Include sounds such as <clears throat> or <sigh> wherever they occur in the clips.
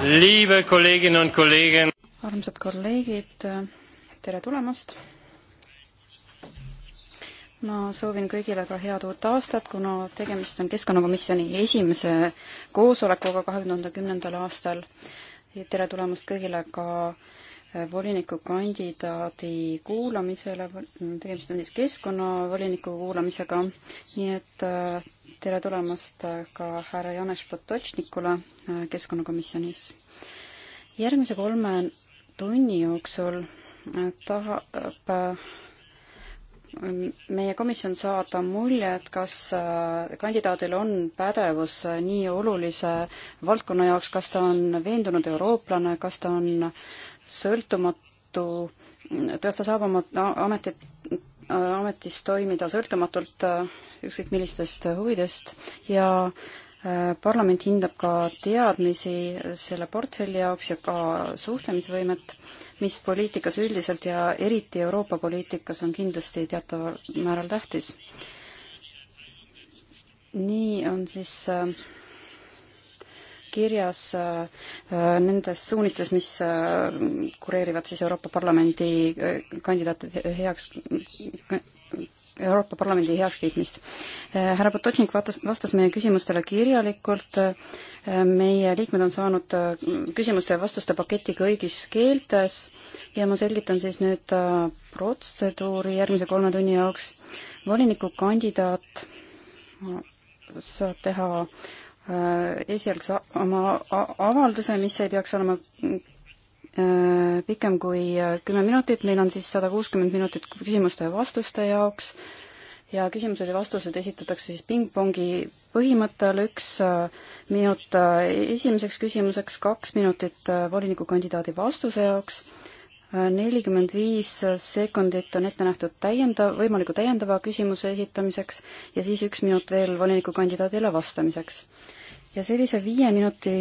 armsad kolleegid, tere tulemast! ma soovin kõigile ka head uut aastat, kuna tegemist on Keskkonnakomisjoni esimese koosolekuga kahe tuhande kümnendal aastal. tere tulemast kõigile ka äh, volinikukandidaadi kuulamisele, tegemist on siis keskkonnavoliniku kuulamisega, nii et äh, tere tulemast ka härra Janes Potočnikule äh, Keskkonnakomisjonis. järgmise kolme tunni jooksul äh, tahab meie komisjon saada mulje, et kas kandidaadil on pädevus nii olulise valdkonna jaoks, kas ta on veendunud eurooplane, kas ta on sõltumatu, tõesta saab oma ametit, ametis toimida sõltumatult äh, ükskõik millistest huvidest ja äh, parlament hindab ka teadmisi selle portfelli jaoks ja ka suhtlemisvõimet, mis poliitikas üldiselt ja eriti Euroopa poliitikas on kindlasti teataval määral tähtis. nii on siis äh, kirjas äh, äh, nendes suunistes, mis äh, kureerivad siis Euroopa Parlamendi kandidaatide heaks Euroopa Parlamendi heakskiitmist. härra Potočnik vastas, vastas meie küsimustele kirjalikult, meie liikmed on saanud küsimuste ja vastuste paketi kõigis keeltes ja ma selgitan siis nüüd protseduuri järgmise kolme tunni jaoks. volinikukandidaat saab teha äh, Äh, esialgse oma avalduse, mis ei peaks olema äh, pikem kui äh, kümme minutit, meil on siis sada kuuskümmend minutit küsimuste ja vastuste jaoks ja küsimused ja vastused esitatakse siis pingpongi põhimõttel, üks minut esimeseks küsimuseks, kaks minutit volinikukandidaadi vastuse jaoks, nelikümmend viis sekundit on ette nähtud täiendav, võimaliku täiendava küsimuse esitamiseks ja siis üks minut veel volinikukandidaadile vastamiseks ja sellise viie minuti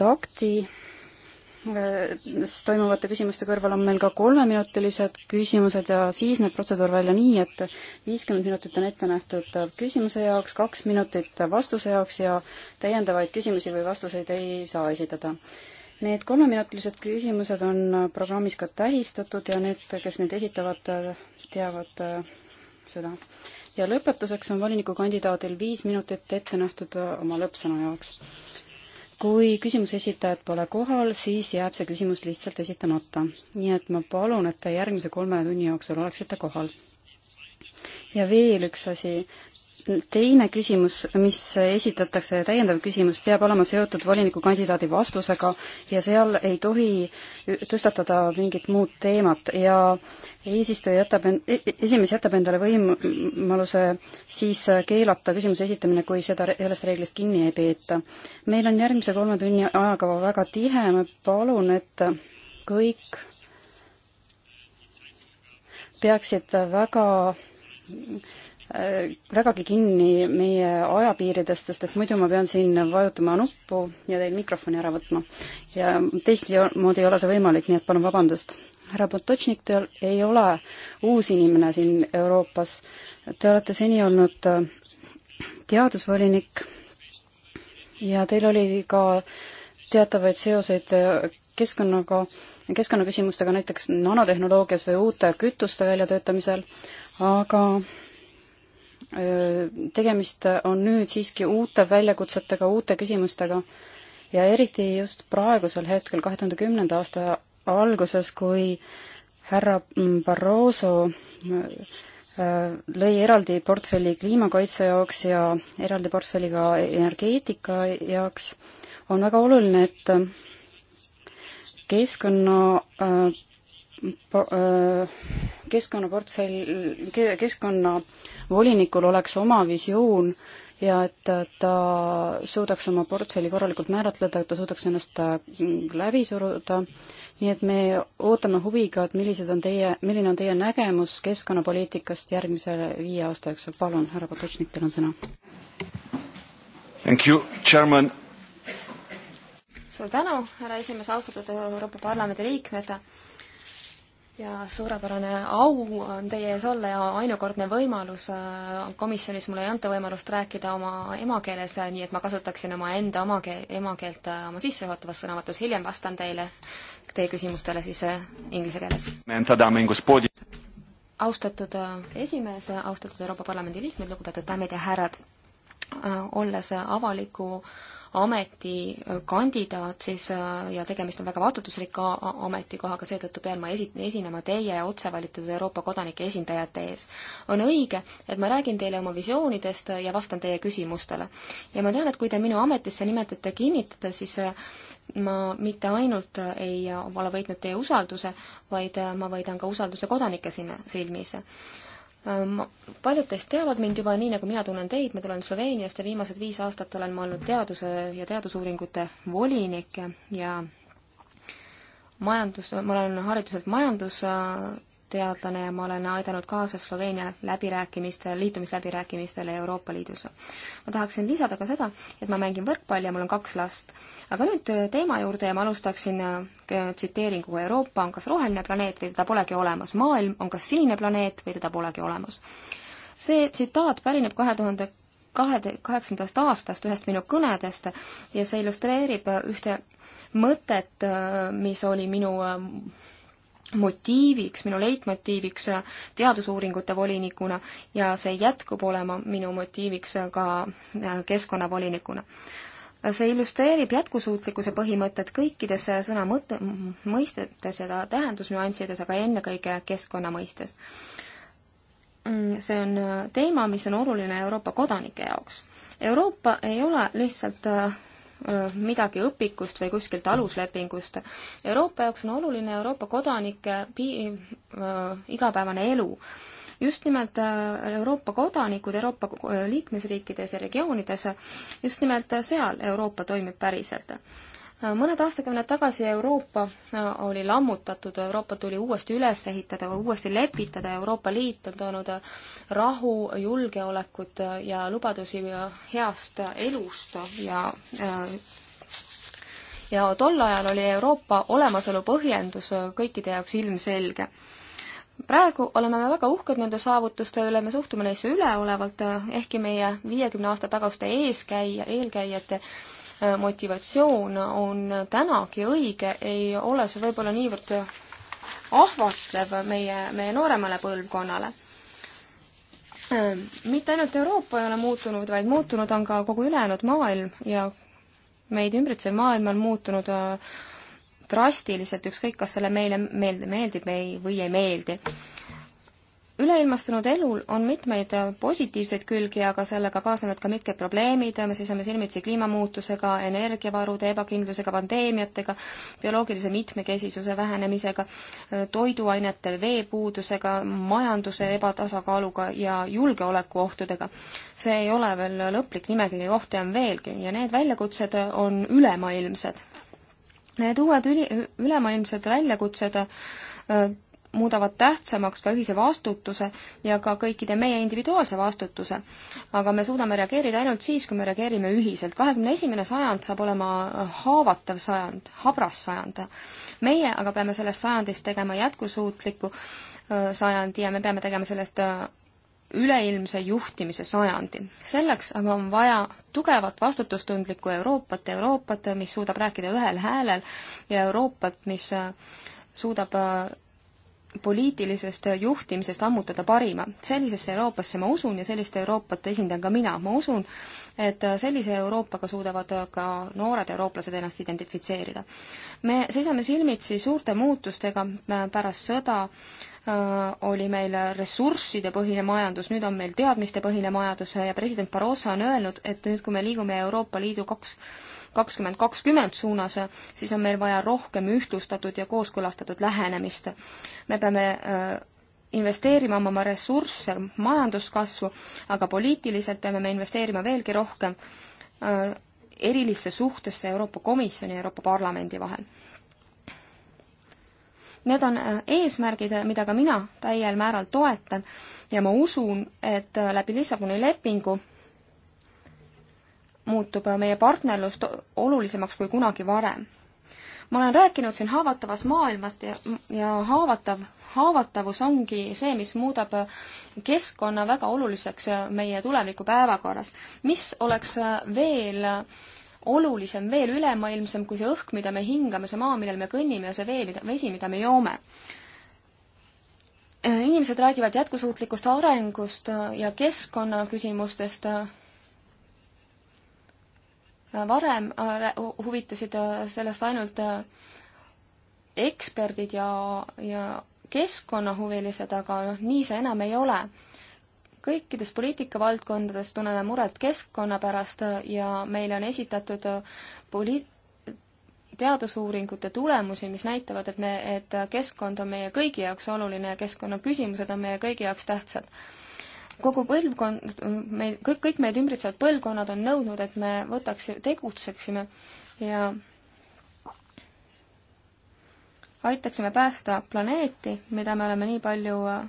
takti äh, toimuvate küsimuste kõrval on meil ka kolmeminutilised küsimused ja siis näeb protseduur välja nii, et viiskümmend minutit on ette nähtud küsimuse jaoks, kaks minutit vastuse jaoks ja täiendavaid küsimusi või vastuseid ei saa esitada. Need kolmeminutilised küsimused on programmis ka tähistatud ja need, kes neid esitavad, teavad äh, seda ja lõpetuseks on volinikukandidaadil viis minutit ette nähtud äh, oma lõppsõna jaoks. kui küsimuse esitajat pole kohal, siis jääb see küsimus lihtsalt esitamata. nii et ma palun, et te järgmise kolme tunni jooksul oleksite kohal. ja veel üks asi, teine küsimus, mis esitatakse, täiendav küsimus, peab olema seotud volinikukandidaadi vastusega ja seal ei tohi tõstatada mingit muud teemat ja eesistuja jätab en-, e-, e-, esimees jätab endale võimaluse siis keelata küsimuse esitamine, kui seda, sellest reeglist kinni ei peeta. meil on järgmise kolme tunni ajakava väga tihe, ma palun, et kõik peaksid väga Äh, vägagi kinni meie ajapiiridest, sest et muidu ma pean siin vajutama nuppu ja teil mikrofoni ära võtma. ja teistmoodi ei ole see võimalik, nii et palun vabandust. härra Potočnik, te ei ole uus inimene siin Euroopas. Te olete seni olnud äh, teadusvolinik ja teil oli ka teatavaid seoseid äh, keskkonnaga, keskkonnaküsimustega näiteks nanotehnoloogias või uute kütuste väljatöötamisel, aga tegemist on nüüd siiski uute väljakutsetega, uute küsimustega ja eriti just praegusel hetkel, kahe tuhande kümnenda aasta alguses, kui härra Barroso lõi eraldi portfelli kliimakaitse jaoks ja eraldi portfelli ka energeetika jaoks, on väga oluline, et keskkonna äh, po, äh, keskkonnaportfell, keskkonnavolinikul oleks oma visioon ja et ta suudaks oma portfelli korralikult määratleda, et ta suudaks ennast mm, läbi suruda, nii et me ootame huviga, et millised on teie, milline on teie nägemus keskkonnapoliitikast järgmise viie aasta jooksul, palun, härra Potočnik, teil on sõna. Thank you, chairman. suur tänu, härra esimees, austatud Euroopa Parlamendi liikmed ja suurepärane au on teie ees olla ja ainukordne võimalus äh, komisjonis mulle ei anta võimalust rääkida oma emakeeles, äh, nii et ma kasutaksin oma enda oma keel, emakeelt äh, oma sissejuhatavas sõnavõtus, hiljem vastan teile, teie küsimustele siis inglise keeles. austatud esimees, austatud Euroopa Parlamendi liikmed, lugupeetud daamid ja härrad, olles avaliku äh, ametikandidaat äh, siis äh, ja tegemist on väga vastutusrikka ametikohaga, seetõttu pean ma esi-, esinema teie otsevalitud Euroopa kodanike esindajate ees. on õige, et ma räägin teile oma visioonidest äh, ja vastan teie küsimustele. ja ma tean, et kui te minu ametisse nimetate, kinnitate, siis ma mitte ainult ei ole võitnud teie usalduse, vaid ma võidan ka usalduse kodanike sinna, silmis Äh, paljud teist teavad mind juba, nii nagu mina tunnen teid, ma tulen Sloveeniast ja viimased viis aastat olen ma olnud teaduse ja teadusuuringute volinik ja majandus, ma olen hariduselt majandus äh, teadlane ja ma olen aidanud kaasa Sloveenia läbirääkimistel, liitumisläbirääkimistele Euroopa Liidus. ma tahaksin lisada ka seda, et ma mängin võrkpalli ja mul on kaks last. aga nüüd teema juurde ja ma alustaksin äh, tsiteeringuga Euroopa on kas roheline planeet või teda polegi olemas, maailm on kas sinine planeet või teda polegi olemas. see tsitaat pärineb kahe tuhande kahe, kaheksandast aastast ühest minu kõnedest ja see illustreerib ühte mõtet, äh, mis oli minu äh, motiiviks, minu leitmotiiviks äh, teadusuuringute volinikuna ja see jätkub olema minu motiiviks äh, ka äh, keskkonnavolinikuna. see illustreerib jätkusuutlikkuse põhimõtet kõikides sõna mõte, mõistetes ja ka tähendusnüanssides, aga ennekõike keskkonna mõistes. Mm, see on teema, mis on oluline Euroopa kodanike jaoks. Euroopa ei ole lihtsalt midagi õpikust või kuskilt mm. aluslepingust. Euroopa jaoks on oluline Euroopa kodanike pii-, igapäevane elu. just nimelt Euroopa kodanikud Euroopa liikmesriikides ja regioonides, just nimelt seal Euroopa toimib päriselt mõned aastakümned tagasi Euroopa äh, oli lammutatud, Euroopa tuli uuesti üles ehitada, uuesti lepitada, Euroopa Liit on toonud äh, rahu, julgeolekut äh, ja lubadusi heast elust ja ja tol ajal oli Euroopa olemasolu põhjendus kõikide jaoks ilmselge praegu oleme me väga uhked nende saavutuste üle, me suhtume neisse üleolevalt, ehkki meie viiekümne aasta taguste eeskäija, eelkäijate Äh, motivatsioon on tänagi õige, ei ole see võib-olla niivõrd ahvatlev meie, meie nooremale põlvkonnale. Äh, mitte ainult Euroopa ei ole muutunud, vaid muutunud on ka kogu ülejäänud maailm ja meid ümbritsev maailm on muutunud äh, drastiliselt, ükskõik, kas selle meile meeld-, meeldib või ei meeldi üleilmastunud elul on mitmeid äh, positiivseid külgi, aga sellega kaasnevad ka mitmed probleemid, me seisame silmitsi kliimamuutusega, energiavarude ebakindlusega, pandeemiatega, bioloogilise mitmekesisuse vähenemisega, äh, toiduainete veepuudusega, majanduse ebatasakaaluga ja julgeolekuohtudega. see ei ole veel lõplik nimekiri, ohte on veelgi ja need väljakutsed on ülemaailmsed. Need uued üli, ülemaailmsed väljakutsed äh, muudavad tähtsamaks ka ühise vastutuse ja ka kõikide meie individuaalse vastutuse. aga me suudame reageerida ainult siis, kui me reageerime ühiselt. kahekümne esimene sajand saab olema äh, haavatav sajand, habras sajand. meie aga peame sellest sajandist tegema jätkusuutliku äh, sajandi ja me peame tegema sellest äh, üleilmse juhtimise sajandi. selleks aga on vaja tugevat vastutustundlikku Euroopat, Euroopat, mis suudab rääkida ühel häälel ja Euroopat, mis suudab poliitilisest juhtimisest ammutada parima. sellisesse Euroopasse ma usun ja sellist Euroopat esindan ka mina. ma usun, et sellise Euroopaga suudavad ka noored eurooplased ennast identifitseerida. me seisame silmitsi suurte muutustega, pärast sõda äh, oli meil ressursside põhine majandus, nüüd on meil teadmiste põhine majandus ja president Barroso on öelnud, et nüüd, kui me liigume Euroopa Liidu kaks 2 kakskümmend kakskümmend suunas, siis on meil vaja rohkem ühtlustatud ja kooskõlastatud lähenemist. me peame äh, investeerima oma ressursse majanduskasvu, aga poliitiliselt peame me investeerima veelgi rohkem äh, erilisse suhtesse Euroopa Komisjoni ja Euroopa Parlamendi vahel. Need on äh, eesmärgid, mida ka mina täiel määral toetan ja ma usun, et läbi Lissaboni lepingu muutub äh, meie partnerlus olulisemaks kui kunagi varem. ma olen rääkinud siin haavatavast maailmast ja, ja haavatav, haavatavus ongi see, mis muudab äh, keskkonna väga oluliseks äh, meie tuleviku päevakorras. mis oleks veel olulisem, veel ülemaailmsem kui see õhk, mida me hingame, see maa, millel me kõnnime ja see vee, mida, vesi, mida me joome inimesed räägivad jätkusuutlikust arengust ja keskkonnaküsimustest varem äh, huvitasid äh, sellest ainult äh, eksperdid ja, ja keskkonnahuvilised, aga noh, nii see enam ei ole. kõikides poliitikavaldkondades tunneme muret keskkonna pärast ja meile on esitatud poli-, teadusuuringute tulemusi, mis näitavad, et me, et keskkond on meie kõigi jaoks oluline ja keskkonnaküsimused on meie kõigi jaoks tähtsad kogu põlvkond, meid, kõik, kõik meid ümbritsevad põlvkonnad on nõudnud, et me võtaks, tegutseksime ja aitaksime päästa planeeti, mida me oleme nii palju äh,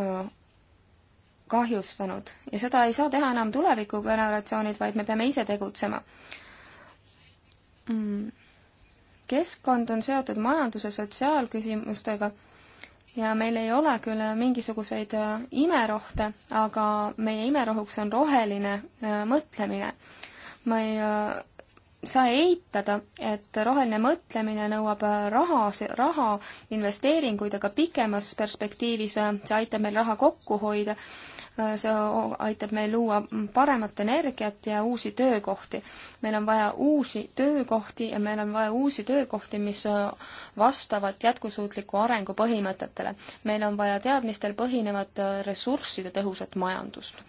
äh, kahjustanud ja seda ei saa teha enam tulevikugeneratsioonid, vaid me peame ise tegutsema. Mm. keskkond on seotud majanduse sotsiaalküsimustega ja meil ei ole küll mingisuguseid äh, imerohte, aga meie imerohuks on roheline äh, mõtlemine. ma ei äh, saa eitada, et roheline mõtlemine nõuab raha, raha investeeringuid, aga pikemas perspektiivis see aitab meil raha kokku hoida Äh, see aitab meil luua paremat energiat ja uusi töökohti. meil on vaja uusi töökohti ja meil on vaja uusi töökohti, mis äh, vastavad jätkusuutliku arengu põhimõtetele. meil on vaja teadmistel põhinevat äh, ressursside tõhusat majandust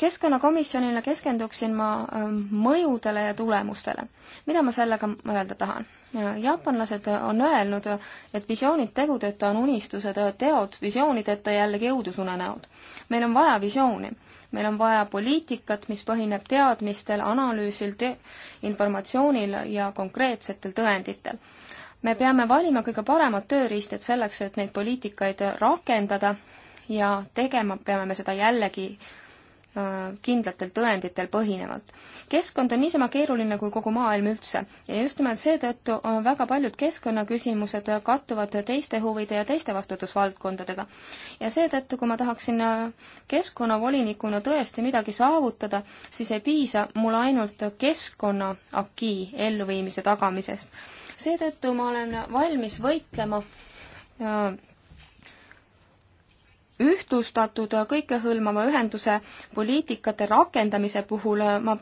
keskkonnakomisjonile keskenduksin ma ähm, mõjudele ja tulemustele. mida ma sellega öelda tahan? Äh, jaapanlased on öelnud, et visioonid tegudeta on unistused, äh, teod visioonideta jällegi õudusunenäod. meil on vaja visiooni, meil on vaja poliitikat, mis põhineb teadmistel, analüüsil te, informatsioonil ja konkreetsetel tõenditel. me peame valima kõige paremad tööriistad selleks, et neid poliitikaid rakendada ja tegema peame me seda jällegi äh, Äh, kindlatel tõenditel põhinevalt. keskkond on niisama keeruline kui kogu maailm üldse ja just nimelt seetõttu väga paljud keskkonnaküsimused kattuvad teiste huvide ja teiste vastutusvaldkondadega. ja seetõttu, kui ma tahaksin äh, keskkonnavolinikuna tõesti midagi saavutada, siis ei piisa mul ainult keskkonna aki elluviimise tagamisest. seetõttu ma olen valmis võitlema ja äh, ühtlustatud kõikehõlmava ühenduse poliitikate rakendamise puhul ma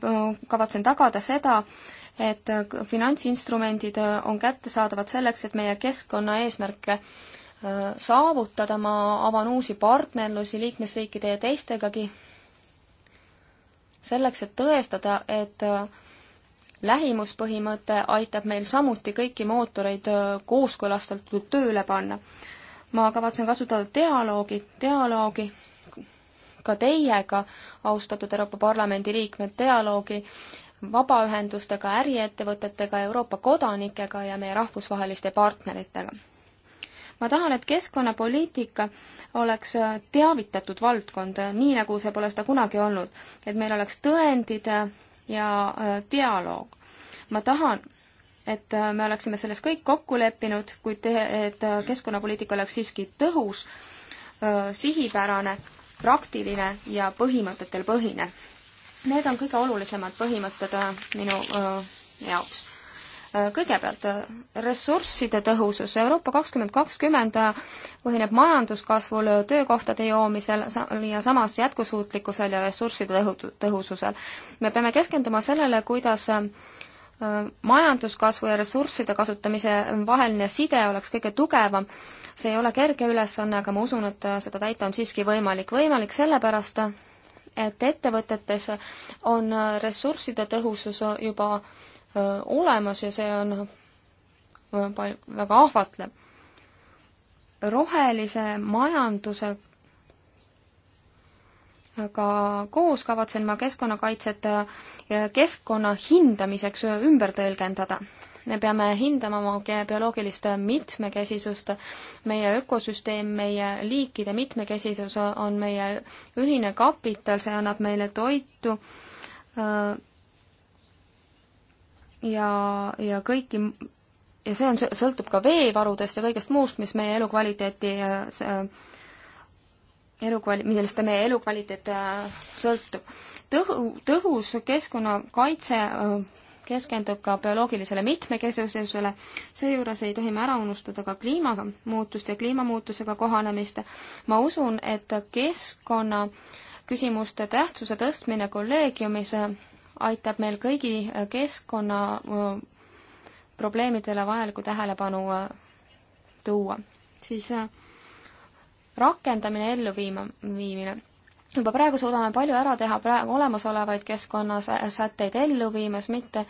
kavatsen tagada seda, et finantsinstrumendid on kättesaadavad selleks, et meie keskkonna eesmärke äh, saavutada, ma avan uusi partnerlusi liikmesriikide ja teistegagi, selleks, et tõestada, et äh, lähimuspõhimõte aitab meil samuti kõiki mootoreid äh, kooskõlastatult tööle panna ma kavatsen kasutada dialoogi, dialoogi ka teiega, austatud Euroopa Parlamendi liikmed, dialoogi vabaühendustega, äriettevõtetega, Euroopa kodanikega ja meie rahvusvaheliste partneritega. ma tahan, et keskkonnapoliitika oleks teavitatud valdkond, nii nagu see pole seda kunagi olnud, et meil oleks tõendid ja dialoog. ma tahan, et äh, me oleksime selles kõik kokku leppinud, kuid et äh, keskkonnapoliitika oleks siiski tõhus, äh, sihipärane, praktiline ja põhimõtetel põhine. Need on kõige olulisemad põhimõtted minu jaoks. kõigepealt ressursside tõhusus. Euroopa kakskümmend kakskümmend põhineb majanduskasvul, töökohtade joomisel ja samas jätkusuutlikkusel ja ressursside tõhususel. me peame keskenduma sellele, kuidas majanduskasvu ja ressursside kasutamise vaheline side oleks kõige tugevam. see ei ole kerge ülesanne, aga ma usun, et seda täita on siiski võimalik. võimalik sellepärast, et ettevõtetes on ressursside tõhusus juba äh, olemas ja see on äh, väga ahvatlev. rohelise majanduse aga koos kavatsen ma keskkonnakaitset äh, keskkonna hindamiseks äh, ümber tõlgendada. me peame hindama oma bioloogilist äh, mitmekesisust, meie ökosüsteem, meie liikide mitmekesisus on meie ühine kapital, see annab meile toitu ja, ja kõiki ja see on, sõltub ka veevarudest ja kõigest muust, mis meie elukvaliteeti elukval-, millest ta meie elukvaliteet äh, sõltub. tõhu, tõhus keskkonnakaitse äh, keskendub ka bioloogilisele mitmekesisusele, seejuures ei tohi me ära unustada ka kliimamuutust ja kliimamuutusega kohanemist. ma usun, et keskkonna küsimuste tähtsuse tõstmine kolleegiumis äh, aitab meil kõigi keskkonna probleemidele vajalikku tähelepanu tuua. siis rakendamine, elluviimine. juba praegu suudame palju ära teha praegu olemasolevaid keskkonnasätteid ellu viimas, mitte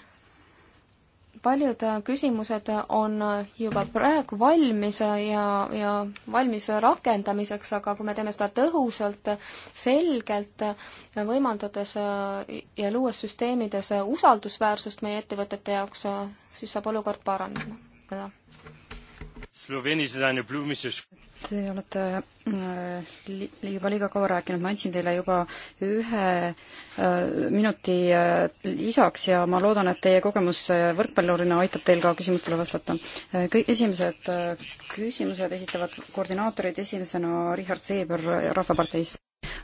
paljud äh, küsimused on äh, juba praegu valmis äh, ja, ja valmis rakendamiseks, aga kui me teeme seda tõhusalt, selgelt, võimaldades ja luues süsteemides usaldusväärsust meie ettevõtete jaoks, siis saab olukord paraneda. Sloveenias on ju Blumises. Er Te olete äh, li juba liiga kaua rääkinud, ma andsin teile juba ühe äh, minuti äh, lisaks ja ma loodan, et teie kogemus äh, võrkpallurina aitab teil ka küsimustele vastata. Äh, kõik esimesed äh, küsimused esitavad koordinaatorid, esimesena Richard Seeber Rahvaparteist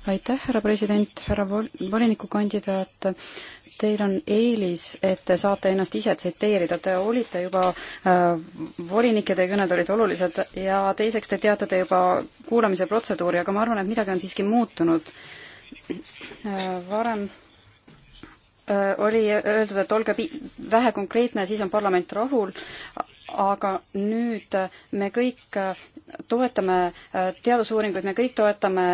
aitäh, härra president, härra vol-, volinikukandidaat, teil on eelis, et te saate ennast ise tsiteerida, te olite juba äh, volinik ja teie kõned olid olulised ja teiseks te teate te juba kuulamise protseduuri, aga ma arvan, et midagi on siiski muutunud äh,. varem äh, oli öeldud, et olge vähe konkreetne, siis on parlament rahul, aga nüüd me kõik toetame äh, teadusuuringuid, me kõik toetame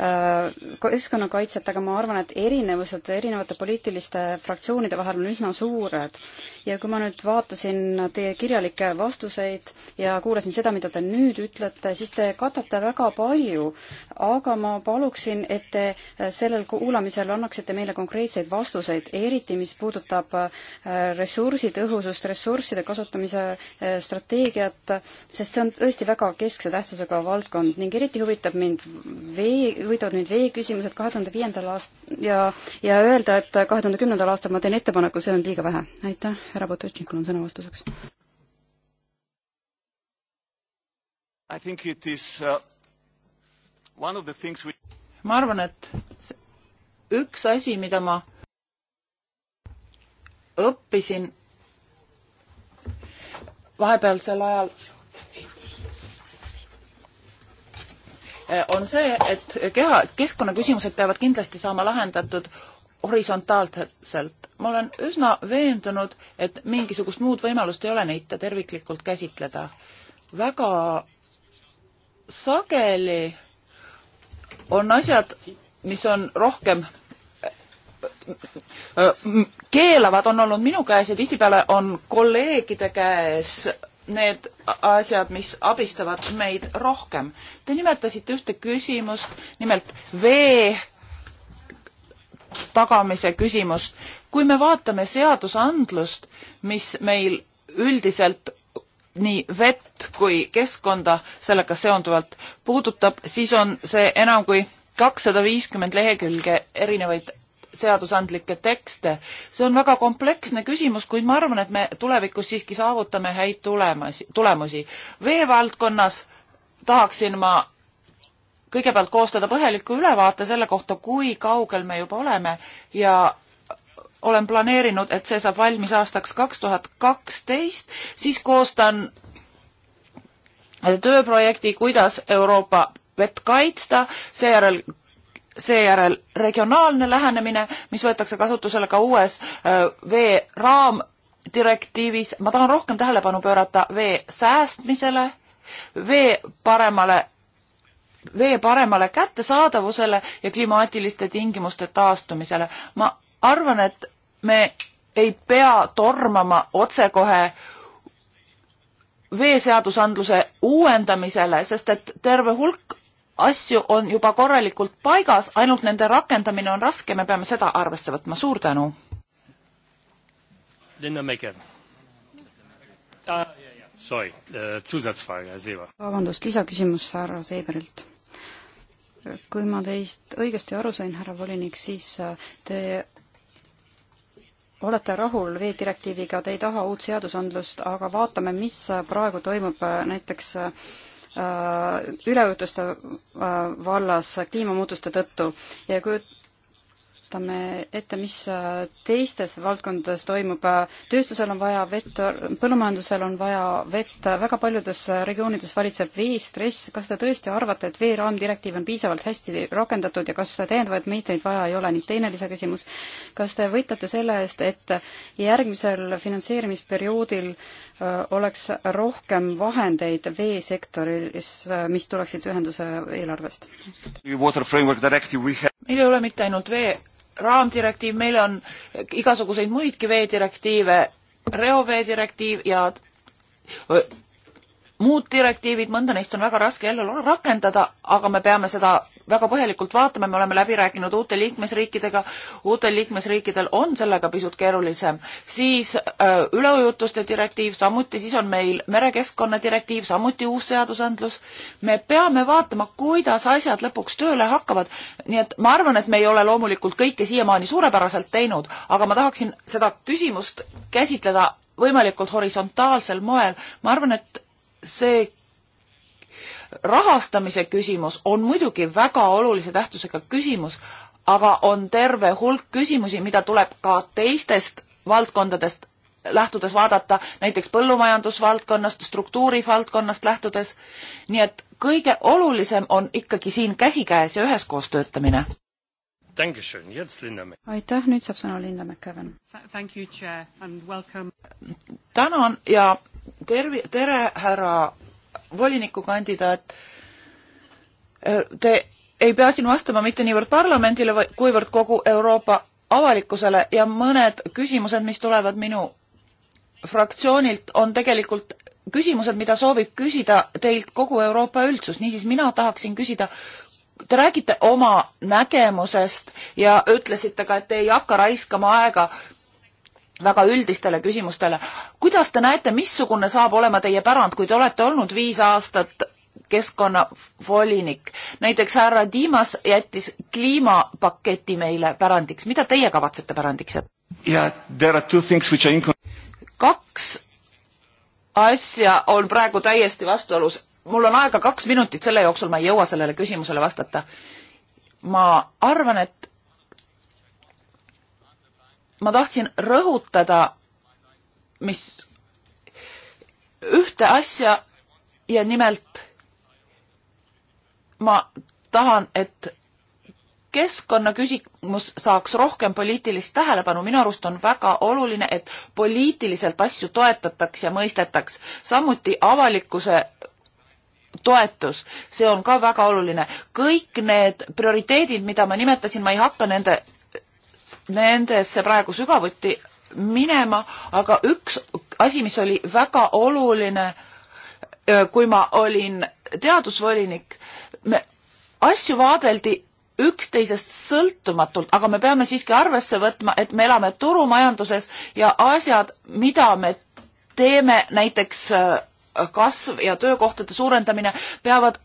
äh, keskkonnakaitset, aga ma arvan, et erinevused erinevate poliitiliste fraktsioonide vahel on üsna suured. ja kui ma nüüd vaatasin teie kirjalikke vastuseid ja kuulasin seda, mida te nüüd ütlete, siis te katate väga palju, aga ma paluksin, et te äh, sellel kuulamisel annaksite meile konkreetseid vastuseid, eriti mis puudutab ressursitõhusust, ressursside kasutamise strateegiat, sest see on tõesti väga keskse tähtsusega valdkond ning eriti huvitab mind vee, huvitavad mind veeküsimused kahe tuhande viiendal aast- ja, ja öelda, et kahe tuhande kümnendal aastal ma teen ettepaneku, see on liiga vähe. aitäh, härra Potočnikul on sõna vastuseks. I think it is uh, one of the things we ma arvan, et üks asi, mida ma õppisin vahepealsel ajal eh, on see, et keha, keskkonnaküsimused peavad kindlasti saama lahendatud horisontaalselt. ma olen üsna veendunud, et mingisugust muud võimalust ei ole neid terviklikult käsitleda. väga sageli on asjad, mis on rohkem Äh, keelavad, on olnud minu käes ja tihtipeale on kolleegide käes need asjad, mis abistavad meid rohkem. Te nimetasite ühte küsimust, nimelt vee tagamise küsimust. kui me vaatame seadusandlust, mis meil üldiselt nii vett kui keskkonda sellega seonduvalt puudutab, siis on see enam kui kakssada viiskümmend lehekülge erinevaid seadusandlikke tekste. see on väga kompleksne küsimus, kuid ma arvan, et me tulevikus siiski saavutame häid tulemusi, tulemusi. veevaldkonnas tahaksin ma kõigepealt koostada põhjaliku ülevaate selle kohta, kui kaugel me juba oleme ja olen planeerinud, et see saab valmis aastaks kaks tuhat kaksteist, siis koostan tööprojekti, kuidas Euroopa vett kaitsta, seejärel seejärel regionaalne lähenemine, mis võetakse kasutusele ka uues äh, vee raamdirektiivis. ma tahan rohkem tähelepanu pöörata vee säästmisele, vee paremale, vee paremale kättesaadavusele ja klimaatiliste tingimuste taastumisele. ma arvan, et me ei pea tormama otsekohe veeseadusandluse uuendamisele, sest et terve hulk asju on juba korralikult paigas, ainult nende rakendamine on raske, me peame seda arvesse võtma, suur tänu. Linna Meiker ah,. Sorry uh,, Zusatzfrage, Herr Seeber. vabandust, lisaküsimus härra Seeberilt kui ma teist õigesti aru sain, härra volinik, siis äh, te olete rahul veedirektiiviga, te ei taha uut seadusandlust, aga vaatame, mis äh, praegu toimub näiteks äh, Äh, üleujutuste äh, vallas kliimamuutuste tõttu ja kujutame ette, mis äh, teistes valdkondades toimub. tööstusel on vaja vett, põllumajandusel on vaja vett, väga paljudes regioonides valitseb veestress. kas te tõesti arvate, et vee raamdirektiiv on piisavalt hästi rakendatud ja kas täiendavaid meetmeid vaja ei ole? ning teine lisaküsimus, kas te võitlete selle eest, et järgmisel finantseerimisperioodil äh, Äh, oleks rohkem vahendeid veesektoris, äh, mis tuleksid ühenduse eelarvest? meil ei ole mitte ainult vee raamdirektiiv, meil on igasuguseid muidki veedirektiive, reoveedirektiiv ja muud direktiivid, mõnda neist on väga raske jälle rakendada, aga me peame seda väga põhjalikult vaatame, me oleme läbi rääkinud uute liikmesriikidega, uutel liikmesriikidel on sellega pisut keerulisem, siis äh, üleujutuste direktiiv samuti, siis on meil merekeskkonna direktiiv, samuti uus seadusandlus. me peame vaatama, kuidas asjad lõpuks tööle hakkavad, nii et ma arvan, et me ei ole loomulikult kõike siiamaani suurepäraselt teinud, aga ma tahaksin seda küsimust käsitleda võimalikult horisontaalsel moel, ma arvan, et see rahastamise küsimus on muidugi väga olulise tähtsusega küsimus, aga on terve hulk küsimusi, mida tuleb ka teistest valdkondadest lähtudes vaadata, näiteks põllumajandusvaldkonnast, struktuurivaldkonnast lähtudes. nii et kõige olulisem on ikkagi siin käsikäes ja üheskoos töötamine. aitäh, nüüd saab sõna Linda McEwen. tänan ja tervi-, tere, härra volinikukandidaat, äh, te ei pea siin vastama mitte niivõrd parlamendile, kuivõrd kogu Euroopa avalikkusele ja mõned küsimused, mis tulevad minu fraktsioonilt, on tegelikult küsimused, mida soovib küsida teilt kogu Euroopa üldsus, niisiis mina tahaksin küsida, te räägite oma nägemusest ja ütlesite ka, et te ei hakka raiskama aega väga üldistele küsimustele. kuidas te näete, missugune saab olema teie pärand, kui te olete olnud viis aastat keskkonnavolinik? näiteks härra Dimas jättis kliimapaketi meile pärandiks, mida teie kavatsete pärandiks jätta? kaks asja on praegu täiesti vastuolus. mul on aega kaks minutit, selle jooksul ma ei jõua sellele küsimusele vastata. ma arvan, et ma tahtsin rõhutada, mis ühte asja ja nimelt ma tahan, et keskkonnaküsimus saaks rohkem poliitilist tähelepanu, minu arust on väga oluline, et poliitiliselt asju toetataks ja mõistetaks, samuti avalikkuse toetus, see on ka väga oluline. kõik need prioriteedid, mida ma nimetasin, ma ei hakka nende nendesse praegu sügavuti minema, aga üks asi, mis oli väga oluline, kui ma olin teadusvolinik, me, asju vaadeldi üksteisest sõltumatult, aga me peame siiski arvesse võtma, et me elame turumajanduses ja asjad, mida me teeme, näiteks kasv ja töökohtade suurendamine, peavad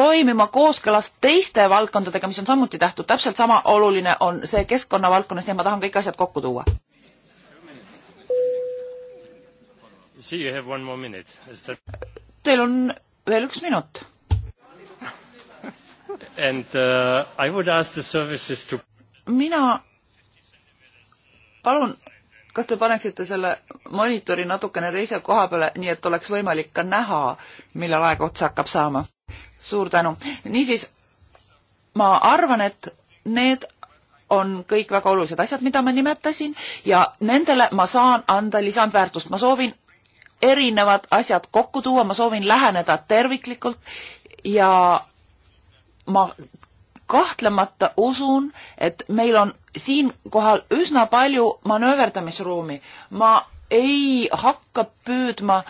toimima kooskõlas teiste valdkondadega, mis on samuti tähtsad, täpselt sama oluline on see keskkonna valdkonnas, nii et ma tahan kõik asjad kokku tuua. Teil on veel üks minut. And uh, I would ask the services to mina palun, kas te paneksite selle monitori natukene teise koha peale, nii et oleks võimalik ka näha, millal aeg otsa hakkab saama? suur tänu. niisiis, ma arvan, et need on kõik väga olulised asjad, mida ma nimetasin ja nendele ma saan anda lisandväärtust. ma soovin erinevad asjad kokku tuua, ma soovin läheneda terviklikult ja ma kahtlemata usun, et meil on siinkohal üsna palju manööverdamisruumi. ma ei hakka püüdma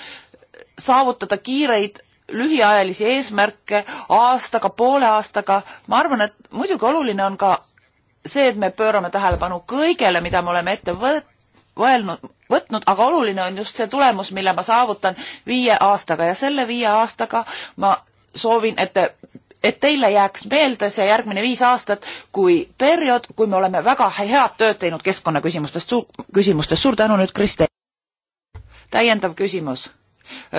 saavutada kiireid lühiajalisi eesmärke aastaga, poole aastaga, ma arvan, et muidugi oluline on ka see, et me pöörame tähelepanu kõigele, mida me oleme ette võt-, võelnud, võtnud, aga oluline on just see tulemus, mille ma saavutan viie aastaga ja selle viie aastaga ma soovin, et te et teile jääks meelde see järgmine viis aastat kui periood, kui me oleme väga head tööd teinud keskkonnaküsimustest, küsimustes. suur tänu nüüd, Kriste. täiendav küsimus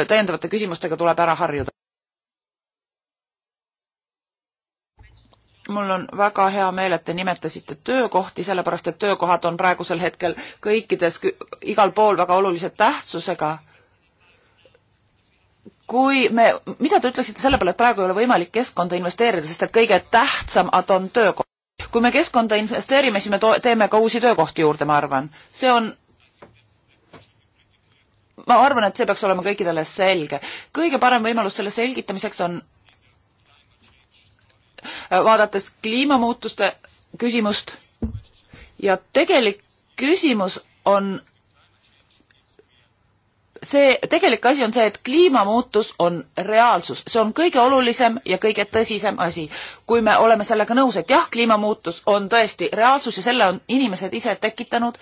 täiendavate küsimustega tuleb ära harjuda. mul on väga hea meel, et te nimetasite töökohti, sellepärast et töökohad on praegusel hetkel kõikides, igal pool väga olulise tähtsusega. kui me, mida te ütlesite selle peale, et praegu ei ole võimalik keskkonda investeerida, sest et kõige tähtsamad on töökohad? kui me keskkonda investeerime, siis me teeme ka uusi töökohti juurde, ma arvan. see on ma arvan, et see peaks olema kõikidele selge. kõige parem võimalus selle selgitamiseks on äh, vaadates kliimamuutuste küsimust ja tegelik küsimus on see, tegelik asi on see, et kliimamuutus on reaalsus, see on kõige olulisem ja kõige tõsisem asi. kui me oleme sellega nõus, et jah, kliimamuutus on tõesti reaalsus ja selle on inimesed ise tekitanud,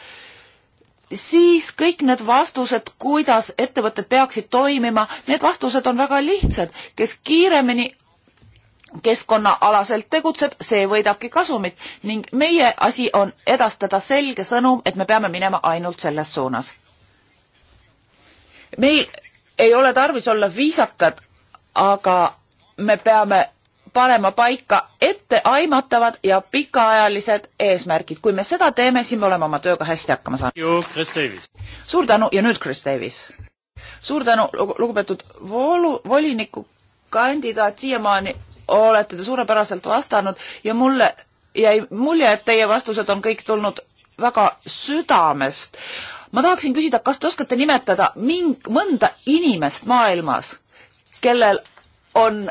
siis kõik need vastused, kuidas ettevõtted peaksid toimima, need vastused on väga lihtsad. kes kiiremini keskkonnaalaselt tegutseb, see võidabki kasumit ning meie asi on edastada selge sõnum, et me peame minema ainult selles suunas. meil ei ole tarvis olla viisakad, aga me peame panema paika etteaimatavad ja pikaajalised eesmärgid. kui me seda teeme, siis me oleme oma tööga hästi hakkama saanud. suur tänu ja nüüd Chris Davis. suur tänu, lugupeetud voolu, volinikukandidaat, siiamaani olete te suurepäraselt vastanud ja mulle jäi mulje, et teie vastused on kõik tulnud väga südamest. ma tahaksin küsida, kas te oskate nimetada ming-, mõnda inimest maailmas, kellel on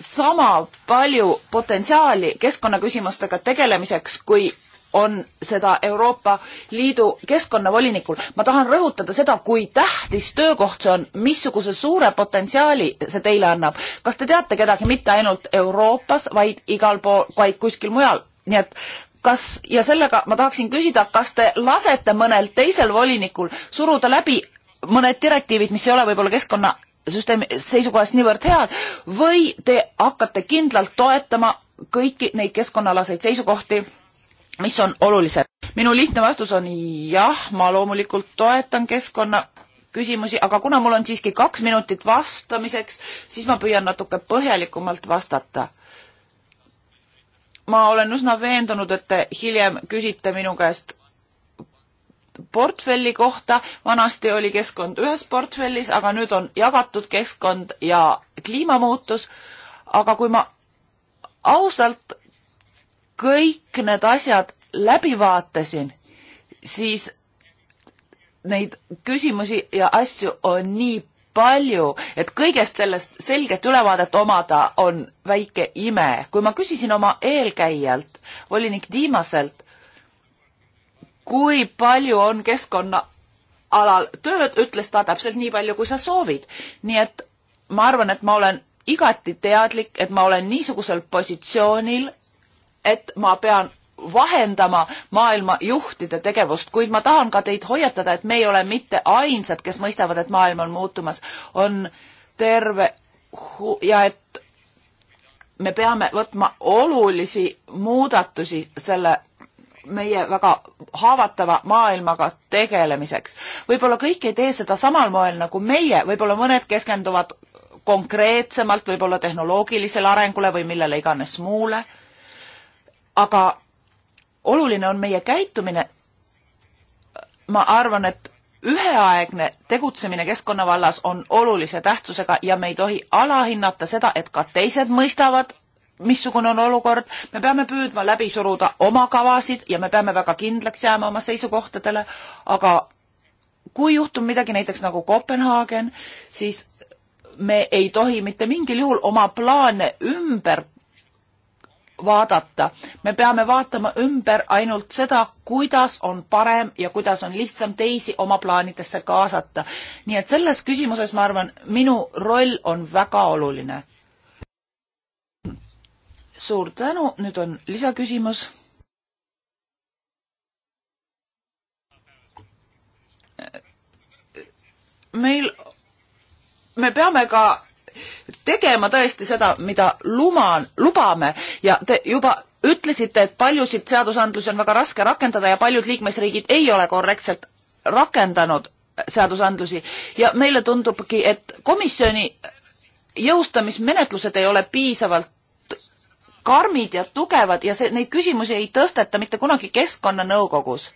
sama palju potentsiaali keskkonnaküsimustega tegelemiseks, kui on seda Euroopa Liidu keskkonnavolinikul. ma tahan rõhutada seda, kui tähtis töökoht see on, missuguse suure potentsiaali see teile annab. kas te teate kedagi mitte ainult Euroopas, vaid igal pool, vaid kuskil mujal, nii et kas, ja sellega ma tahaksin küsida, kas te lasete mõnel teisel volinikul suruda läbi mõned direktiivid, mis ei ole võib-olla keskkonna süsteemi seisukohast niivõrd head või te hakkate kindlalt toetama kõiki neid keskkonnaalaseid seisukohti, mis on olulised? minu lihtne vastus on jah, ma loomulikult toetan keskkonna küsimusi, aga kuna mul on siiski kaks minutit vastamiseks, siis ma püüan natuke põhjalikumalt vastata. ma olen üsna veendunud, et te hiljem küsite minu käest portfelli kohta, vanasti oli keskkond ühes portfellis, aga nüüd on jagatud keskkond ja kliimamuutus, aga kui ma ausalt kõik need asjad läbi vaatasin, siis neid küsimusi ja asju on nii palju, et kõigest sellest selget ülevaadet omada on väike ime. kui ma küsisin oma eelkäijalt, volinik Diimaselt, kui palju on keskkonna alal tööd, ütles ta täpselt nii palju, kui sa soovid. nii et ma arvan, et ma olen igati teadlik, et ma olen niisugusel positsioonil, et ma pean vahendama maailma juhtide tegevust, kuid ma tahan ka teid hoiatada, et me ei ole mitte ainsad, kes mõistavad, et maailm on muutumas, on terve ja et me peame võtma olulisi muudatusi selle meie väga haavatava maailmaga tegelemiseks. võib-olla kõik ei tee seda samal moel nagu meie, võib-olla mõned keskenduvad konkreetsemalt võib-olla tehnoloogilisele arengule või millele iganes muule, aga oluline on meie käitumine. ma arvan, et üheaegne tegutsemine keskkonna vallas on olulise tähtsusega ja me ei tohi alahinnata seda, et ka teised mõistavad, missugune on olukord, me peame püüdma läbi suruda oma kavasid ja me peame väga kindlaks jääma oma seisukohtadele, aga kui juhtub midagi näiteks nagu Kopenhaagen, siis me ei tohi mitte mingil juhul oma plaane ümber vaadata. me peame vaatama ümber ainult seda, kuidas on parem ja kuidas on lihtsam teisi oma plaanidesse kaasata. nii et selles küsimuses, ma arvan, minu roll on väga oluline suur tänu, nüüd on lisaküsimus. meil, me peame ka tegema tõesti seda, mida luman, lubame ja te juba ütlesite, et paljusid seadusandlusi on väga raske rakendada ja paljud liikmesriigid ei ole korrektselt rakendanud seadusandlusi ja meile tundubki, et komisjoni jõustamismenetlused ei ole piisavalt karmid ja tugevad ja see, neid küsimusi ei tõsteta mitte kunagi Keskkonnanõukogus.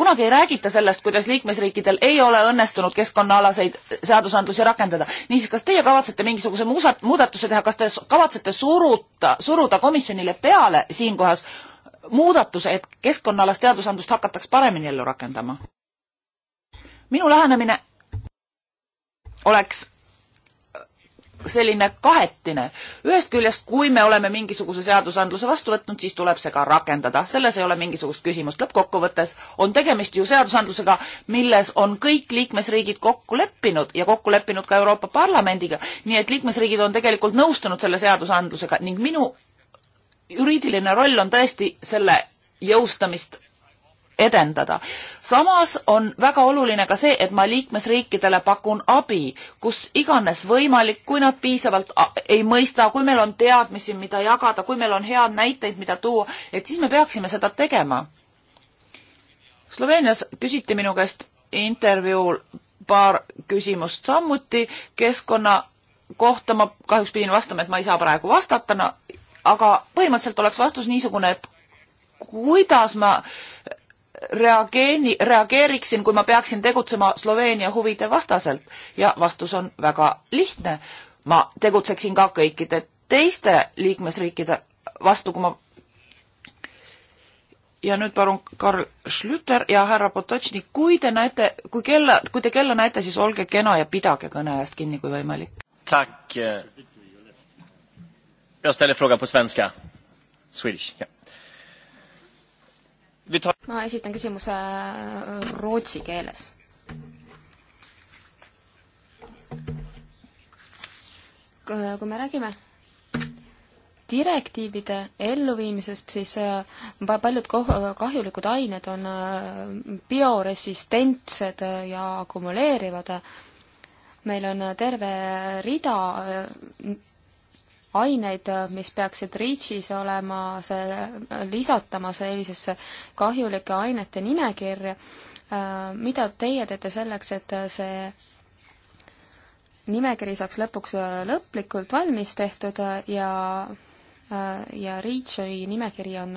kunagi ei räägita sellest, kuidas liikmesriikidel ei ole õnnestunud keskkonnaalaseid seadusandlusi rakendada. niisiis, kas teie kavatsete mingisuguse muusat-, muudatuse teha, kas te kavatsete suruta, suruda komisjonile peale siinkohas muudatuse, et keskkonnaalast seadusandlust hakataks paremini ellu rakendama? minu lähenemine oleks selline kahetine. ühest küljest, kui me oleme mingisuguse seadusandluse vastu võtnud, siis tuleb see ka rakendada, selles ei ole mingisugust küsimust. lõppkokkuvõttes on tegemist ju seadusandlusega, milles on kõik liikmesriigid kokku leppinud ja kokku leppinud ka Euroopa Parlamendiga, nii et liikmesriigid on tegelikult nõustunud selle seadusandlusega ning minu juriidiline roll on tõesti selle jõustamist edendada. samas on väga oluline ka see, et ma liikmesriikidele pakun abi, kus iganes võimalik, kui nad piisavalt ei mõista, kui meil on teadmisi, mida jagada, kui meil on head näiteid, mida tuua, et siis me peaksime seda tegema. Sloveenias küsiti minu käest intervjuul paar küsimust samuti keskkonna kohta ma kahjuks pidin vastama, et ma ei saa praegu vastata no,, aga põhimõtteliselt oleks vastus niisugune, et kuidas ma reageeni, reageeriksin, kui ma peaksin tegutsema Sloveenia huvide vastaselt? ja vastus on väga lihtne. ma tegutseksin ka kõikide teiste liikmesriikide vastu, kui ma ja nüüd palun Karl Schlüter ja härra Potočnik, kui te näete, kui kella, kui te kella näete, siis olge kena ja pidage kõne ajast kinni, kui võimalik. Tack. Eh. Jag ställer frågan på svenska. Swedish. Yeah ma esitan küsimuse äh, rootsi keeles. kui me räägime direktiivide elluviimisest, siis äh, paljud kahjulikud ained on äh, bioresistentsed ja akumuleerivad. meil on terve rida aineid, mis peaksid REACH-is olema, see, lisatama sellisesse kahjulike ainete nimekirja. Äh, mida teie teete selleks, et see nimekiri saaks lõpuks äh, lõplikult valmis tehtud äh, ja ja REACH-i nimekiri on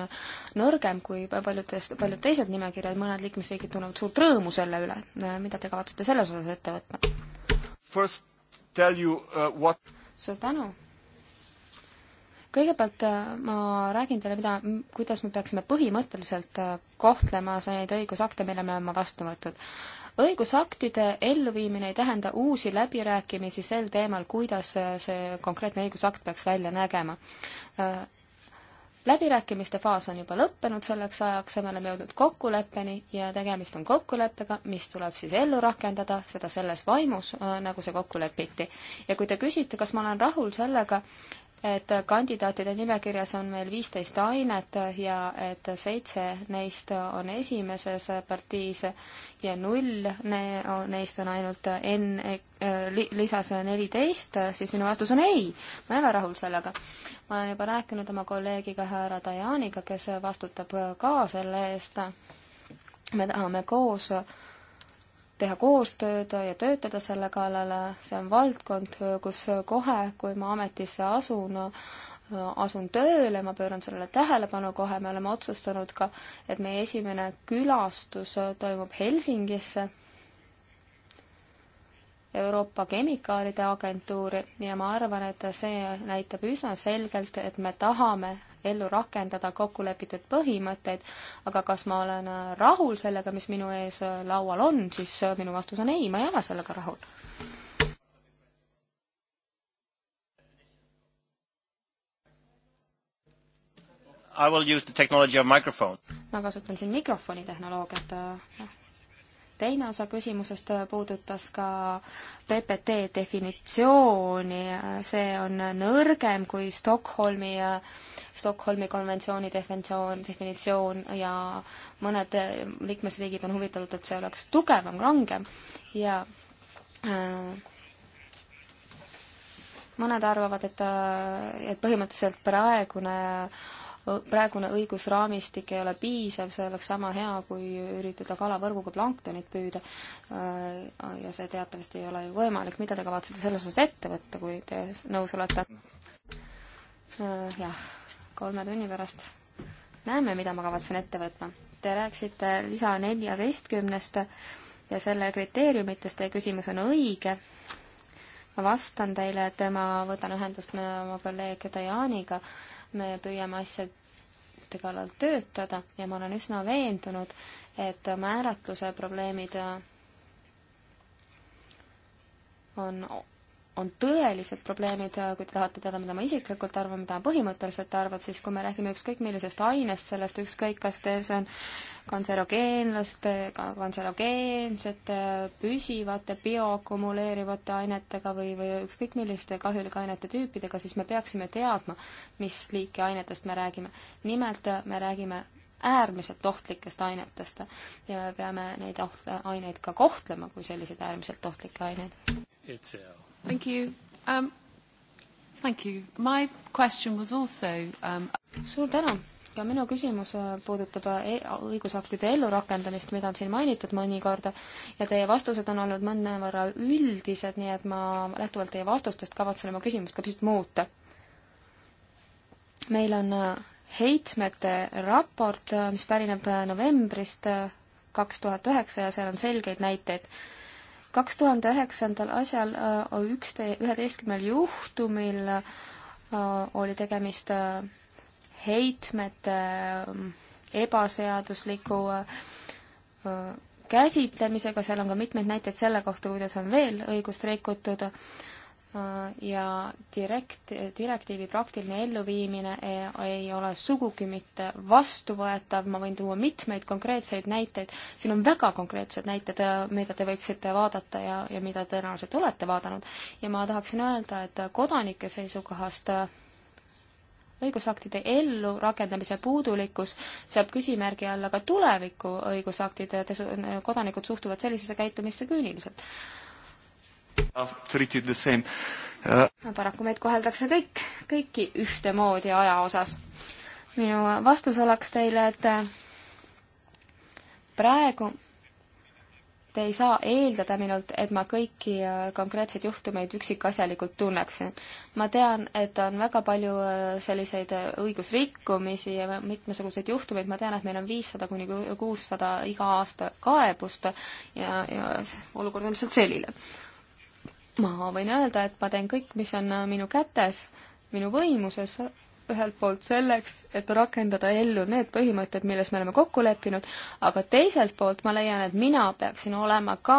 nõrgem kui paljudest, paljud teised nimekirjad, mõned liikmesriigid tunnevad suurt rõõmu selle üle. mida te kavatsete selles osas ette võtma? Uh, what... suur tänu! kõigepealt äh, ma räägin teile, mida, kuidas me peaksime põhimõtteliselt äh, kohtlema neid õigusakte, mille me oleme vastu võtnud. õigusaktide elluviimine ei tähenda uusi läbirääkimisi sel teemal, kuidas äh, see konkreetne õigusakt peaks välja nägema. läbirääkimiste faas on juba lõppenud selleks ajaks ja me oleme jõudnud kokkuleppeni ja tegemist on kokkuleppega, mis tuleb siis ellu rakendada, seda selles vaimus, nagu see kokku lepiti. ja kui te küsite, kas ma olen rahul sellega, et kandidaatide nimekirjas on meil viisteist ainet ja et seitse neist on esimeses partiis ja null ne, neist on ainult N e-, lisas neliteist, siis minu vastus on ei, ma ei ole rahul sellega. ma olen juba rääkinud oma kolleegiga härra Dajaniga, kes vastutab ka selle eest. me tahame koos äh, teha koostööd ja töötada selle kallale, see on valdkond, kus kohe, kui ma ametisse asun, asun tööle, ma pööran sellele tähelepanu kohe, me oleme otsustanud ka, et meie esimene külastus toimub Helsingisse Euroopa Kemikaalide Agentuuri ja ma arvan, et see näitab üsna selgelt, et me tahame ellu rakendada kokkulepitud põhimõtteid, aga kas ma olen rahul sellega, mis minu ees laual on, siis minu vastus on ei, ma ei ole sellega rahul. I will use the technology of microphone. ma kasutan siin mikrofoni tehnoloogiat teine osa küsimusest puudutas ka PPT definitsiooni, see on nõrgem kui Stockholmi, Stockholmi konventsiooni definitsioon, definitsioon ja mõned liikmesriigid on huvitatud, et see oleks tugevam, rangem ja äh, mõned arvavad, et, äh, et põhimõtteliselt praegune äh, praegune õigusraamistik ei ole piisav, see oleks sama hea, kui üritada kalavõrguga planktonit püüda. Äh, ja see teatavasti ei ole ju võimalik, mida te kavatsete selles osas ette võtta, kui te nõus olete? Äh, jah, kolme tunni pärast näeme, mida ma kavatsen ette võtma. Te rääkisite lisa neljateistkümnest ja selle kriteeriumitest, teie küsimus on õige ma vastan teile, et ma võtan ühendust oma kolleeg Dianiga me püüame asjade kallal töötada ja ma olen üsna veendunud, et määratluse probleemid on on tõelised probleemid, äh, kui te tahate teada, mida ma isiklikult arvan, mida ma põhimõtteliselt arvan, siis kui me räägime ükskõik millisest ainest, sellest ükskõik, kas te, see on kantserogeenlaste, kantserogeensete, püsivate, bioakumuleerivate ainetega või, või ükskõik milliste kahjulike ainete tüüpidega, siis me peaksime teadma, mis liiki ainetest me räägime. nimelt äh, me räägime äärmiselt ohtlikest ainetest ja me peame neid aineid ka kohtlema kui selliseid äärmiselt ohtlikke aineid Itzel. Thank you. Um, thank you. My question was also um... suur tänu ja minu küsimus äh, puudutab äh, e-, õigusaktide ellurakendamist, mida on siin mainitud mõnikord ja teie vastused on olnud mõnevõrra üldised, nii et ma lähtuvalt teie vastustest kavatsen oma küsimust ka pisut muuta. meil on äh, heitmete raport, mis pärineb novembrist kaks tuhat üheksa ja seal on selgeid näiteid kaks tuhande üheksandal asjal äh, ükste-, üheteistkümnel juhtumil äh, oli tegemist äh, heitmete ebaseadusliku käsitlemisega, seal on ka mitmeid näiteid selle kohta, kuidas on veel õigust rikutud Äh, ja direkt, direktiivi praktiline elluviimine ei, ei ole sugugi mitte vastuvõetav, ma võin tuua mitmeid konkreetseid näiteid, siin on väga konkreetsed näited, äh, mida te võiksite vaadata ja, ja mida tõenäoliselt olete vaadanud, ja ma tahaksin öelda, et kodanike seisukohast äh, õigusaktide ellurakendamise puudulikkus seab küsimärgi alla ka tuleviku õigusaktid, kodanikud suhtuvad sellisesse käitumisse küüniliselt paraku meid koheldakse kõik, kõiki ühtemoodi aja osas. minu vastus oleks teile, et äh, praegu te ei saa eeldada minult, et ma kõiki äh, konkreetseid juhtumeid üksikasjalikult tunneksin. ma tean, et on väga palju äh, selliseid õigusrikkumisi ja mitmesuguseid juhtumeid, ma tean, et meil on viissada kuni kuussada iga aasta kaebust ja, ja olukord on lihtsalt selline ma võin öelda, et ma teen kõik, mis on äh, minu kätes, minu võimuses, ühelt poolt selleks, et rakendada ellu need põhimõtted, milles me oleme kokku leppinud, aga teiselt poolt ma leian, et mina peaksin olema ka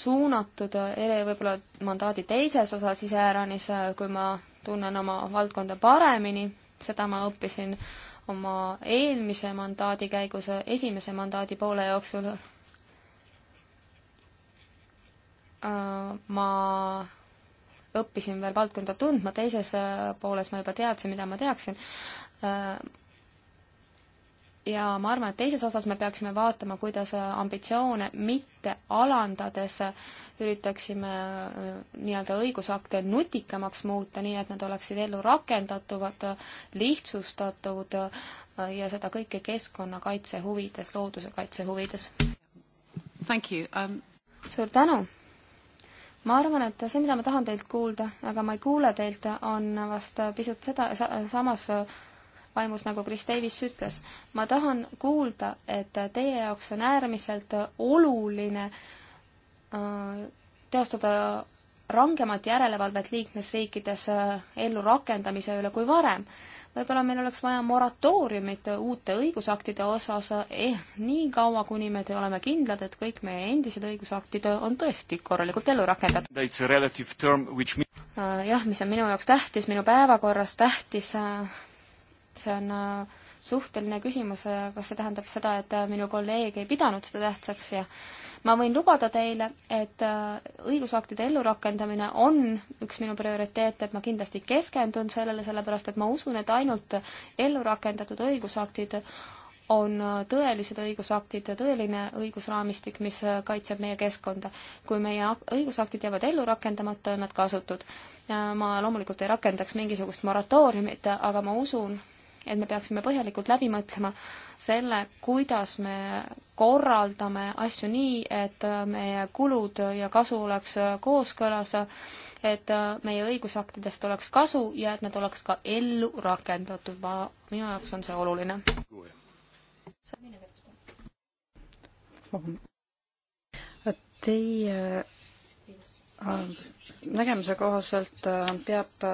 suunatud äh, võib-olla mandaadi teises osas iseäranis, äh, kui ma tunnen oma valdkonda paremini, seda ma õppisin oma eelmise mandaadi käigus esimese mandaadi poole jooksul Äh, ma õppisin veel valdkonda tundma, teises äh, pooles ma juba teadsin, mida ma teaksin. Äh, ja ma arvan, et teises osas me peaksime vaatama, kuidas ambitsioone mitte alandades üritaksime nii-öelda õigusakte nutikamaks muuta, nii et nad oleksid ellu rakendatuvad, lihtsustatud ja seda kõike keskkonnakaitse huvides, looduse kaitse huvides. Um... suur tänu! ma arvan, et see, mida ma tahan teilt kuulda, aga ma ei kuule teilt, on vast pisut seda sa,, samas vaimus, nagu Chris Davis ütles. ma tahan kuulda, et teie jaoks on äärmiselt oluline äh, teostada rangemat järelevalvet liikmesriikides äh, ellu rakendamise üle kui varem võib-olla meil oleks vaja moratooriumit uute õigusaktide osas eh, nii kaua, kuni me oleme kindlad, et kõik meie endised õigusaktid on tõesti korralikult ellu rakendatud. Äh, jah, mis on minu jaoks tähtis, minu päevakorras tähtis, äh, see on äh, suhteline küsimus, kas see tähendab seda, et minu kolleeg ei pidanud seda tähtsaks ja ma võin lubada teile, et äh, õigusaktide ellurakendamine on üks minu prioriteete, et ma kindlasti keskendun sellele, sellepärast et ma usun, et ainult ellurakendatud õigusaktid on äh, tõelised õigusaktid ja tõeline õigusraamistik, mis äh, kaitseb meie keskkonda. kui meie õigusaktid jäävad ellu rakendamata, on nad kasutud. ma loomulikult ei rakendaks mingisugust moratooriumit, aga ma usun, et me peaksime põhjalikult läbi mõtlema selle, kuidas me korraldame asju nii, et meie kulud ja kasu oleks kooskõlas, et meie õigusaktidest oleks kasu ja et nad oleks ka ellu rakendatud. ma, minu jaoks on see oluline. Teie äh, nägemuse kohaselt äh, peab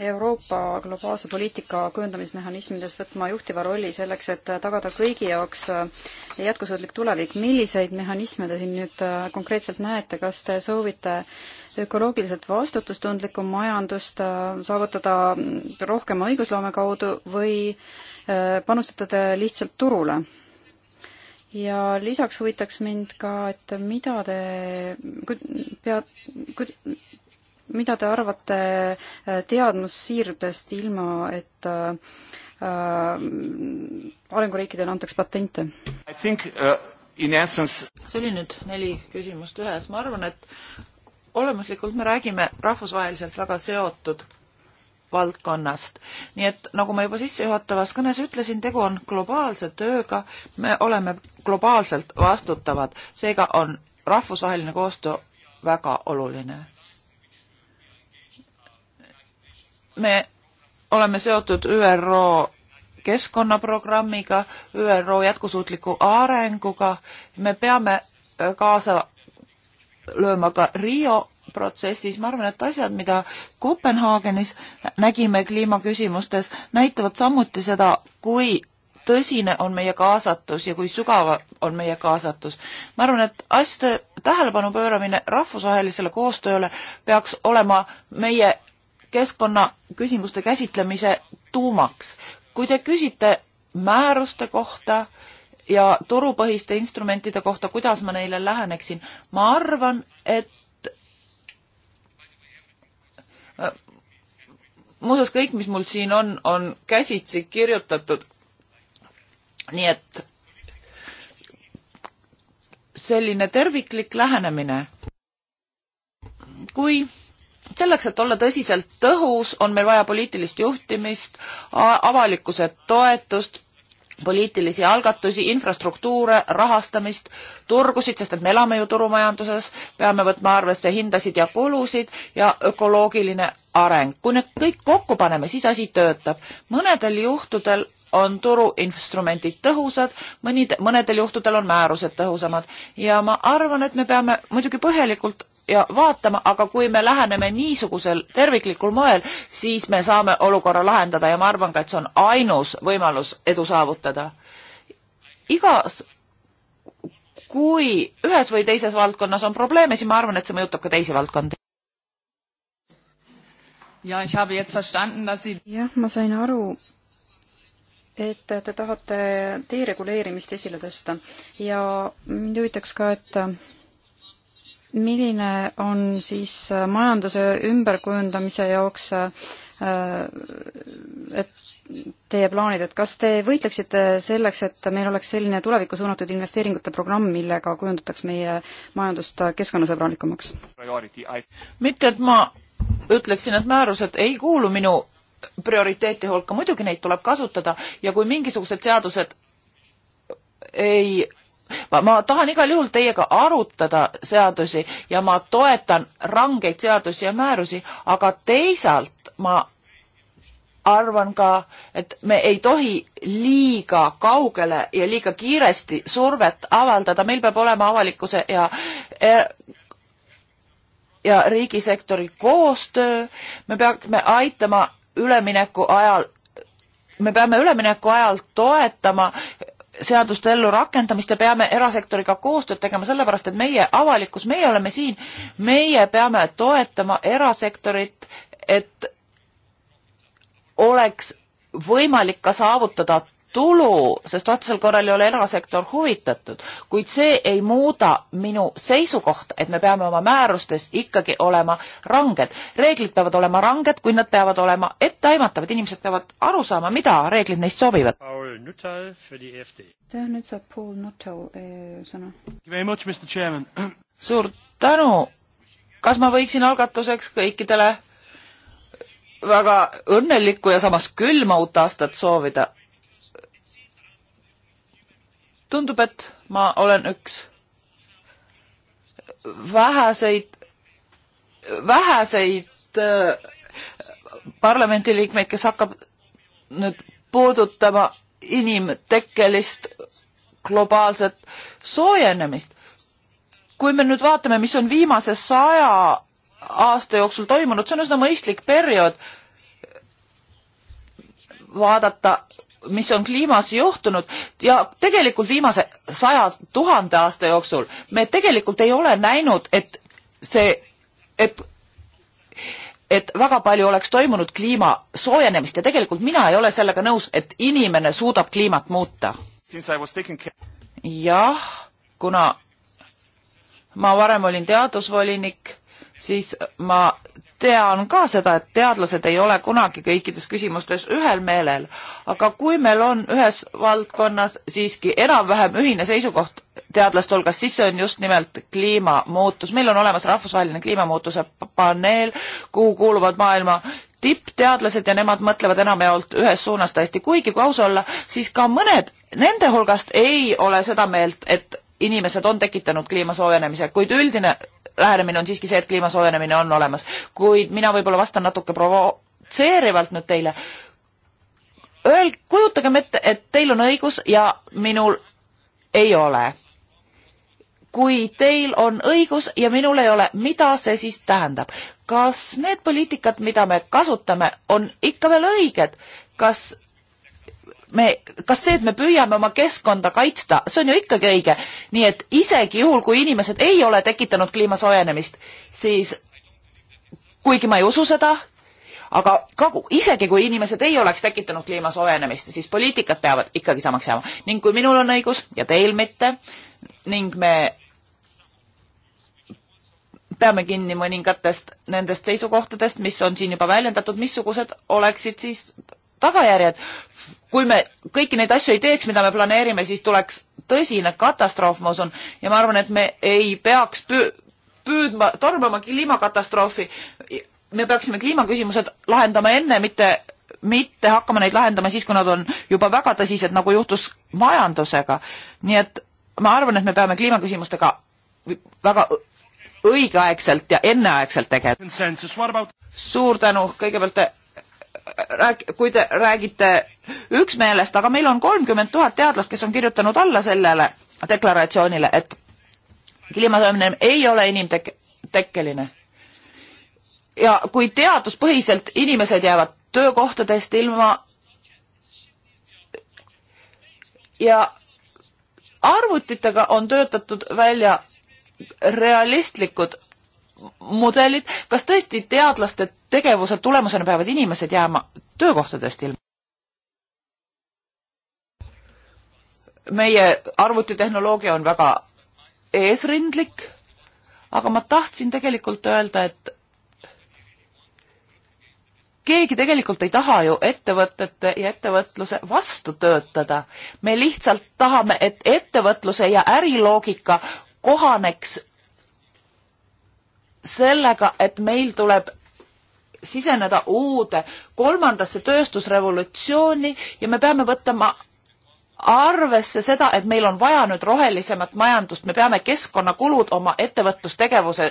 Euroopa globaalse poliitika kujundamismehhanismides võtma juhtiva rolli selleks, et tagada kõigi jaoks äh, jätkusuutlik tulevik. milliseid mehhanisme te siin nüüd äh, konkreetselt näete, kas te soovite ökoloogiliselt vastutustundlikku majandust äh, saavutada rohkema õigusloome kaudu või panustate te lihtsalt turule? ja lisaks huvitaks mind ka, et mida te pead, mida te arvate äh, teadmussiirdest, ilma et äh, arenguriikidele antaks patente? Uh, essence... see oli nüüd neli küsimust ühes, ma arvan, et olemuslikult me räägime rahvusvaheliselt väga seotud valdkonnast. nii et nagu ma juba sissejuhatavas kõnes ütlesin, tegu on globaalse tööga, me oleme globaalselt vastutavad, seega on rahvusvaheline koostöö väga oluline. me oleme seotud ÜRO keskkonnaprogrammiga, ÜRO jätkusuutliku arenguga, me peame äh, kaasa lööma ka Rio protsessis, ma arvan, et asjad, mida Kopenhaagenis nägime kliimaküsimustes, näitavad samuti seda, kui tõsine on meie kaasatus ja kui sügav on meie kaasatus. ma arvan, et asjade tähelepanu pööramine rahvusvahelisele koostööle peaks olema meie keskkonnaküsimuste käsitlemise tuumaks. kui te küsite määruste kohta ja turupõhiste instrumentide kohta, kuidas ma neile läheneksin, ma arvan, et äh, muuseas, kõik, mis mul siin on, on käsitsi kirjutatud. nii et selline terviklik lähenemine. kui selleks, et olla tõsiselt tõhus, on meil vaja poliitilist juhtimist, avalikkuse toetust, poliitilisi algatusi, infrastruktuure, rahastamist, turgusid, sest et me elame ju turumajanduses, peame võtma arvesse hindasid ja kulusid ja ökoloogiline areng. kui need kõik kokku paneme, siis asi töötab. mõnedel juhtudel on turuinstrumendid tõhusad, mõni, mõnedel juhtudel on määrused tõhusamad ja ma arvan, et me peame muidugi põhjalikult ja vaatama, aga kui me läheneme niisugusel terviklikul moel, siis me saame olukorra lahendada ja ma arvan ka, et see on ainus võimalus edu saavutada. igas, kui ühes või teises valdkonnas on probleeme, siis ma arvan, et see mõjutab ka teisi valdkondi. jah, ma sain aru, et te tahate dereguleerimist esile tõsta ja mind huvitaks ka, et milline on siis äh, majanduse ümberkujundamise jaoks äh, et teie plaanid, et kas te võitleksite selleks, et meil oleks selline tulevikku suunatud investeeringute programm, millega kujundataks meie majandust keskkonnasõbralikumaks? mitte, et ma ütleksin, et määrused ei kuulu minu prioriteeti hulka, muidugi neid tuleb kasutada ja kui mingisugused seadused ei ma, ma tahan igal juhul teiega arutada seadusi ja ma toetan rangeid seadusi ja määrusi, aga teisalt ma arvan ka, et me ei tohi liiga kaugele ja liiga kiiresti survet avaldada, meil peab olema avalikkuse ja e, ja riigisektori koostöö, me peame aitama ülemineku ajal, me peame ülemineku ajal toetama seaduste ellurakendamist ja peame erasektoriga koostööd tegema, sellepärast et meie avalikkus, meie oleme siin, meie peame toetama erasektorit, et oleks võimalik ka saavutada tulu, sest vastasel korral ei ole erasektor huvitatud, kuid see ei muuda minu seisukohta, et me peame oma määrustes ikkagi olema ranged. reeglid peavad olema ranged, kuid nad peavad olema etteaimatavad, inimesed peavad aru saama, mida reeglid neist sobivad. aitäh, e nüüd saab Paul Nuttall eh, sõna. <clears throat> suur tänu. kas ma võiksin algatuseks kõikidele väga õnnelikku ja samas külma uut aastat soovida? tundub, et ma olen üks väheseid, väheseid äh, parlamendiliikmeid, kes hakkab nüüd puudutama inimtekkelist globaalset soojenemist. kui me nüüd vaatame, mis on viimase saja aasta jooksul toimunud, see on üsna mõistlik periood vaadata, mis on kliimas juhtunud ja tegelikult viimase saja tuhande aasta jooksul me tegelikult ei ole näinud, et see, et et väga palju oleks toimunud kliima soojenemist ja tegelikult mina ei ole sellega nõus, et inimene suudab kliimat muuta. jah, kuna ma varem olin teadusvolinik, siis ma tean ka seda, et teadlased ei ole kunagi kõikides küsimustes ühel meelel, aga kui meil on ühes valdkonnas siiski enam-vähem ühine seisukoht teadlaste hulgas, siis see on just nimelt kliimamuutus. meil on olemas rahvusvaheline kliimamuutuse paneel, kuhu kuuluvad maailma tippteadlased ja nemad mõtlevad enamjaolt ühes suunas täiesti, kuigi kui aus olla, siis ka mõned nende hulgast ei ole seda meelt, et inimesed on tekitanud kliima soojenemise, kuid üldine lähenemine on siiski see, et kliima soojenemine on olemas. kuid mina võib-olla vastan natuke provotseerivalt nüüd teile. Öel-, kujutagem ette, et teil on õigus ja minul ei ole. kui teil on õigus ja minul ei ole, mida see siis tähendab? kas need poliitikad, mida me kasutame, on ikka veel õiged? kas me, kas see, et me püüame oma keskkonda kaitsta, see on ju ikkagi õige. nii et isegi juhul, kui inimesed ei ole tekitanud kliima soojenemist, siis kuigi ma ei usu seda, aga kogu, isegi kui inimesed ei oleks tekitanud kliima soojenemist, siis poliitikad peavad ikkagi samaks jääma. ning kui minul on õigus ja teil mitte ning me peame kinni mõningatest nendest seisukohtadest, mis on siin juba väljendatud, missugused oleksid siis tagajärjed kui me kõiki neid asju ei teeks, mida me planeerime, siis tuleks tõsine katastroof, ma usun, ja ma arvan, et me ei peaks püü-, püüdma, tormama kliimakatastroofi. me peaksime kliimaküsimused lahendama enne, mitte, mitte hakkama neid lahendama siis, kui nad on juba väga tõsised, nagu juhtus majandusega. nii et ma arvan, et me peame kliimaküsimustega väga õigeaegselt ja enneaegselt tegelema. suur tänu, kõigepealt te rääg-, kui te räägite üksmeelest, aga meil on kolmkümmend tuhat teadlast, kes on kirjutanud alla sellele deklaratsioonile, et kliima soojenemine ei ole inimtekkeline. ja kui teaduspõhiselt inimesed jäävad töökohtadest ilma ja arvutitega on töötatud välja realistlikud mudelid, kas tõesti teadlaste tegevuse tulemusena peavad inimesed jääma töökohtadest ilma? meie arvutitehnoloogia on väga eesrindlik, aga ma tahtsin tegelikult öelda, et keegi tegelikult ei taha ju ettevõtete ja ettevõtluse vastu töötada. me lihtsalt tahame, et ettevõtluse ja äriloogika kohaneks sellega, et meil tuleb siseneda uude kolmandasse tööstusrevolutsiooni ja me peame võtma arvesse seda, et meil on vaja nüüd rohelisemat majandust, me peame keskkonnakulud oma ettevõtlustegevuse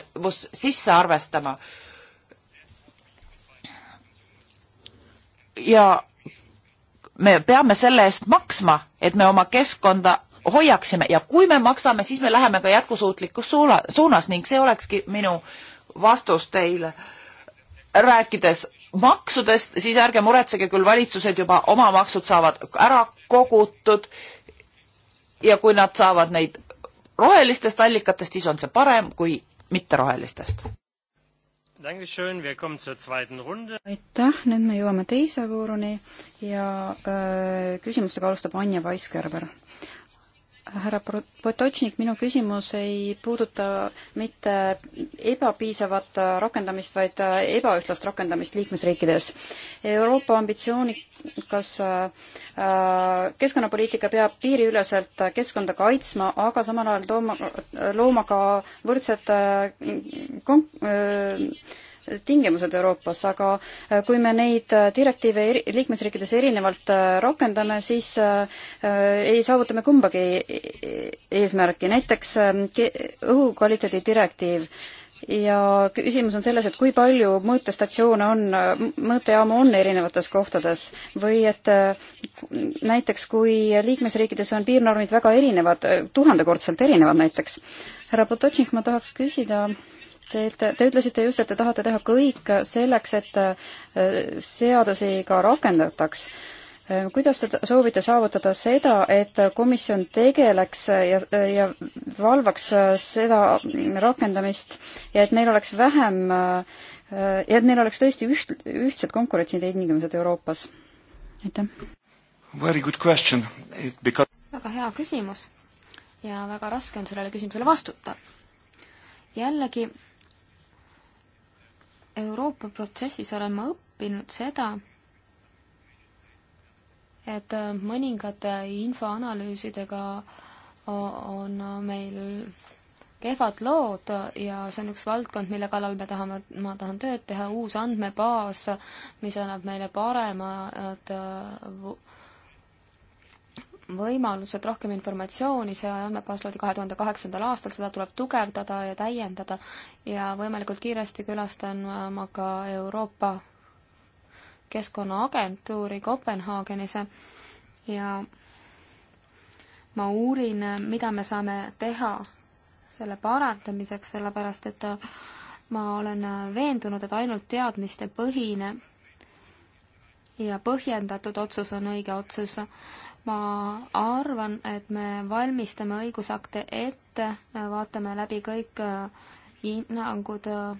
sisse arvestama. ja me peame selle eest maksma, et me oma keskkonda hoiaksime ja kui me maksame, siis me läheme ka jätkusuutlikus suunas ning see olekski minu äh, vastus teile. rääkides maksudest, siis ärge muretsege, küll valitsused juba oma maksud saavad ära kogutud ja kui nad saavad neid rohelistest allikatest, siis on see parem kui mitterohelistest. aitäh, nüüd me jõuame teise vooruni ja öö, äh, küsimustega alustab Anja Paiskerber härra Potočnik, minu küsimus ei puuduta mitte ebapiisavat rakendamist, vaid ebaühtlast rakendamist liikmesriikides. Euroopa ambitsioonikas äh, keskkonnapoliitika peab piiriüleselt keskkonda kaitsma, aga samal ajal tooma, looma ka võrdsed äh, kon-, äh, tingimused Euroopas, aga äh, kui me neid äh, direktiive eri, liikmesriikides erinevalt äh, rakendame, siis ei saavuta me kumbagi e-, e-, eesmärki, näiteks ähm, õhukvaliteedi direktiiv ja küsimus on selles, et kui palju mõõtestatsioone on, mõõtejaamu on erinevates kohtades või et näiteks kui liikmesriikides on piirnormid väga erinevad, tuhandekordselt erinevad näiteks. härra Potočnik, ma tahaks küsida Te, te ütlesite just, et te tahate teha kõik selleks, et äh, seadusi ka rakendataks. Äh, kuidas te soovite saavutada seda, et komisjon tegeleks äh, ja, ja valvaks seda rakendamist ja et meil oleks vähem ja et meil oleks tõesti üht, ühtsed konkurentsitingimused Euroopas? aitäh. Very good question. Because... väga hea küsimus ja väga raske on sellele küsimusele vastuta. jällegi Euroopa protsessis olen ma õppinud seda, et äh, mõningate infoanalüüsidega äh, on äh, meil kehvad lood ja see on üks valdkond, mille kallal me tahame, ma tahan tööd teha, uus andmebaas, mis annab meile paremad võimalused, rohkem informatsiooni, see andmebaas loodi kahe tuhande kaheksandal aastal, seda tuleb tugevdada ja täiendada ja võimalikult kiiresti külastan ma ka Euroopa Keskkonnaagentuuri Kopenhaagenis ja ma uurin, mida me saame teha selle parandamiseks, sellepärast et ma olen veendunud, et ainult teadmistepõhine ja põhjendatud otsus on õige otsus ma arvan, et me valmistame õigusakte ette, vaatame läbi kõik äh, hinnangud, äh,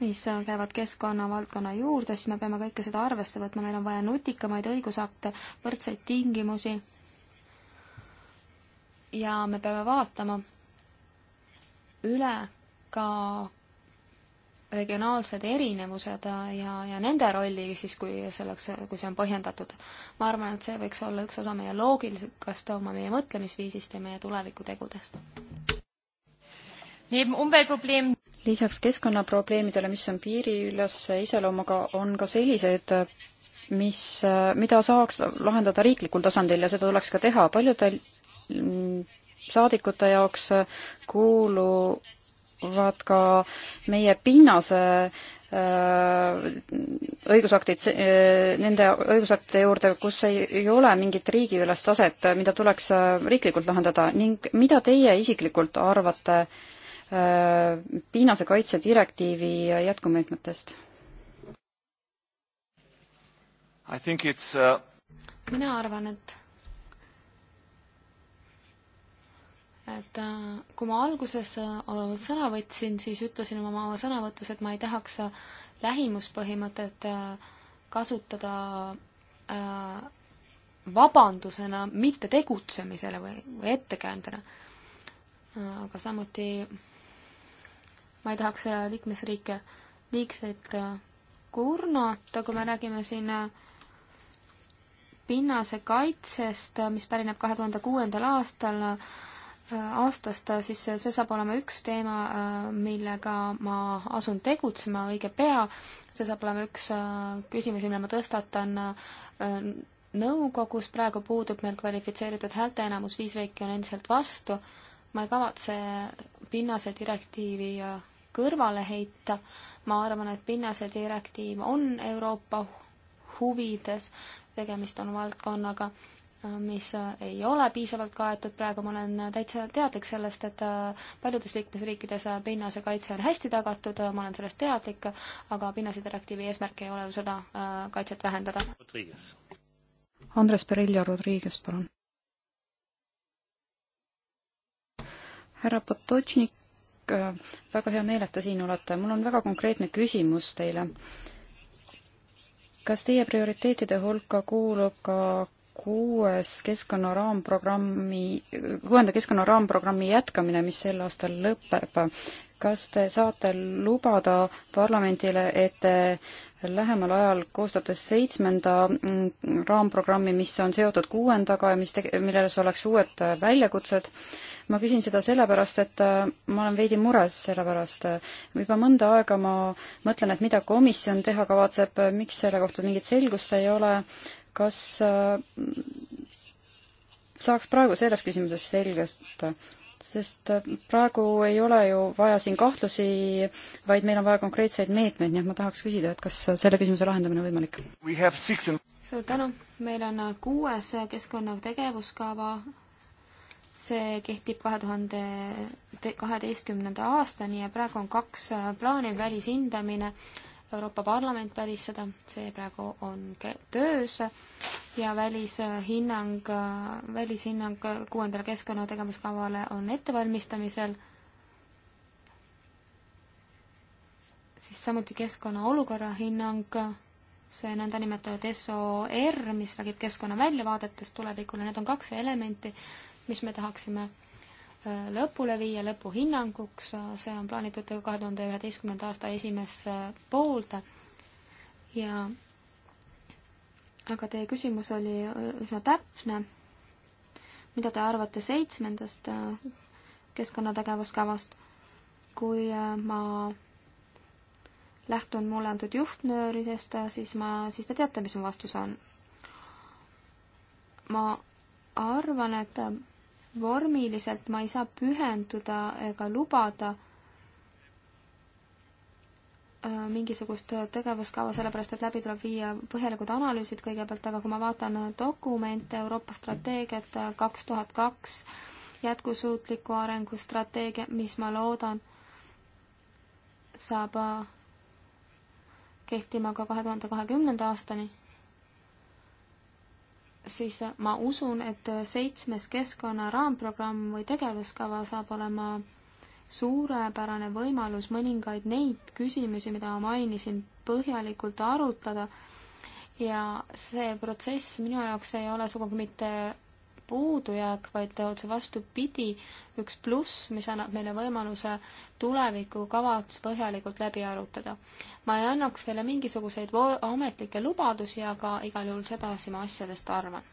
mis käivad keskkonnavaldkonna juurde, siis me peame kõike seda arvesse võtma, meil on vaja nutikamaid õigusakte, võrdseid tingimusi. ja me peame vaatama üle ka regionaalsed erinevused ja, ja nende rolli siis, kui selleks, kui see on põhjendatud. ma arvan, et see võiks olla üks osa meie loogilisest, oma meie mõtlemisviisist ja meie tulevikutegudest. lisaks keskkonnaprobleemidele, mis on piiriülese iseloomuga, on ka sellised mis, mida saaks lahendada riiklikul tasandil ja seda tuleks ka teha. paljudel saadikute jaoks kuulu vaat ka meie pinnase äh, õigusaktid, äh, nende õigusaktide juurde, kus ei, ei ole mingit riigiülest taset, mida tuleks äh, riiklikult lahendada ning mida teie isiklikult arvate piinase kaitse direktiivi jätkumeetmetest? Uh... mina arvan, et et äh, kui ma alguses äh, sõna võtsin, siis ütlesin oma sõnavõtus, et ma ei tahaks äh, lähimuspõhimõtet kasutada vabandusena mitte tegutsemisele või, või ettekäändena. aga samuti ma ei tahaks liikmesriike liigselt kurnata, kui me räägime siin pinnase kaitsest, mis pärineb kahe tuhande kuuendal aastal aastast, äh, siis see saab olema üks teema, äh, millega ma asun tegutsema õige pea. see saab olema üks äh, küsimusi, mille ma tõstatan nõukogus, praegu puudub meil kvalifitseeritud häälteenamus, viis riiki on endiselt vastu. ma ei kavatse pinnase direktiivi kõrvale heita, ma arvan, et pinnase direktiiv on Euroopa huvides, tegemist on valdkonnaga, mis äh, ei ole piisavalt kaetud, praegu ma olen äh, täitsa teadlik sellest, et äh, paljudes liikmesriikides pinnase kaitse on hästi tagatud, ma olen sellest teadlik, aga pinnase direktiivi eesmärk ei ole ju seda kaitset vähendada. Andres Perillo Rodriguez, palun. härra Potočnik, väga hea meel, et te siin olete, mul on väga konkreetne küsimus teile. kas teie prioriteetide hulka kuulub ka kuues keskkonna raamprogrammi, kuuenda keskkonna raamprogrammi jätkamine, mis sel aastal lõpeb. kas te saate lubada parlamendile, et te lähemal ajal koostades seitsmenda raamprogrammi, mis on seotud kuuendaga ja mis tege-, milles oleks uued väljakutsed, ma küsin seda sellepärast, et äh, ma olen veidi mures selle pärast. juba mõnda aega ma mõtlen, et mida komisjon teha kavatseb, miks selle kohta mingit selgust ei ole kas äh, saaks praegu selles küsimuses selgest, sest äh, praegu ei ole ju vaja siin kahtlusi, vaid meil on vaja konkreetseid meetmeid, nii et ma tahaks küsida, et kas selle küsimuse lahendamine on võimalik? suur tänu, meil on äh, kuues keskkonna tegevuskava, see kehtib kahe tuhande kaheteistkümnenda aastani ja praegu on kaks plaani, välishindamine Euroopa Parlament välis seda, see praegu on töös ja äh, äh, välishinnang, välishinnang kuuendale keskkonnategevuskavale on ettevalmistamisel, siis samuti keskkonna olukorra hinnang, see nõndanimetatud SOR, mis räägib keskkonna väljavaadetest tulevikule, need on kaks elementi, mis me tahaksime lõpule viia lõpuhinnanguks, see on plaanitud kahe tuhande üheteistkümnenda aasta esimesse poolde ja aga teie küsimus oli üsna täpne. mida te arvate seitsmendast keskkonnategevuskavast? kui äh, ma lähtun mulle antud juhtnööridest, äh, siis ma, siis te teate, mis mu vastus on. ma arvan, et äh, vormiliselt ma ei saa pühenduda ega lubada äh, mingisugust tegevuskava, sellepärast et läbi tuleb viia põhjalikud analüüsid kõigepealt, aga kui ma vaatan dokumente, Euroopa strateegiat kaks tuhat kaks, jätkusuutliku arengu strateegia, mis ma loodan, saab äh, kehtima ka kahe tuhande kahekümnenda aastani siis ma usun, et seitsmes keskkonna raamprogramm või tegevuskava saab olema suurepärane võimalus mõningaid neid küsimusi, mida ma mainisin, põhjalikult arutada ja see protsess minu jaoks ei ole sugugi mitte puudujääk, vaid otse vastupidi, üks pluss, mis annab meile võimaluse tulevikukavad põhjalikult läbi arutada. ma ei annaks teile mingisuguseid ametlikke lubadusi, aga igal juhul sedasi ma asjadest arvan.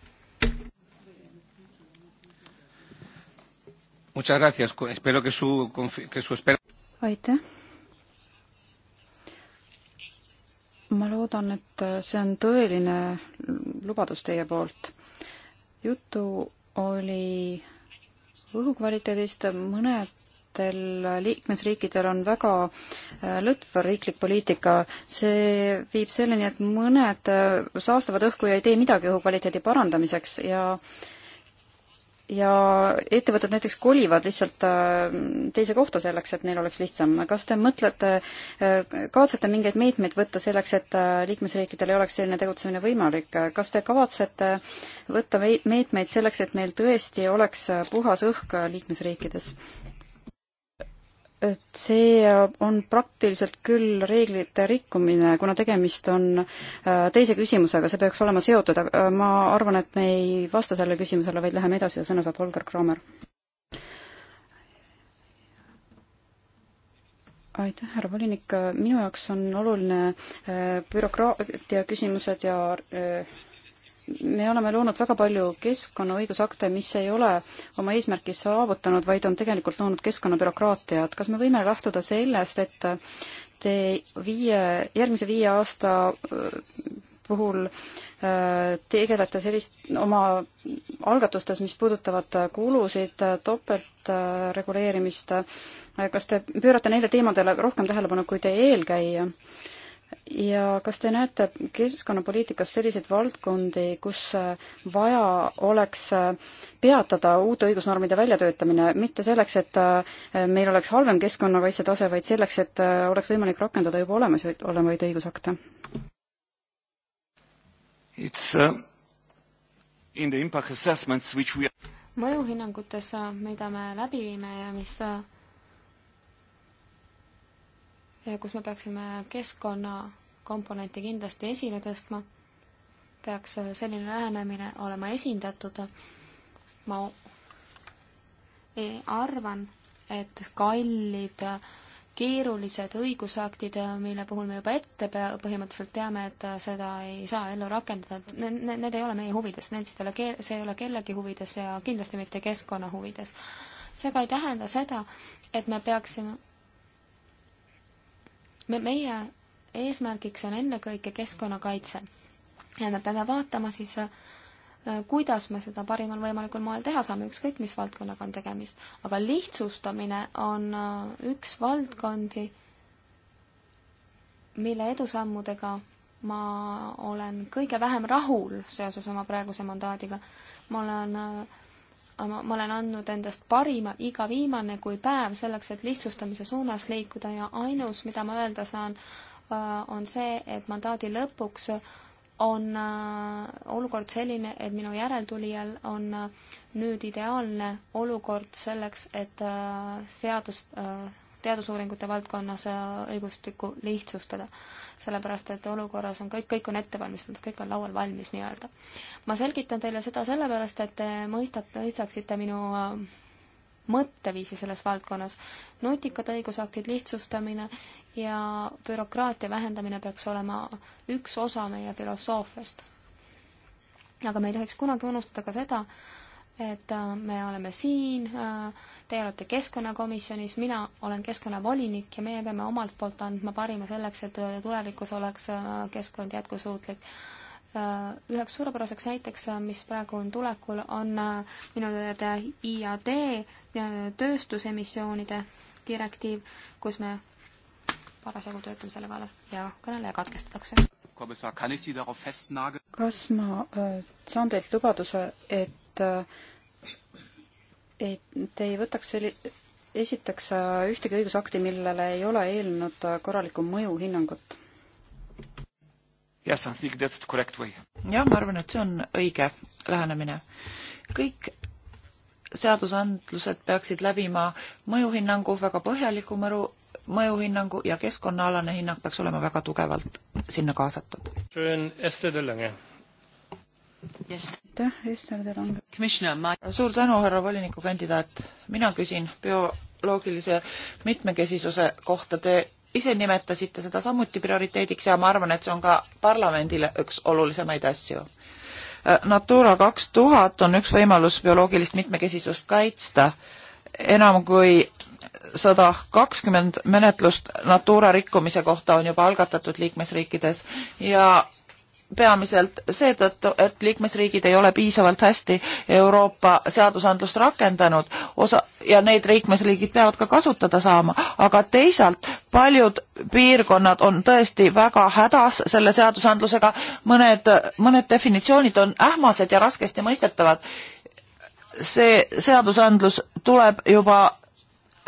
aitäh ma loodan, et see on tõeline lubadus teie poolt juttu oli õhukvaliteedist, mõnedel liikmesriikidel on väga äh, lõtv riiklik poliitika. see viib selleni, et mõned äh, saastavad õhku ja ei tee midagi õhukvaliteedi parandamiseks ja äh, ja ettevõtted näiteks kolivad lihtsalt äh, teise kohta selleks, et neil oleks lihtsam. kas te mõtlete, äh, kavatsete mingeid meetmeid võtta selleks, et äh, liikmesriikidel ei oleks selline tegutsemine võimalik? kas te kavatsete võtta meetmeid selleks, et meil tõesti oleks puhas õhk liikmesriikides? see on praktiliselt küll reeglite rikkumine, kuna tegemist on äh, teise küsimusega, see peaks olema seotud, aga äh, ma arvan, et me ei vasta sellele küsimusele, vaid läheme edasi ja sõna saab Holger Kramer. aitäh, härra volinik, minu jaoks on oluline äh, bürokraatia küsimused ja äh, me oleme loonud väga palju keskkonnaõigusakte, mis ei ole oma eesmärki saavutanud, vaid on tegelikult loonud keskkonnabürokraatiat. kas me võime lähtuda sellest, et te viie, järgmise viie aasta äh, puhul äh, tegelete sellist, oma algatustes, mis puudutavad kulusid, topeltreguleerimist, kas te pöörate neile teemadele rohkem tähelepanu kui teie eelkäija? ja kas te näete keskkonnapoliitikas selliseid valdkondi, kus äh, vaja oleks äh, peatada uute õigusnormide väljatöötamine, mitte selleks, et äh, meil oleks halvem keskkonnakaitse tase, vaid selleks, et oleks võimalik rakendada juba olemas, olevaid õigusakte? It's uh, in the impact assessments which we mõjuhinnangutes, uh, mida me läbi viime ja mis uh, kus me peaksime keskkonna komponenti kindlasti esile tõstma, peaks selline lähenemine olema esindatud. ma e, arvan, et kallid keerulised õigusaktid, mille puhul me juba ette pea, põhimõtteliselt teame, et seda ei saa ellu rakendada, et need, need ei ole meie huvides, need ei ole, see ei ole kellegi huvides ja kindlasti mitte keskkonna huvides. see aga ei tähenda seda, et me peaksime me, meie eesmärgiks on ennekõike keskkonnakaitse ja me peame vaatama siis, äh, kuidas me seda parimal võimalikul moel teha saame, ükskõik mis valdkonnaga on tegemist. aga lihtsustamine on äh, üks valdkondi, mille edusammudega ma olen kõige vähem rahul seoses oma praeguse mandaadiga. ma olen äh, ma olen andnud endast parima iga viimane kui päev selleks, et lihtsustamise suunas liikuda ja ainus, mida ma öelda saan, äh, on see, et mandaadi lõpuks on äh, olukord selline, et minu järeltulijal on äh, nüüd ideaalne olukord selleks, et seadust teadusuuringute valdkonnas äh, õigustikku lihtsustada. sellepärast, et olukorras on kõik, kõik on ette valmistatud, kõik on laual valmis nii-öelda. ma selgitan teile seda sellepärast, et te mõistate, mõistaksite minu äh, mõtteviisi selles valdkonnas. nutikad õigusaktid lihtsustamine ja bürokraatia vähendamine peaks olema üks osa meie filosoofiast. aga me ei tohiks kunagi unustada ka seda, et äh, me oleme siin, äh, teie olete keskkonnakomisjonis, mina olen keskkonnavolinik ja meie peame omalt poolt andma parima selleks, et äh, tulevikus oleks keskkond jätkusuutlik. Üheks suurepäraseks näiteks, mis praegu on tulekul, on minu teada IAD tööstusemissioonide direktiiv, kus me parasjagu töötame selle kallal ja kõneleja katkestatakse. kas ma saan teilt lubaduse, et et et te ei võtaks selli-, esitaks ühtegi õigusakti, millele ei ole eelnenud korralikku mõjuhinnangut? Yes, I think that's the correct way. jah, ma arvan, et see on õige lähenemine. kõik seadusandlused peaksid läbima mõjuhinnangu, väga põhjaliku mõru, mõjuhinnangu ja keskkonnaalane hinnang peaks olema väga tugevalt sinna kaasatud aitäh, Ester Terang. suur tänu, härra volinikukandidaat. mina küsin bioloogilise mitmekesisuse kohta. Te ise nimetasite seda samuti prioriteediks ja ma arvan, et see on ka parlamendile üks olulisemaid asju. Äh, Natura kaks tuhat on üks võimalus bioloogilist mitmekesisust kaitsta. enam kui sada kakskümmend menetlust Natura rikkumise kohta on juba algatatud liikmesriikides ja peamiselt seetõttu, et liikmesriigid ei ole piisavalt hästi Euroopa seadusandlust rakendanud osa ja need liikmesriigid peavad ka kasutada saama, aga teisalt paljud piirkonnad on tõesti väga hädas selle seadusandlusega, mõned, mõned definitsioonid on ähmased ja raskesti mõistetavad. see seadusandlus tuleb juba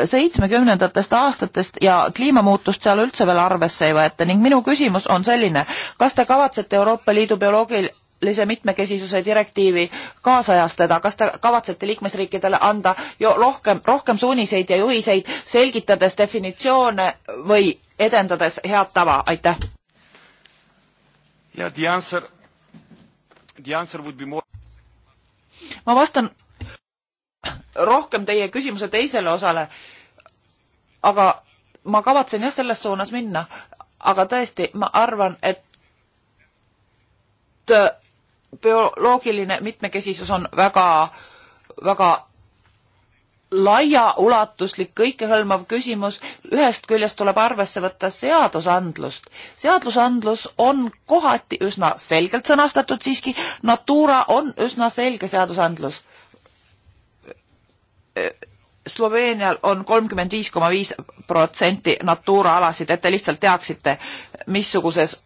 seitsmekümnendatest aastatest ja kliimamuutust seal üldse veel arvesse ei võeta ning minu küsimus on selline, kas te kavatsete Euroopa Liidu bioloogilise mitmekesisuse direktiivi kaasajastada, kas te kavatsete liikmesriikidele anda ju rohkem, rohkem suuniseid ja juhiseid, selgitades definitsioone või edendades head tava, aitäh! ja the answer, the answer would be more ma vastan rohkem teie küsimuse teisele osale. aga ma kavatsen jah, selles suunas minna, aga tõesti, ma arvan, et äh, bioloogiline mitmekesisus on väga, väga laiaulatuslik, kõikehõlmav küsimus, ühest küljest tuleb arvesse võtta seadusandlust. seadusandlus on kohati üsna selgelt sõnastatud siiski, Natura on üsna selge seadusandlus. Sloveenial on kolmkümmend viis koma viis protsenti Natura alasid, et te lihtsalt teaksite, missuguses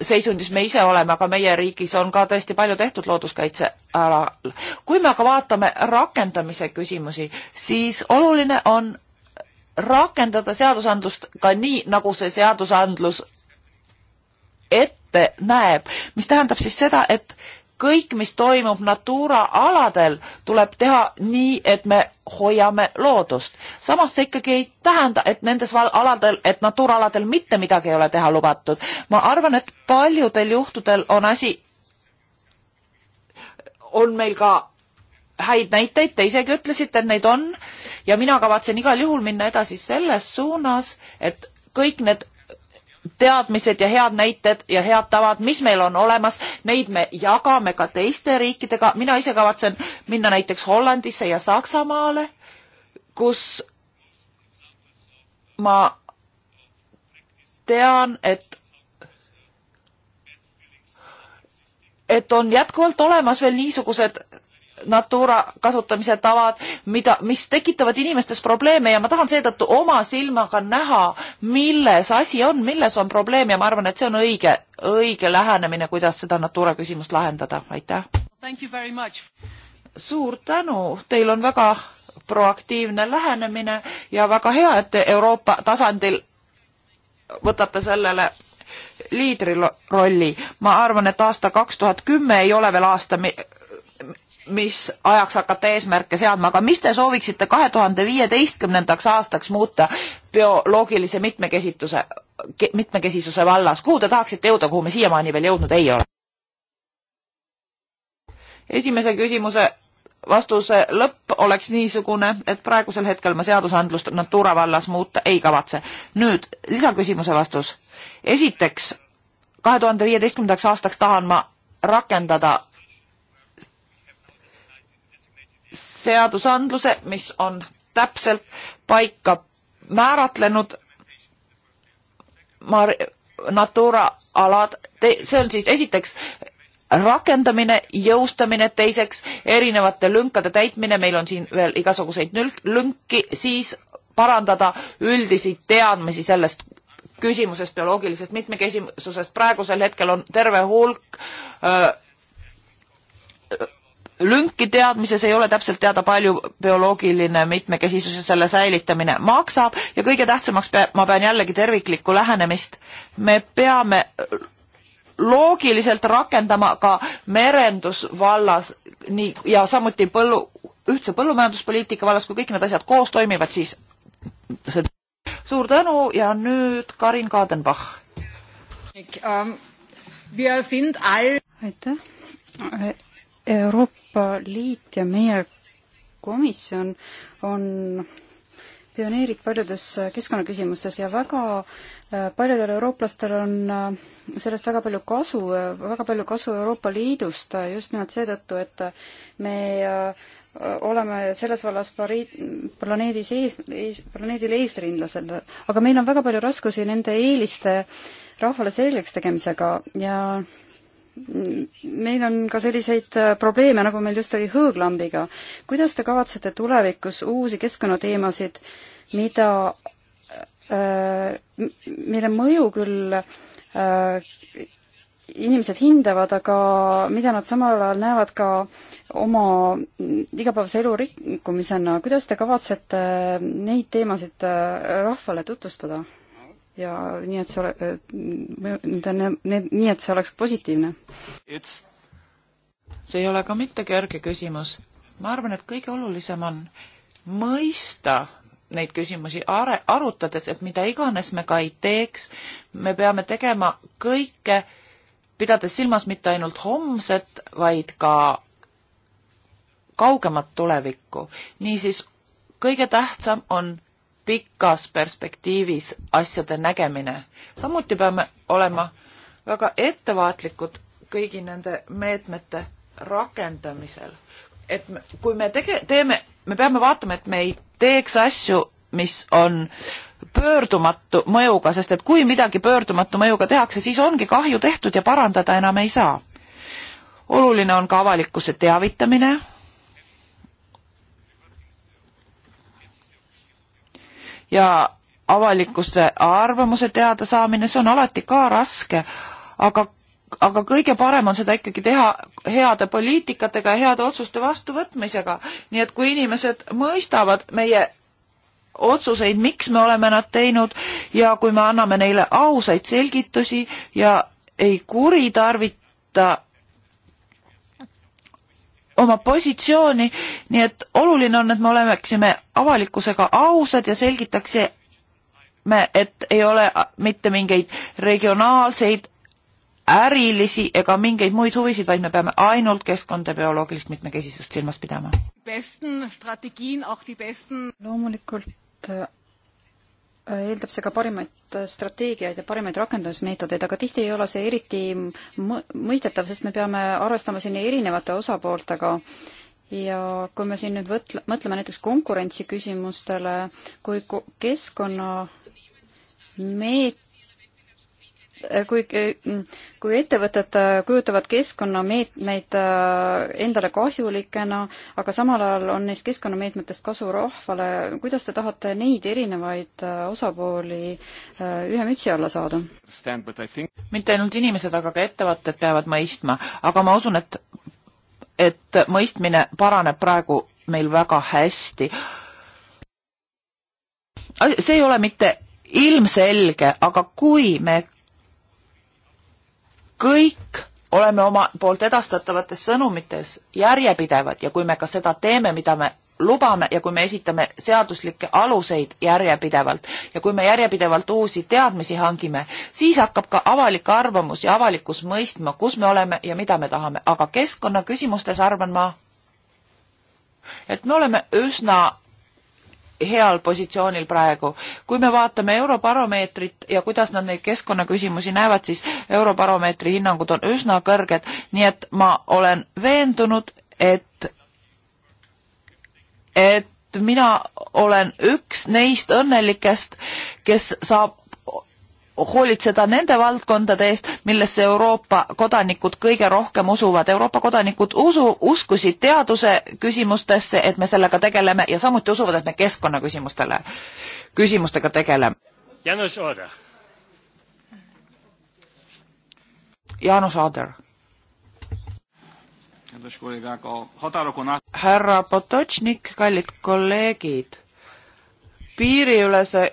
seisundis me ise oleme, aga meie riigis on ka tõesti palju tehtud looduskaitsealal. kui me aga vaatame rakendamise küsimusi, siis oluline on rakendada seadusandlust ka nii, nagu see seadusandlus ette näeb, mis tähendab siis seda, et kõik, mis toimub Natura aladel, tuleb teha nii, et me hoiame loodust. samas see ikkagi ei tähenda, et nendes aladel, et Natura aladel mitte midagi ei ole teha lubatud. ma arvan, et paljudel juhtudel on asi, on meil ka häid näiteid, te isegi ütlesite, et neid on ja mina kavatsen igal juhul minna edasi selles suunas, et kõik need teadmised ja head näited ja head tavad, mis meil on olemas, neid me jagame ka teiste riikidega. mina ise kavatsen minna näiteks Hollandisse ja Saksamaale, kus ma tean, et et on jätkuvalt olemas veel niisugused Natura kasutamise tavad, mida, mis tekitavad inimestes probleeme ja ma tahan seetõttu oma silmaga näha, milles asi on, milles on probleem ja ma arvan, et see on õige, õige lähenemine, kuidas seda Natura küsimust lahendada, aitäh! suur tänu, teil on väga proaktiivne lähenemine ja väga hea, et te Euroopa tasandil võtate sellele liidrirolli. ma arvan, et aasta kaks tuhat kümme ei ole veel aasta, mis ajaks hakata eesmärke seadma, aga mis te sooviksite kahe tuhande viieteistkümnendaks aastaks muuta bioloogilise mitmekesituse, mitmekesisuse vallas, kuhu te tahaksite jõuda, kuhu me siiamaani veel jõudnud ei ole? esimese küsimuse vastuse lõpp oleks niisugune, et praegusel hetkel ma seadusandlust Natura vallas muuta ei kavatse. nüüd lisaküsimuse vastus. esiteks, kahe tuhande viieteistkümnendaks aastaks tahan ma rakendada seadusandluse, mis on täpselt paika määratlenud Mar Natura alad, see on siis esiteks rakendamine, jõustamine, teiseks erinevate lünkade täitmine, meil on siin veel igasuguseid lünki, siis parandada üldisi teadmisi sellest küsimusest, bioloogilisest mitmekesisusest, praegusel hetkel on terve hulk öö, lünki teadmises ei ole täpselt teada, palju bioloogiline mitmekesisus ja selle säilitamine maksab ja kõige tähtsamaks pe ma pean jällegi terviklikku lähenemist. me peame loogiliselt rakendama ka merendusvallas nii ja samuti põllu, ühtse põllumajanduspoliitika vallas, kui kõik need asjad koos toimivad, siis see suur tänu ja nüüd Karin Kadenbach. Um, aitäh. Euroopa Euroopa Liit ja meie komisjon on pioneerid paljudes keskkonnaküsimustes ja väga äh, paljudel eurooplastel on äh, sellest väga palju kasu, äh, väga palju kasu Euroopa Liidust just nimelt seetõttu, et me oleme selles vallas pariid, planeedis ees, ees, planeedil eesrindlased, aga meil on väga palju raskusi nende eeliste rahvale selgeks tegemisega ja meil on ka selliseid äh, probleeme, nagu meil just oli hõõglambiga. kuidas te kavatsete tulevikus uusi keskkonnateemasid, mida, äh, mille mõju küll äh, inimesed hindavad, aga mida nad samal ajal näevad ka oma igapäevase elu rikkumisena, kuidas te kavatsete neid teemasid rahvale tutvustada? ja nii, et see ole-, äh, need, nii, et see oleks positiivne. see ei ole ka mitte kerge küsimus. ma arvan, et kõige olulisem on mõista neid küsimusi are-, arutades, et mida iganes me ka ei teeks, me peame tegema kõike, pidades silmas mitte ainult homset, vaid ka kaugemat tulevikku. niisiis, kõige tähtsam on pikas perspektiivis asjade nägemine. samuti peame olema väga ettevaatlikud kõigi nende meetmete rakendamisel. et me, kui me tege-, teeme, me peame vaatama, et me ei teeks asju, mis on pöördumatu mõjuga, sest et kui midagi pöördumatu mõjuga tehakse, siis ongi kahju tehtud ja parandada enam ei saa. oluline on ka avalikkuse teavitamine ja avalikkuste arvamuse teadasaamine, see on alati ka raske, aga, aga kõige parem on seda ikkagi teha heade poliitikatega ja heade otsuste vastuvõtmisega. nii et kui inimesed mõistavad meie otsuseid, miks me oleme nad teinud ja kui me anname neile ausaid selgitusi ja ei kuritarvita oma positsiooni, nii et oluline on, et me oleksime avalikkusega ausad ja selgitaksime, et ei ole mitte mingeid regionaalseid, ärilisi ega mingeid muid huvisid, vaid me peame ainult keskkonda bioloogilist mitmekesisust silmas pidama. loomulikult eeldab see ka parimaid strateegiaid ja parimaid rakendusmeetodeid, aga tihti ei ole see eriti mõistetav, sest me peame arvestama siin erinevate osapooltega. ja kui me siin nüüd võtle, mõtleme näiteks konkurentsi küsimustele, kui keskkonnameet-, kui, kui ettevõtted kujutavad keskkonnameetmeid endale kahjulikena, aga samal ajal on neist keskkonnameetmetest kasu rahvale, kuidas te tahate neid erinevaid osapooli ühe mütsi alla saada? mitte ainult inimesed, aga ka ettevõtted peavad mõistma, aga ma usun, et et mõistmine paraneb praegu meil väga hästi. see ei ole mitte ilmselge, aga kui me kõik oleme oma poolt edastatavates sõnumites järjepidevad ja kui me ka seda teeme, mida me lubame ja kui me esitame seaduslikke aluseid järjepidevalt ja kui me järjepidevalt uusi teadmisi hangime, siis hakkab ka avalik arvamus ja avalikkus mõistma, kus me oleme ja mida me tahame, aga keskkonnaküsimustes arvan ma, et me oleme üsna heal positsioonil praegu. kui me vaatame Eurobaromeetrit ja kuidas nad neid keskkonnaküsimusi näevad, siis Eurobaromeetri hinnangud on üsna kõrged, nii et ma olen veendunud, et, et mina olen üks neist õnnelikest, kes saab hoolitseda nende valdkondade eest, millesse Euroopa kodanikud kõige rohkem usuvad. Euroopa kodanikud usu, uskusid teaduse küsimustesse, et me sellega tegeleme ja samuti usuvad, et me keskkonnaküsimustele, küsimustega tegeleme. Janus Oder. Janus Oder. härra Potočnik, kallid kolleegid, piiriülese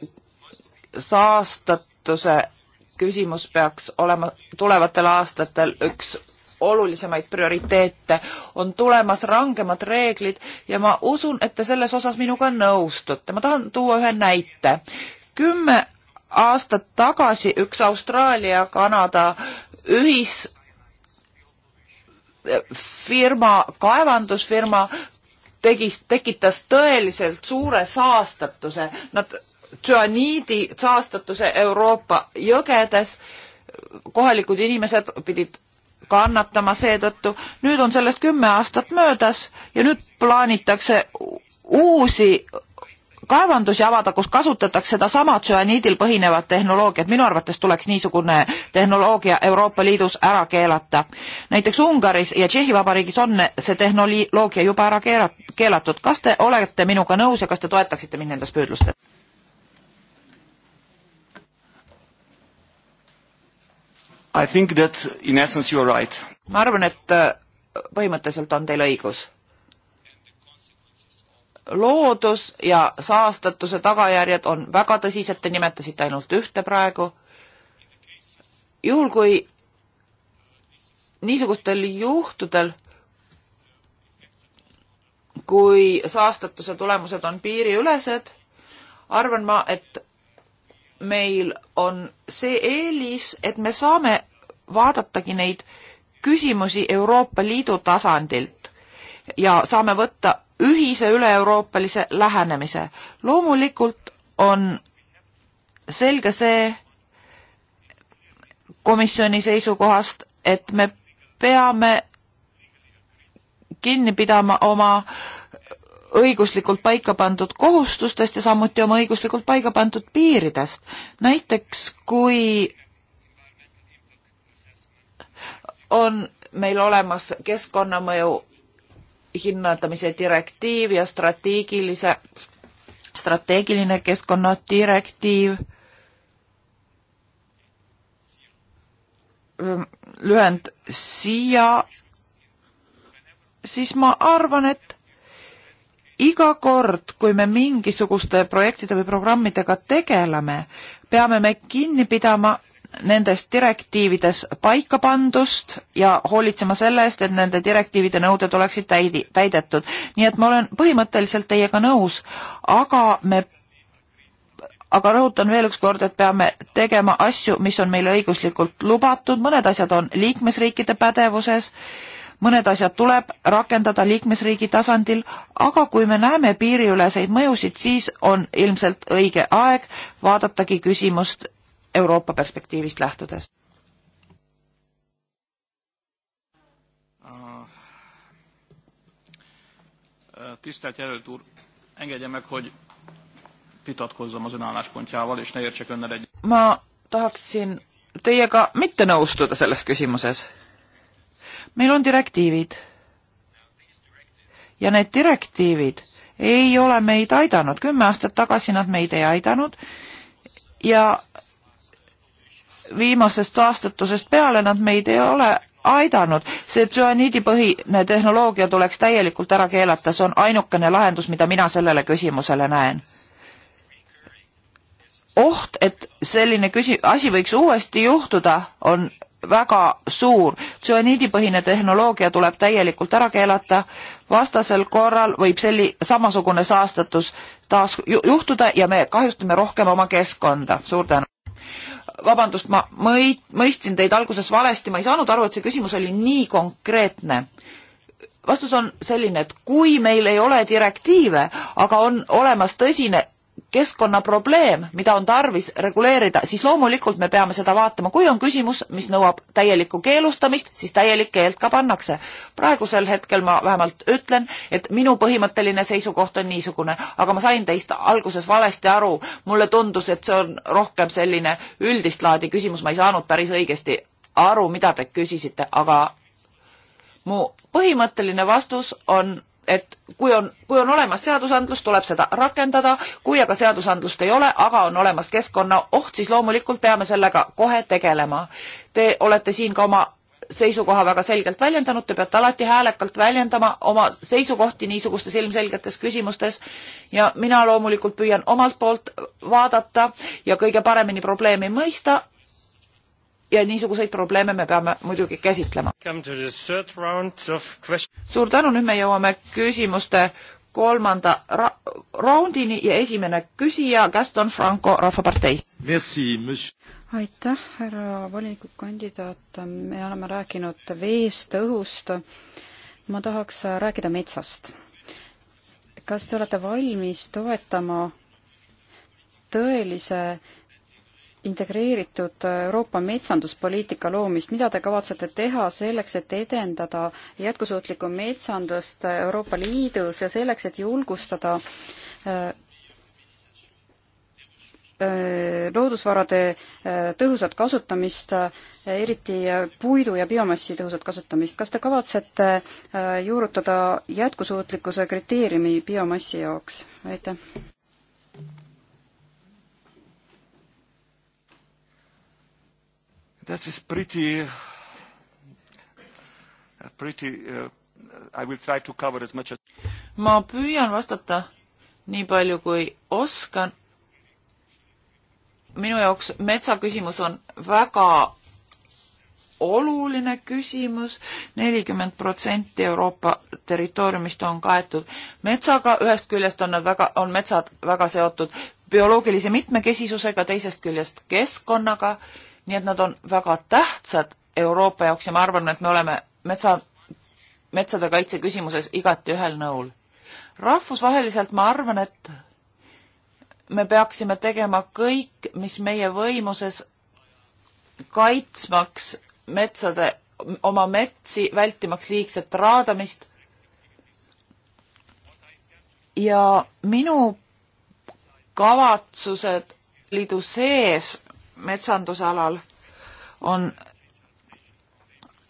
saastat vastutuse küsimus peaks olema tulevatel aastatel üks olulisemaid prioriteete, on tulemas rangemad reeglid ja ma usun, et te selles osas minuga nõustute. ma tahan tuua ühe näite. kümme aastat tagasi üks Austraalia, Kanada ühisfirma, kaevandusfirma tegi, tekitas tõeliselt suure saastatuse. Nad tsüaniidi saastatuse Euroopa jõgedes. kohalikud inimesed pidid kannatama seetõttu. nüüd on sellest kümme aastat möödas ja nüüd plaanitakse uusi kaevandusi avada, kus kasutatakse sedasama tsüaniidil põhinevat tehnoloogiat. minu arvates tuleks niisugune tehnoloogia Euroopa Liidus ära keelata. näiteks Ungaris ja Tšehhi Vabariigis on see tehnoloogia juba ära keelatud. kas te olete minuga nõus ja kas te toetaksite mind nendes püüdlustes? I think that in essence you are right. ma arvan, et äh, põhimõtteliselt on teil õigus. loodus ja saastatuse tagajärjed on väga tõsised, te nimetasite ainult ühte praegu. juhul, kui niisugustel juhtudel, kui saastatuse tulemused on piiriülesed, arvan ma, et meil on see eelis, et me saame vaadatagi neid küsimusi Euroopa Liidu tasandilt ja saame võtta ühise üle-euroopalise lähenemise. loomulikult on selge see komisjoni seisukohast, et me peame kinni pidama oma õiguslikult paika pandud kohustustest ja samuti oma õiguslikult paika pandud piiridest. näiteks kui on meil olemas keskkonnamõju hinnamise direktiiv ja strateegilise, strateegiline keskkonnadirektiiv. lühend siia, siis ma arvan, et iga kord, kui me mingisuguste projektide või programmidega tegeleme, peame me kinni pidama nendes direktiivides paika pandust ja hoolitsema selle eest, et nende direktiivide nõuded oleksid täidi, täidetud. nii et ma olen põhimõtteliselt teiega nõus, aga me, aga rõhutan veel ükskord, et peame tegema asju, mis on meile õiguslikult lubatud, mõned asjad on liikmesriikide pädevuses, mõned asjad tuleb rakendada liikmesriigi tasandil, aga kui me näeme piiriüleseid mõjusid, siis on ilmselt õige aeg vaadatagi küsimust Euroopa perspektiivist lähtudes? Äh, äh, tisztelt jelölt úr, engedje meg, hogy vitatkozzam az ön álláspontjával, és ne értsek önnel egy... Ma tahaksin teiega mitte nõustuda selles küsimuses. Meil on direktiivid. Ja need direktiivid ei ole meid aidanud. Kümme aastat tagasi nad meid ei aidanud ja viimasest saastatusest peale nad meid ei ole aidanud. see tsüaniidipõhine tehnoloogia tuleks täielikult ära keelata, see on ainukene lahendus, mida mina sellele küsimusele näen. oht, et selline küsi-, asi võiks uuesti juhtuda, on väga suur. tsüaniidipõhine tehnoloogia tuleb täielikult ära keelata, vastasel korral võib selli-, samasugune saastatus taas juhtuda ja me kahjustame rohkem oma keskkonda. suur tänu! vabandust, ma mõi-, mõistsin teid alguses valesti, ma ei saanud aru, et see küsimus oli nii konkreetne. vastus on selline, et kui meil ei ole direktiive, aga on olemas tõsine keskkonnaprobleem, mida on tarvis reguleerida, siis loomulikult me peame seda vaatama. kui on küsimus, mis nõuab täielikku keelustamist, siis täielik keeld ka pannakse. praegusel hetkel ma vähemalt ütlen, et minu põhimõtteline seisukoht on niisugune, aga ma sain teist alguses valesti aru. mulle tundus, et see on rohkem selline üldist laadi küsimus, ma ei saanud päris õigesti aru, mida te küsisite, aga mu põhimõtteline vastus on et kui on, kui on olemas seadusandlus, tuleb seda rakendada, kui aga seadusandlust ei ole, aga on olemas keskkonnaoht, siis loomulikult peame sellega kohe tegelema. Te olete siin ka oma seisukoha väga selgelt väljendanud, te peate alati häälekalt väljendama oma seisukohti niisugustes ilmselgetes küsimustes ja mina loomulikult püüan omalt poolt vaadata ja kõige paremini probleemi mõista, ja niisuguseid probleeme me peame muidugi käsitlema. suur tänu, nüüd me jõuame küsimuste kolmanda ra raundini ja esimene küsija Gaston Franco Rahvaparteist. aitäh, härra volinikukandidaat, me oleme rääkinud veest, õhust. ma tahaks rääkida metsast. kas te olete valmis toetama tõelise integreeritud Euroopa metsanduspoliitika loomist, mida te kavatsete teha selleks, et edendada jätkusuutlikku metsandust Euroopa Liidus ja selleks, et julgustada äh, äh, loodusvarade äh, tõhusat kasutamist, eriti puidu ja biomassi tõhusat kasutamist. kas te kavatsete juurutada jätkusuutlikkuse kriteeriumi biomassi jaoks? aitäh! That is pretty, uh, pretty uh, I will try to cover as much as ma püüan vastata nii palju kui oskan. minu jaoks metsaküsimus on väga oluline küsimus, nelikümmend protsenti Euroopa territooriumist on kaetud metsaga, ühest küljest on nad väga, on metsad väga seotud bioloogilise mitmekesisusega, teisest küljest keskkonnaga nii et nad on väga tähtsad Euroopa jaoks ja ma arvan, et me oleme metsa, metsade kaitse küsimuses igati ühel nõul. rahvusvaheliselt ma arvan, et me peaksime tegema kõik, mis meie võimuses, kaitsmaks metsade, oma metsi, vältimaks liigset raadamist. ja minu kavatsused liidu sees metsanduse alal on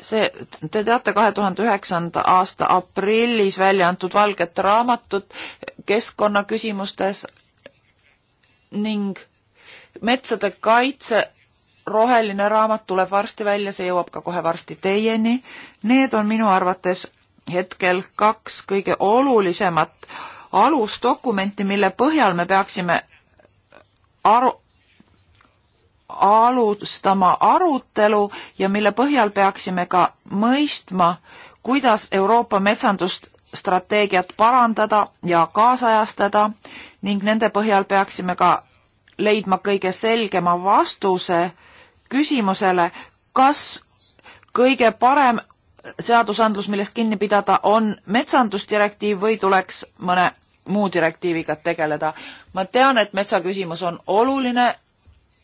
see, te teate, kahe tuhande üheksanda aasta aprillis välja antud valget raamatut keskkonnaküsimustes ning metsade kaitse roheline raamat tuleb varsti välja, see jõuab ka kohe varsti teieni. Need on minu arvates hetkel kaks kõige olulisemat alusdokumenti, mille põhjal me peaksime aru, alustama arutelu ja mille põhjal peaksime ka mõistma, kuidas Euroopa metsandust strateegiat parandada ja kaasajastada ning nende põhjal peaksime ka leidma kõige selgema vastuse küsimusele, kas kõige parem seadusandlus, millest kinni pidada, on metsandusdirektiiv või tuleks mõne muu direktiiviga tegeleda. ma tean, et metsaküsimus on oluline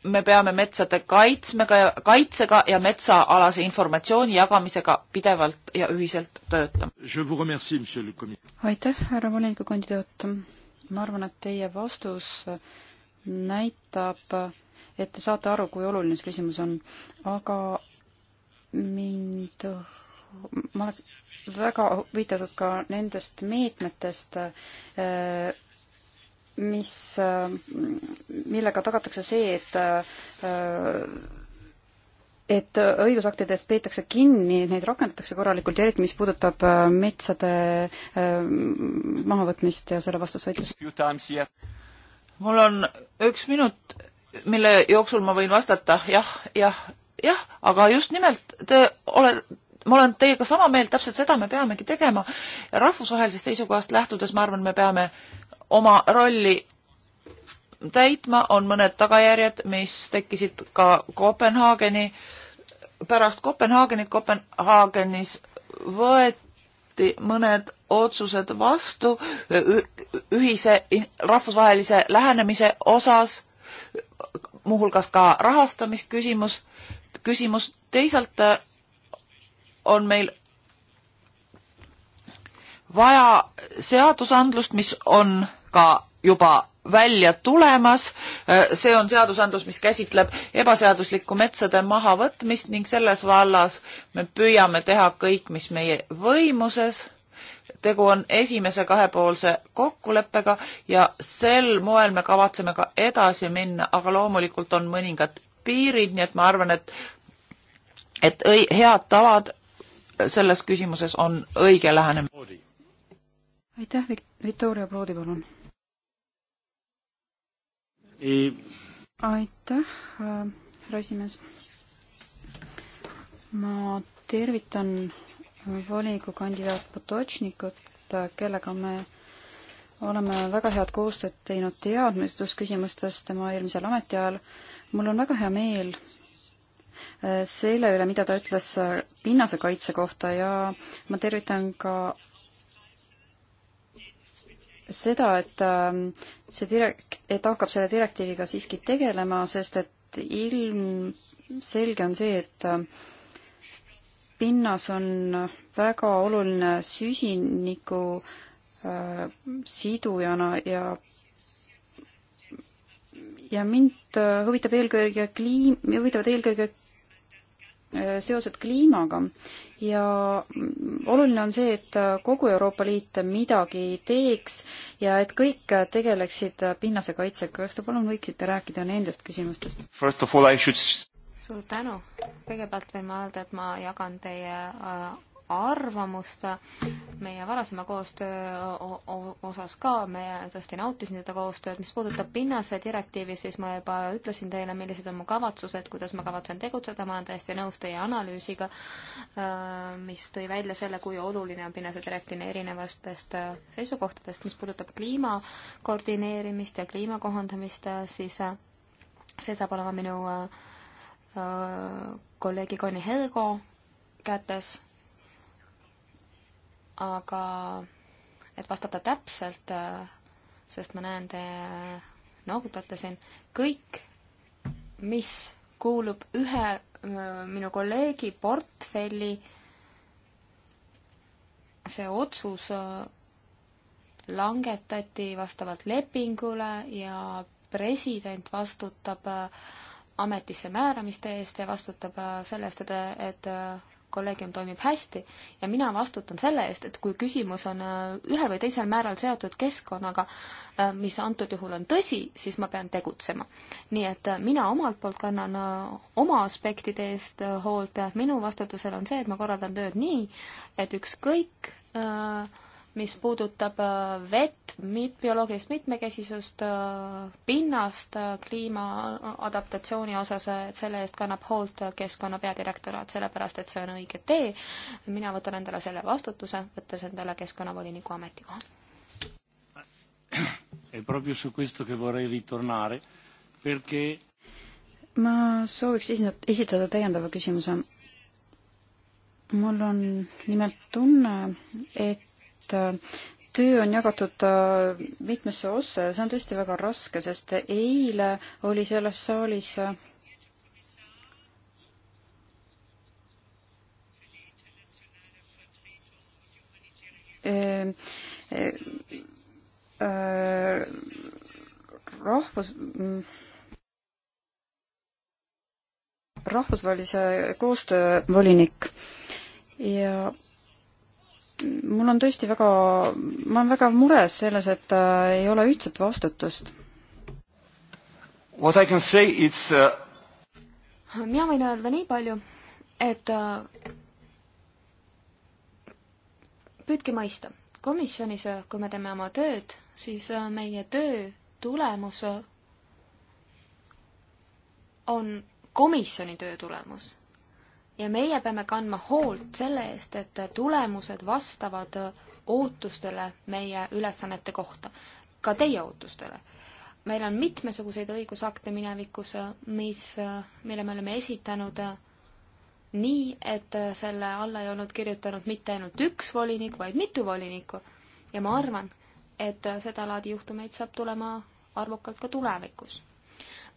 me peame metsade kaitsmega, kaitsega ja metsaalase informatsiooni jagamisega pidevalt ja ühiselt töötama. aitäh, härra volinikukandidaat. ma arvan, et teie vastus näitab, et te saate aru, kui oluline see küsimus on, aga mind, ma oleks väga huvitatud ka nendest meetmetest äh,, mis, millega tagatakse see, et et õigusaktidest peetakse kinni, neid rakendatakse korralikult ja eriti, mis puudutab äh, metsade äh, mahavõtmist ja selle vastast võitlust. mul on üks minut, mille jooksul ma võin vastata jah, jah, jah, aga just nimelt te olete ma olen teiega sama meelt, täpselt seda me peamegi tegema. rahvusvahelisest seisukohast lähtudes ma arvan, me peame oma rolli täitma, on mõned tagajärjed, mis tekkisid ka Kopenhaageni, pärast Kopenhaagenit Kopenhaagenis võeti mõned otsused vastu ühise rahvusvahelise lähenemise osas, muuhulgas ka rahastamisküsimus, küsimus teisalt äh, on meil vaja seadusandlust, mis on ka juba välja tulemas. see on seadusandlus, mis käsitleb ebaseaduslikku metsade mahavõtmist ning selles vallas me püüame teha kõik, mis meie võimuses. tegu on esimese kahepoolse kokkuleppega ja sel moel me kavatseme ka edasi minna, aga loomulikult on mõningad piirid, nii et ma arvan, et et õi-, head tavad selles küsimuses on õige lähenemine aitäh, Viktoria Pruudi, palun. aitäh, äh, härra esimees. ma tervitan volinikukandidaat Potočnikut, kellega me oleme väga head koostööd teinud teadmistusküsimustes tema eelmisel ametiajal. mul on väga hea meel äh, selle üle, mida ta ütles äh, pinnasekaitse kohta ja ma tervitan ka seda, et ähm, see direkt-, et hakkab selle direktiiviga siiski tegelema, sest et ilmselge on see, et ähm, pinnas on väga oluline süsiniku äh, sidujana ja ja mind äh, huvitab eelkõige kliim-, huvitavad eelkõige Äh, seosed kliimaga ja oluline on see, et kogu Euroopa Liit midagi teeks ja et kõik tegeleksid pinnase kaitsega. kas te palun võiksite rääkida nendest küsimustest? Should... suur tänu. kõigepealt võin ma öelda, et ma jagan teie äh, arvamust meie varasema koostöö osas ka, me tõesti nautisin seda koostööd, mis puudutab pinnase direktiivi, siis ma juba ütlesin teile, millised on mu kavatsused, kuidas ma kavatsen tegutseda, ma olen täiesti nõus teie analüüsiga, äh, mis tõi välja selle, kui oluline on pinnase direktiivi erinevatest äh, seisukohtadest, mis puudutab kliima koordineerimist ja kliima kohandamist, äh, siis see saab olema minu kolleegi Conny Helgo kätes aga et vastata täpselt, äh, sest ma näen, te noogutate siin, kõik, mis kuulub ühe äh, minu kolleegi portfelli, see otsus äh, langetati vastavalt lepingule ja president vastutab ametisse määramiste eest ja vastutab selle eest, et, et kolleegium toimib hästi ja mina vastutan selle eest, et kui küsimus on äh, ühel või teisel määral seotud keskkonnaga, äh, mis antud juhul on tõsi, siis ma pean tegutsema. nii et äh, mina omalt poolt kannan oma aspektide eest hoolt ja minu vastutusel on see, et ma korraldan tööd nii, et ükskõik äh, mis puudutab äh, vett, mit-, bioloogilist mitmekesisust, äh, pinnast, äh, kliima adaptatsiooni osas, et selle eest kannab hoolt keskkonna peadirektoraat, sellepärast et see on õige tee. mina võtan endale selle vastutuse, võttes endale keskkonnavoliniku ametikoha. ma sooviks esitada täiendava küsimuse mul on nimelt tunne, et et äh, töö on jagatud äh, mitmesse ossa ja see on tõesti väga raske, sest eile oli selles saalis äh, rahvus, rahvusvahelise koostöö volinik ja mul on tõesti väga, ma olen väga mures selles, et äh, ei ole ühtset vastutust. What I can say it's uh... mina võin öelda nii palju, et uh, äh, püüdke mõista, komisjonis, kui me teeme oma tööd, siis uh, meie töö tulemus on komisjoni töö tulemus ja meie peame kandma hoolt selle eest, et tulemused vastavad ootustele meie ülesannete kohta, ka teie ootustele. meil on mitmesuguseid õigusakte minevikus, mis, mille me oleme esitanud nii, et selle alla ei olnud kirjutanud mitte ainult üks volinik, vaid mitu volinikku. ja ma arvan, et sedalaadi juhtumeid saab tulema arvukalt ka tulevikus.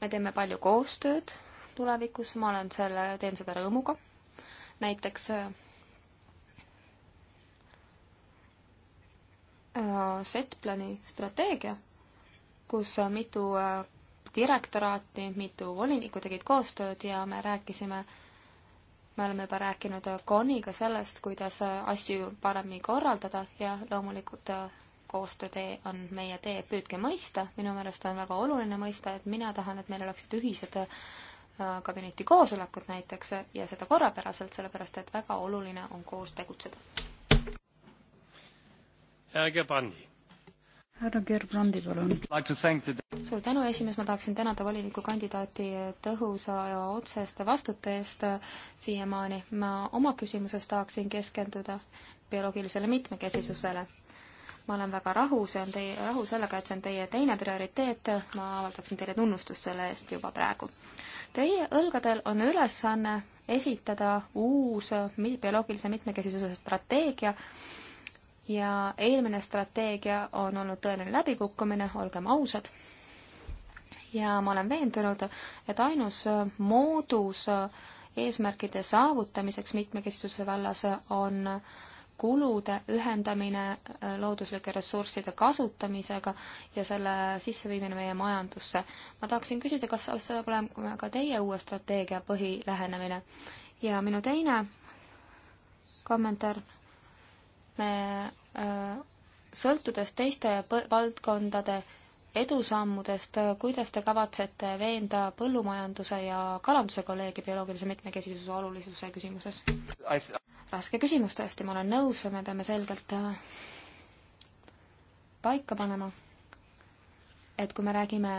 me teeme palju koostööd tulevikus, ma olen selle, teen seda rõõmuga näiteks äh, äh, Setplani strateegia, kus äh, mitu direktoraati, mitu volinikku tegid koostööd ja me rääkisime, me oleme juba rääkinud Koniga sellest, kuidas asju paremini korraldada ja loomulikult koostöötee on meie tee, püüdke mõista, minu meelest on väga oluline mõista, et mina tahan, et meil oleksid ühised kabineti koosolekut näiteks ja seda korrapäraselt, sellepärast et väga oluline on koos tegutseda. härra Gerbrandi. härra Gerbrandi, palun. suur tänu, esimees, ma tahaksin tänada volinikukandidaati tõhusa ja otseste vastute eest siiamaani. ma oma küsimuses tahaksin keskenduda bioloogilisele mitmekesisusele ma olen väga rahu, see on teie, rahu sellega, et see on teie teine prioriteet, ma avaldaksin teile tunnustust selle eest juba praegu. Teie õlgadel on ülesanne esitada uus bioloogilise mitmekesisuse strateegia ja eelmine strateegia on olnud tõeline läbikukkumine, olgem ausad. ja ma olen veendunud, et ainus moodus eesmärkide saavutamiseks mitmekesisuse vallas on kulude ühendamine äh, looduslike ressursside kasutamisega ja selle sisseviimine meie majandusse. ma tahaksin küsida, kas see saab olema ka teie uue strateegia põhilähenemine? ja minu teine kommentaar, me öö, äh, sõltudes teiste valdkondade edusammudest, äh, kuidas te kavatsete veenda põllumajanduse ja kalanduse kolleegi bioloogilise mitmekesisuse olulisuse küsimuses? raske küsimus tõesti, ma olen nõus, me peame selgelt äh, paika panema, et kui me räägime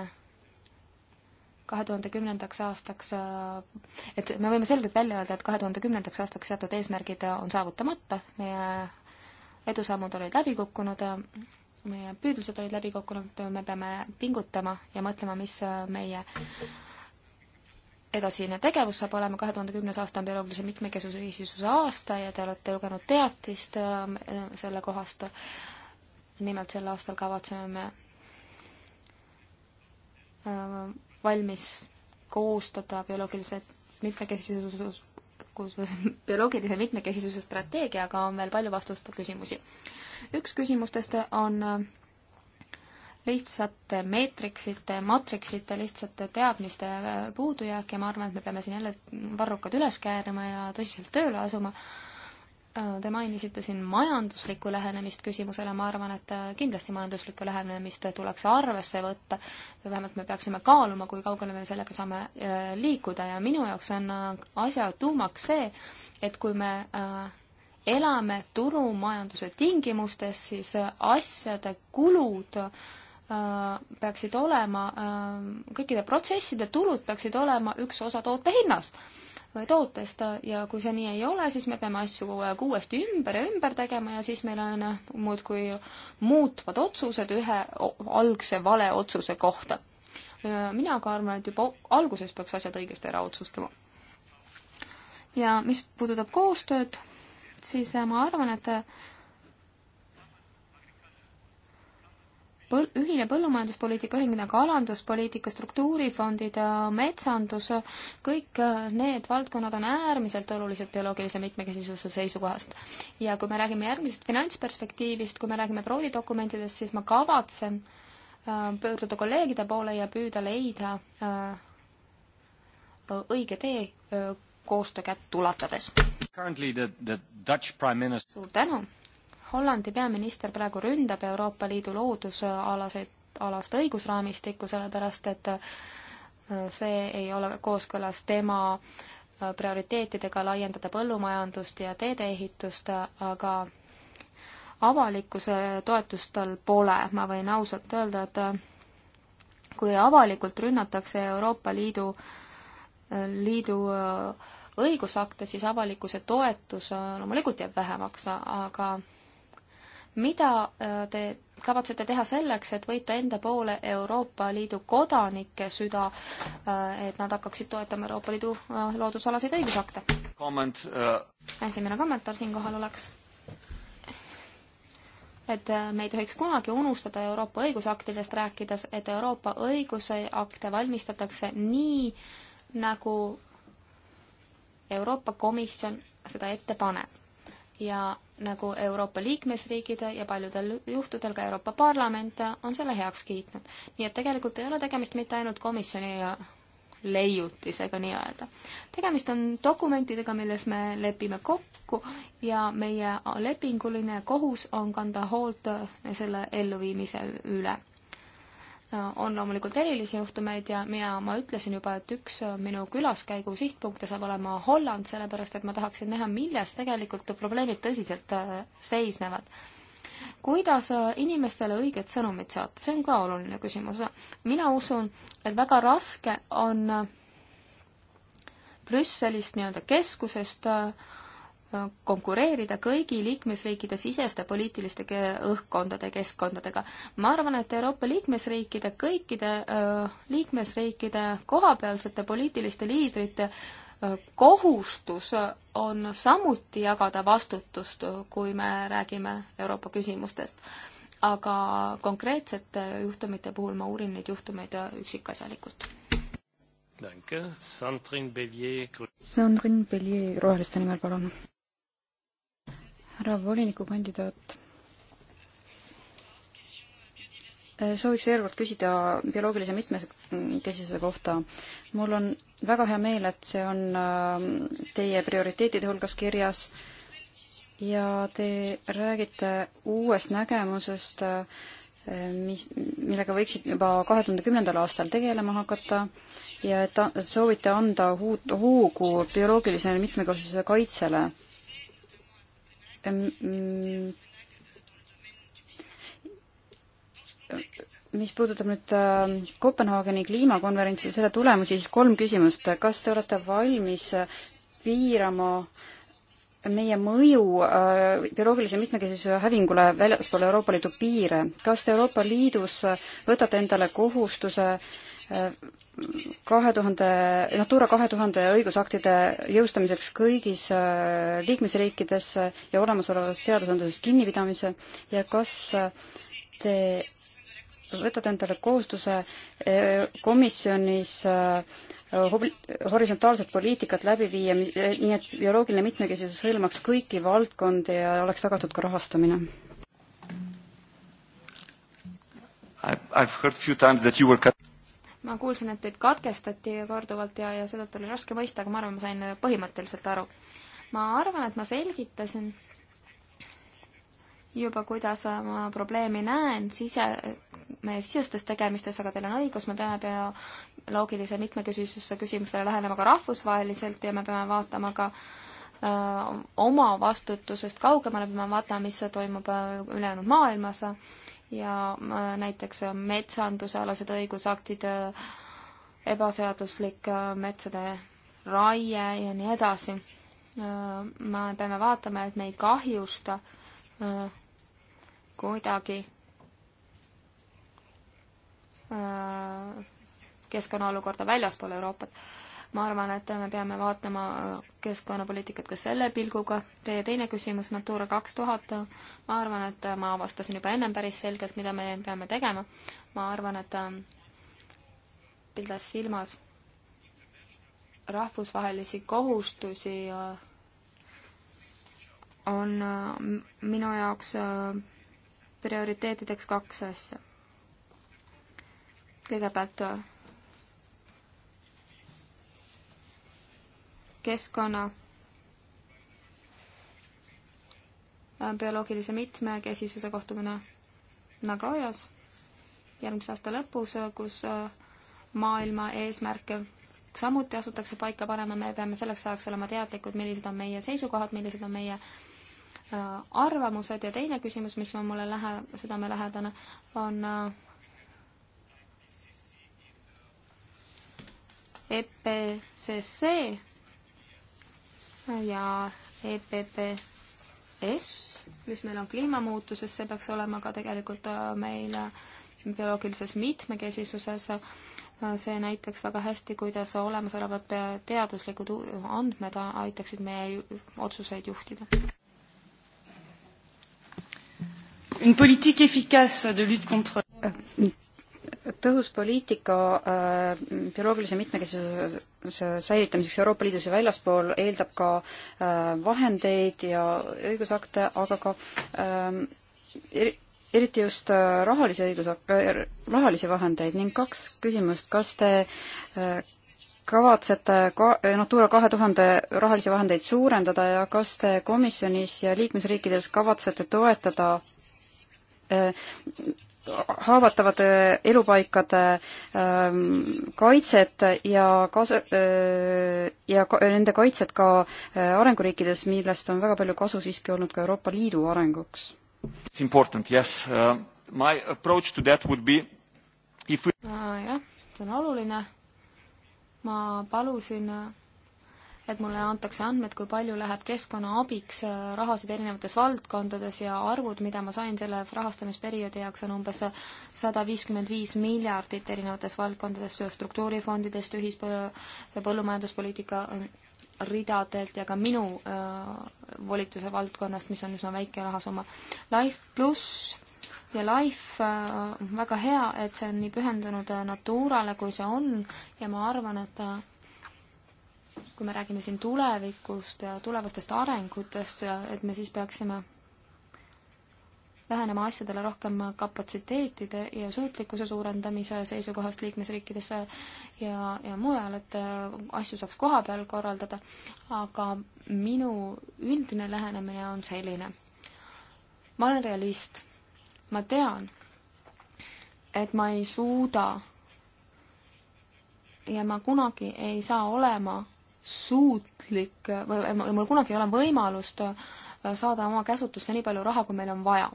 kahe tuhande kümnendaks aastaks, äh, et me võime selgelt välja öelda, et kahe tuhande kümnendaks aastaks seatud eesmärgid äh, on saavutamata, meie edusammud olid läbi kukkunud, meie püüdlused olid läbi kukkunud, me peame pingutama ja mõtlema, mis meie edasine tegevus saab olema, kahe tuhande kümnes aasta on bioloogilise mitmekesisuse aasta ja te olete lugenud teatist ähm, äh, selle kohast. nimelt sel aastal kavatseme me äh, valmis koostada bioloogilise mitmekesisus, kus bioloogilise mitmekesisuse strateegiaga on veel palju vastusta küsimusi. üks küsimustest on äh, lihtsate meetriksite, maatriksite, lihtsate teadmiste puudujääk ja ma arvan, et me peame siin jälle varrukad üles käärima ja tõsiselt tööle asuma. Te mainisite siin majanduslikku lähenemist küsimusele, ma arvan, et kindlasti majanduslikku lähenemist tuleks arvesse võtta või vähemalt me peaksime kaaluma, kui kaugele me sellega saame äh, liikuda ja minu jaoks on äh, asja tuumaks see, et kui me äh, elame turumajanduse tingimustes, siis asjade kulud Äh, peaksid olema, äh, kõikide protsesside tulud peaksid olema üks osa toote hinnast või tootest ja kui see nii ei ole, siis me peame asju äh, kogu aeg uuesti ümber ja ümber tegema ja siis meil on muudkui muutvad otsused ühe algse vale otsuse kohta. mina aga arvan, et juba alguses peaks asjad õigesti ära otsustama. ja mis puudutab koostööd, siis ma arvan, et põl-, ühine põllumajanduspoliitika, ühine kalanduspoliitika, nagu struktuurifondid, metsandus, kõik äh, need valdkonnad on äärmiselt olulised bioloogilise mitmekesisuse seisukohast. ja kui me räägime järgmisest finantsperspektiivist, kui me räägime proovidokumentidest, siis ma kavatsen äh, pöörduda kolleegide poole ja püüda leida äh, õige tee koostöökätt ulatades. suur tänu! Hollandi peaminister praegu ründab Euroopa Liidu loodusalaseid, alast õigusraamistikku, sellepärast et äh, see ei ole kooskõlas tema äh, prioriteetidega laiendada põllumajandust ja teedeehitust, aga avalikkuse toetust tal pole, ma võin ausalt öelda, et äh, kui avalikult rünnatakse Euroopa Liidu, Liidu õigusakte, siis avalikkuse toetus loomulikult jääb vähemaks, aga mida äh, te kavatsete teha selleks, et võita enda poole Euroopa Liidu kodanike süda, äh, et nad hakkaksid toetama Euroopa Liidu äh, loodusalaseid õigusakte? Comment uh... esimene kommentaar siinkohal oleks, et me ei tohiks kunagi unustada Euroopa õigusaktidest rääkides, et Euroopa õigusakte valmistatakse nii, nagu Euroopa Komisjon seda ette paneb ja nagu Euroopa liikmesriigid ja paljudel juhtudel ka Euroopa Parlament on selle heaks kiitnud. nii et tegelikult ei ole tegemist mitte ainult komisjoni ja leiutisega nii-öelda. tegemist on dokumentidega, milles me lepime kokku ja meie lepinguline kohus on kanda hoolt selle elluviimise üle. Äh, on loomulikult erilisi juhtumeid ja mina, ma ütlesin juba, et üks äh, minu külaskäigu sihtpunkte saab olema Holland, sellepärast et ma tahaksin näha, milles tegelikult probleemid tõsiselt äh, seisnevad. kuidas inimestele õiget sõnumit saata, see on ka oluline küsimus. mina usun, et väga raske on Brüsselist nii-öelda keskusest äh, konkureerida kõigi liikmesriikide siseste poliitiliste õhkkondade, keskkondadega. ma arvan, et Euroopa liikmesriikide, kõikide äh, liikmesriikide kohapealsete poliitiliste liidrite äh, kohustus on samuti jagada vastutust, kui me räägime Euroopa küsimustest. aga konkreetsete juhtumite puhul ma uurin neid juhtumeid üksikasjalikult. Sandrine Bellier Roheliste nimel, palun härra volinikukandidaat. Eh, sooviks veel kord küsida bioloogilise mitmekesisuse kohta. mul on väga hea meel, et see on eh, teie prioriteetide hulgas kirjas ja te räägite uuest nägemusest, eh, mis, millega võiksid juba kahe tuhande kümnendal aastal tegelema hakata ja et soovite anda uut hoogu bioloogilisele mitmekesisuse kaitsele Mm, mis puudutab nüüd ähm, Kopenhaageni kliimakonverentsi ja selle tulemusi, siis kolm küsimust. kas te olete valmis piirama meie mõju äh, bioloogilise mitmekesisuse hävingule väljaspool Euroopa Liidu piire. kas te Euroopa Liidus võtate endale kohustuse äh, kahe tuhande, Natura kahe tuhande õigusaktide jõustamiseks kõigis äh, liikmesriikides äh, ja olemasolevas seadusandluses kinnipidamise ja kas äh, te võtate endale kohustuse komisjonis horisontaalset poliitikat läbi viia, nii et bioloogiline mitmekesisus hõlmaks kõiki valdkondi ja oleks tagatud ka rahastamine? I've heard few times that you were cut ma kuulsin, et teid katkestati korduvalt ja, ja seetõttu oli raske mõista, aga ma arvan, ma sain äh, põhimõtteliselt aru. ma arvan, et ma selgitasin juba, kuidas äh, ma probleemi näen sise, meie sisestes tegemistes, aga teil on õigus, me peame bioloogilise mitmekesisuse küsimusele lähenema ka rahvusvaheliselt ja me peame vaatama ka öö, äh, oma vastutusest kaugemale, peame vaatama, mis toimub ülejäänud maailmas ja äh, näiteks äh, metsandusalased õigusaktid, äh, ebaseaduslik metsade raie ja nii edasi. me peame vaatama, et me ei kahjusta kuidagi keskkonnaolukorda väljaspool Euroopat ma arvan, et me peame vaatama äh, keskkonnapoliitikat ka selle pilguga. Teie teine küsimus, Natura kaks tuhat, ma arvan, et äh, ma avastasin juba ennem päris selgelt, mida me peame tegema. ma arvan, et ähm, pidades silmas rahvusvahelisi kohustusi äh, on minu jaoks prioriteetideks kaks asja. kõigepealt keskkonna äh, bioloogilise mitmekesisuse kohtumine Nagoyas järgmise aasta lõpus, kus äh, maailma eesmärke samuti asutakse paika panema, me peame selleks ajaks olema teadlikud, millised on meie seisukohad, millised on meie äh, arvamused ja teine küsimus, mis on mulle lähe, südamelähedane, on EPCC ja EPPS, mis meil on kliimamuutuses, see peaks olema ka tegelikult äh, meil äh, bioloogilises mitmekesisuses. Äh, see näitaks väga hästi, kuidas olemasolevad teaduslikud andmed aitaksid meie otsuseid juhtida. Une politique efficace de lutte contre tõhus poliitika äh, bioloogilise mitmekesisuse säilitamiseks Euroopa Liidus ja väljaspool eeldab ka äh, vahendeid ja õigusakte, aga ka äh, eriti just äh, rahalisi õigusak-, äh, er, rahalisi vahendeid ning kaks küsimust, kas te äh, kavatsete ka Natura kahe tuhande rahalisi vahendeid suurendada ja kas te komisjonis ja liikmesriikides kavatsete toetada haavatavate elupaikade ähm, kaitset ja kas-, äh, ja ka, nende kaitset ka äh, arenguriikides, millest on väga palju kasu siiski olnud ka Euroopa Liidu arenguks. It's important, yes uh,. My approach to that would be if we uh, jah, see on oluline. ma palusin äh, et mulle antakse andmed, kui palju läheb keskkonna abiks äh, rahasid erinevates valdkondades ja arvud, mida ma sain selle rahastamisperioodi jaoks, on umbes sada viiskümmend viis miljardit erinevates valdkondades struktuurifondidest, ühis- ja põllumajanduspoliitika äh, ridadelt ja ka minu äh, volituse valdkonnast, mis on üsna väike rahasumma. Life pluss ja Life äh, väga hea, et see on nii pühendunud äh, Naturale, kui see on ja ma arvan, et äh, kui me räägime siin tulevikust ja tulevastest arengutest, et me siis peaksime lähenema asjadele rohkem kapatsiteetide ja suutlikkuse suurendamise seisukohast liikmesriikides ja, ja mujal, et äh, asju saaks koha peal korraldada, aga minu üldine lähenemine on selline. ma olen realist. ma tean, et ma ei suuda ja ma kunagi ei saa olema suutlik või mul kunagi ei ole võimalust äh, saada oma käsutusse nii palju raha, kui meil on vaja.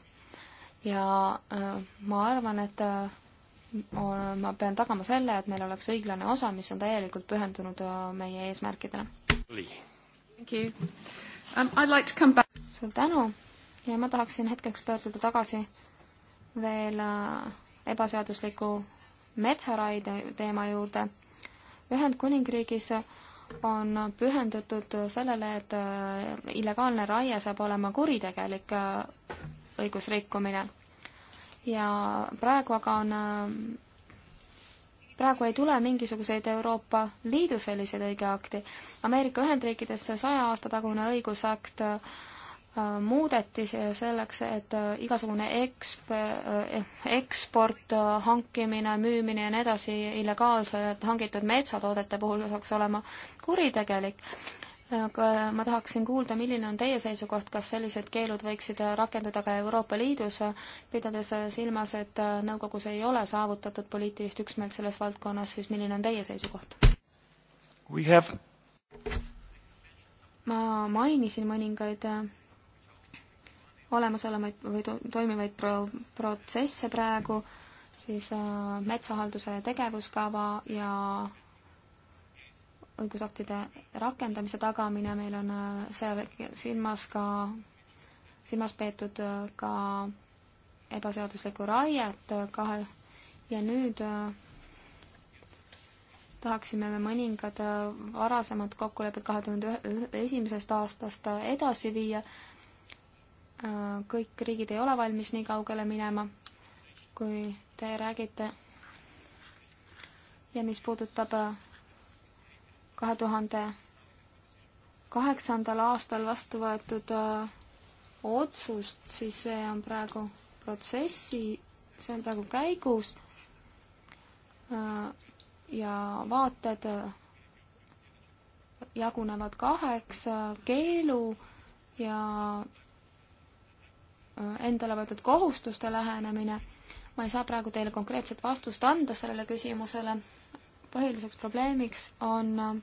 ja äh, ma arvan, et äh, ma pean tagama selle, et meil oleks õiglane osa, mis on täielikult pühendunud meie eesmärkidele. Um, like suur tänu ja ma tahaksin hetkeks pöörduda tagasi veel ebaseadusliku metsaraide teema juurde. Ühendkuningriigis on pühendatud sellele, et äh, illegaalne raie saab olema kuritegelik äh, õigusrikkumine. ja praegu aga on, äh, praegu ei tule mingisuguseid Euroopa Liidu selliseid õigeakti. Ameerika Ühendriikides see saja aasta tagune õigusakt äh, muudeti see selleks, et äh, igasugune eksp-, äh, eh, eksport, äh, hankimine, müümine ja nii edasi, illegaalselt hangitud metsatoodete puhul saaks olema kuritegelik. aga ma tahaksin kuulda, milline on teie seisukoht, kas sellised keelud võiksid rakenduda ka Euroopa Liidus, pidades silmas, et nõukogus ei ole saavutatud poliitilist üksmeelt selles valdkonnas, siis milline on teie seisukoht? We have ma mainisin mõningaid olemasolevaid või to toimivaid pro protsesse praegu, siis äh, metsahalduse tegevuskava ja õigusaktide rakendamise tagamine, meil on äh, seal silmas ka, silmas peetud äh, ka ebaseaduslikku raiet äh, kahe ja nüüd tahaksime me mõningad varasemad kokkulepped kahe tuhande esimesest aastast edasi viia Äh, kõik riigid ei ole valmis nii kaugele minema, kui te räägite. ja mis puudutab äh, kahe tuhande kaheksandal aastal vastu võetud äh, otsust, siis see on praegu protsessi, see on praegu käigus ja vaated jagunevad kaheks, keelu ja endale võetud kohustuste lähenemine. ma ei saa praegu teile konkreetset vastust anda sellele küsimusele. põhiliseks probleemiks on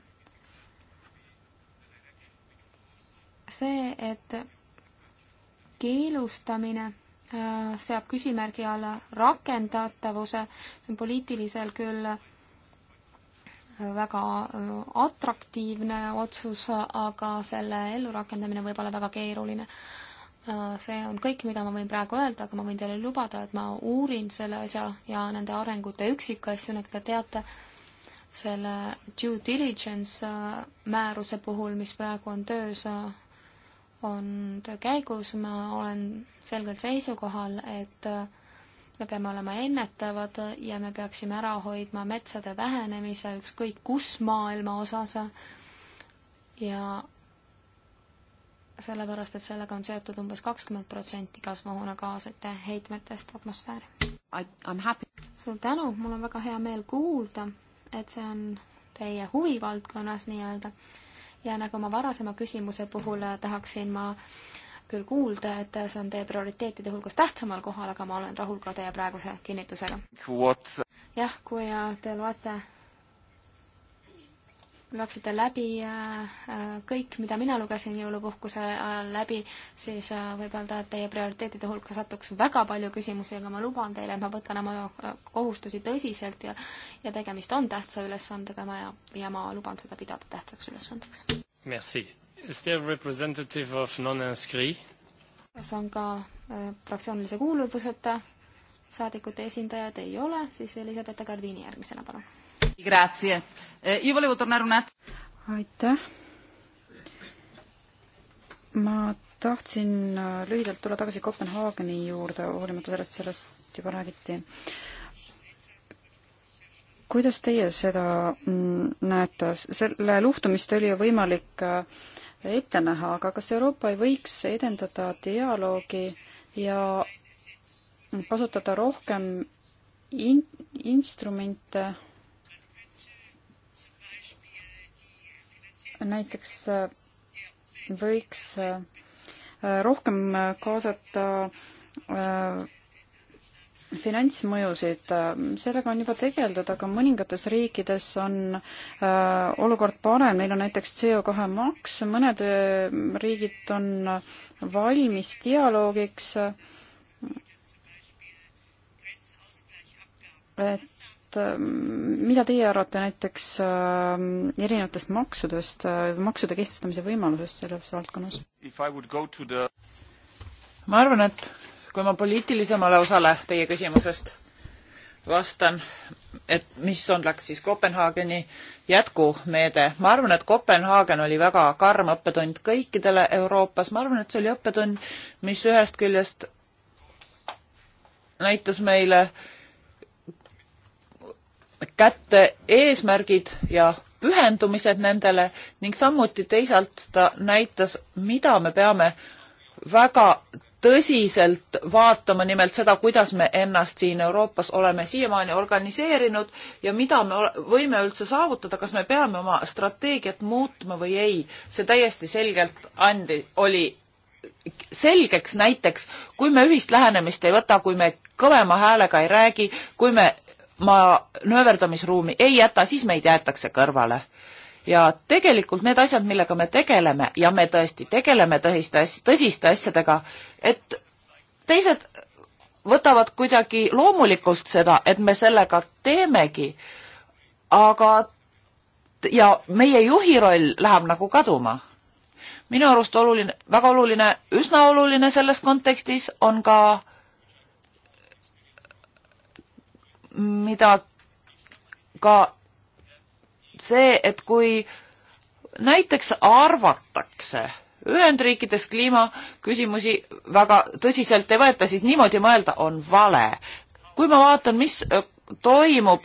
see, et keelustamine äh, seab küsimärgi alla rakendatavuse, see on poliitilisel küll äh, väga äh, atraktiivne otsus, aga selle ellurakendamine võib olla väga keeruline. Äh, see on kõik, mida ma võin praegu öelda, aga ma võin teile lubada, et ma uurin selle asja ja nende arengute üksikasju, nagu te teate, selle due diligence äh, määruse puhul, mis praegu on töös, äh, on töö käigus, ma olen selgelt seisukohal, et me peame olema ennetavad ja me peaksime ära hoidma metsade vähenemise ükskõik kus maailma osas ja sellepärast et sellega on seotud umbes kakskümmend protsenti kasvuhoonegaaside heitmetest atmosfääri. suur tänu, mul on väga hea meel kuulda, et see on teie huvivaldkonnas nii-öelda ja nagu ma varasema küsimuse puhul tahaksin ma küll kuulda, et see on teie prioriteetide hulgas tähtsamal kohal, aga ma olen rahul ka teie praeguse kinnitusega. jah, kui äh, te loete loeksite läbi äh, kõik, mida mina lugesin jõulupuhkuse ajal läbi, siis äh, võib öelda, et teie prioriteetide hulka satuks väga palju küsimusi, aga ma luban teile, et ma võtan oma äh, kohustusi tõsiselt ja ja tegemist on tähtsa ülesandega ma ja, ja ma luban seda pidada tähtsaks ülesandeks. Merci. Is there representative of non-inscrit? kas on ka äh, fraktsioonilise kuuluvuseta saadikute esindajaid, ei ole, siis Elisabetta Gardini järgmisena, palun Eh, aitäh. ma tahtsin äh, lühidalt tulla tagasi Kopenhaageni juurde, hoolimata sellest, sellest juba räägiti. kuidas teie seda näete, selle luhtumist oli ju võimalik äh, ette näha, aga kas Euroopa ei võiks edendada dialoogi ja kasutada rohkem in-, instrumente näiteks äh, võiks äh, rohkem äh, kaasata finantsmõjusid, sellega on juba tegeldud, aga mõningates riikides on olukord parem, neil on näiteks CO2 maks, mõned riigid on valmis dialoogiks, et et ähm, mida teie arvate näiteks äh, erinevatest maksudest äh,, maksude kehtestamise võimalusest selles valdkonnas? The... ma arvan, et kui ma poliitilisemale osale teie küsimusest vastan, et mis on, läks siis Kopenhaageni jätkumeede. ma arvan, et Kopenhaagen oli väga karm õppetund kõikidele Euroopas, ma arvan, et see oli õppetund, mis ühest küljest näitas meile äh, kätte eesmärgid ja pühendumised nendele ning samuti teisalt ta näitas, mida me peame väga tõsiselt vaatama nimelt seda, kuidas me ennast siin Euroopas oleme siiamaani organiseerinud ja mida me võime üldse saavutada, kas me peame oma strateegiat muutma või ei. see täiesti selgelt andi, oli selgeks näiteks, kui me ühist lähenemist ei võta, kui me kõvema häälega ei räägi, kui me ma nööverdamisruumi ei jäta, siis meid jäetakse kõrvale. ja tegelikult need asjad, millega me tegeleme ja me tõesti tegeleme tõsiste asj-, tõsiste asjadega, et teised võtavad kuidagi loomulikult seda, et me sellega teemegi, aga ja meie juhi roll läheb nagu kaduma. minu arust oluline, väga oluline, üsna oluline selles kontekstis on ka mida ka see, et kui näiteks arvatakse Ühendriikides kliimaküsimusi väga tõsiselt ei võeta, siis niimoodi mõelda on vale. kui ma vaatan, mis äh, toimub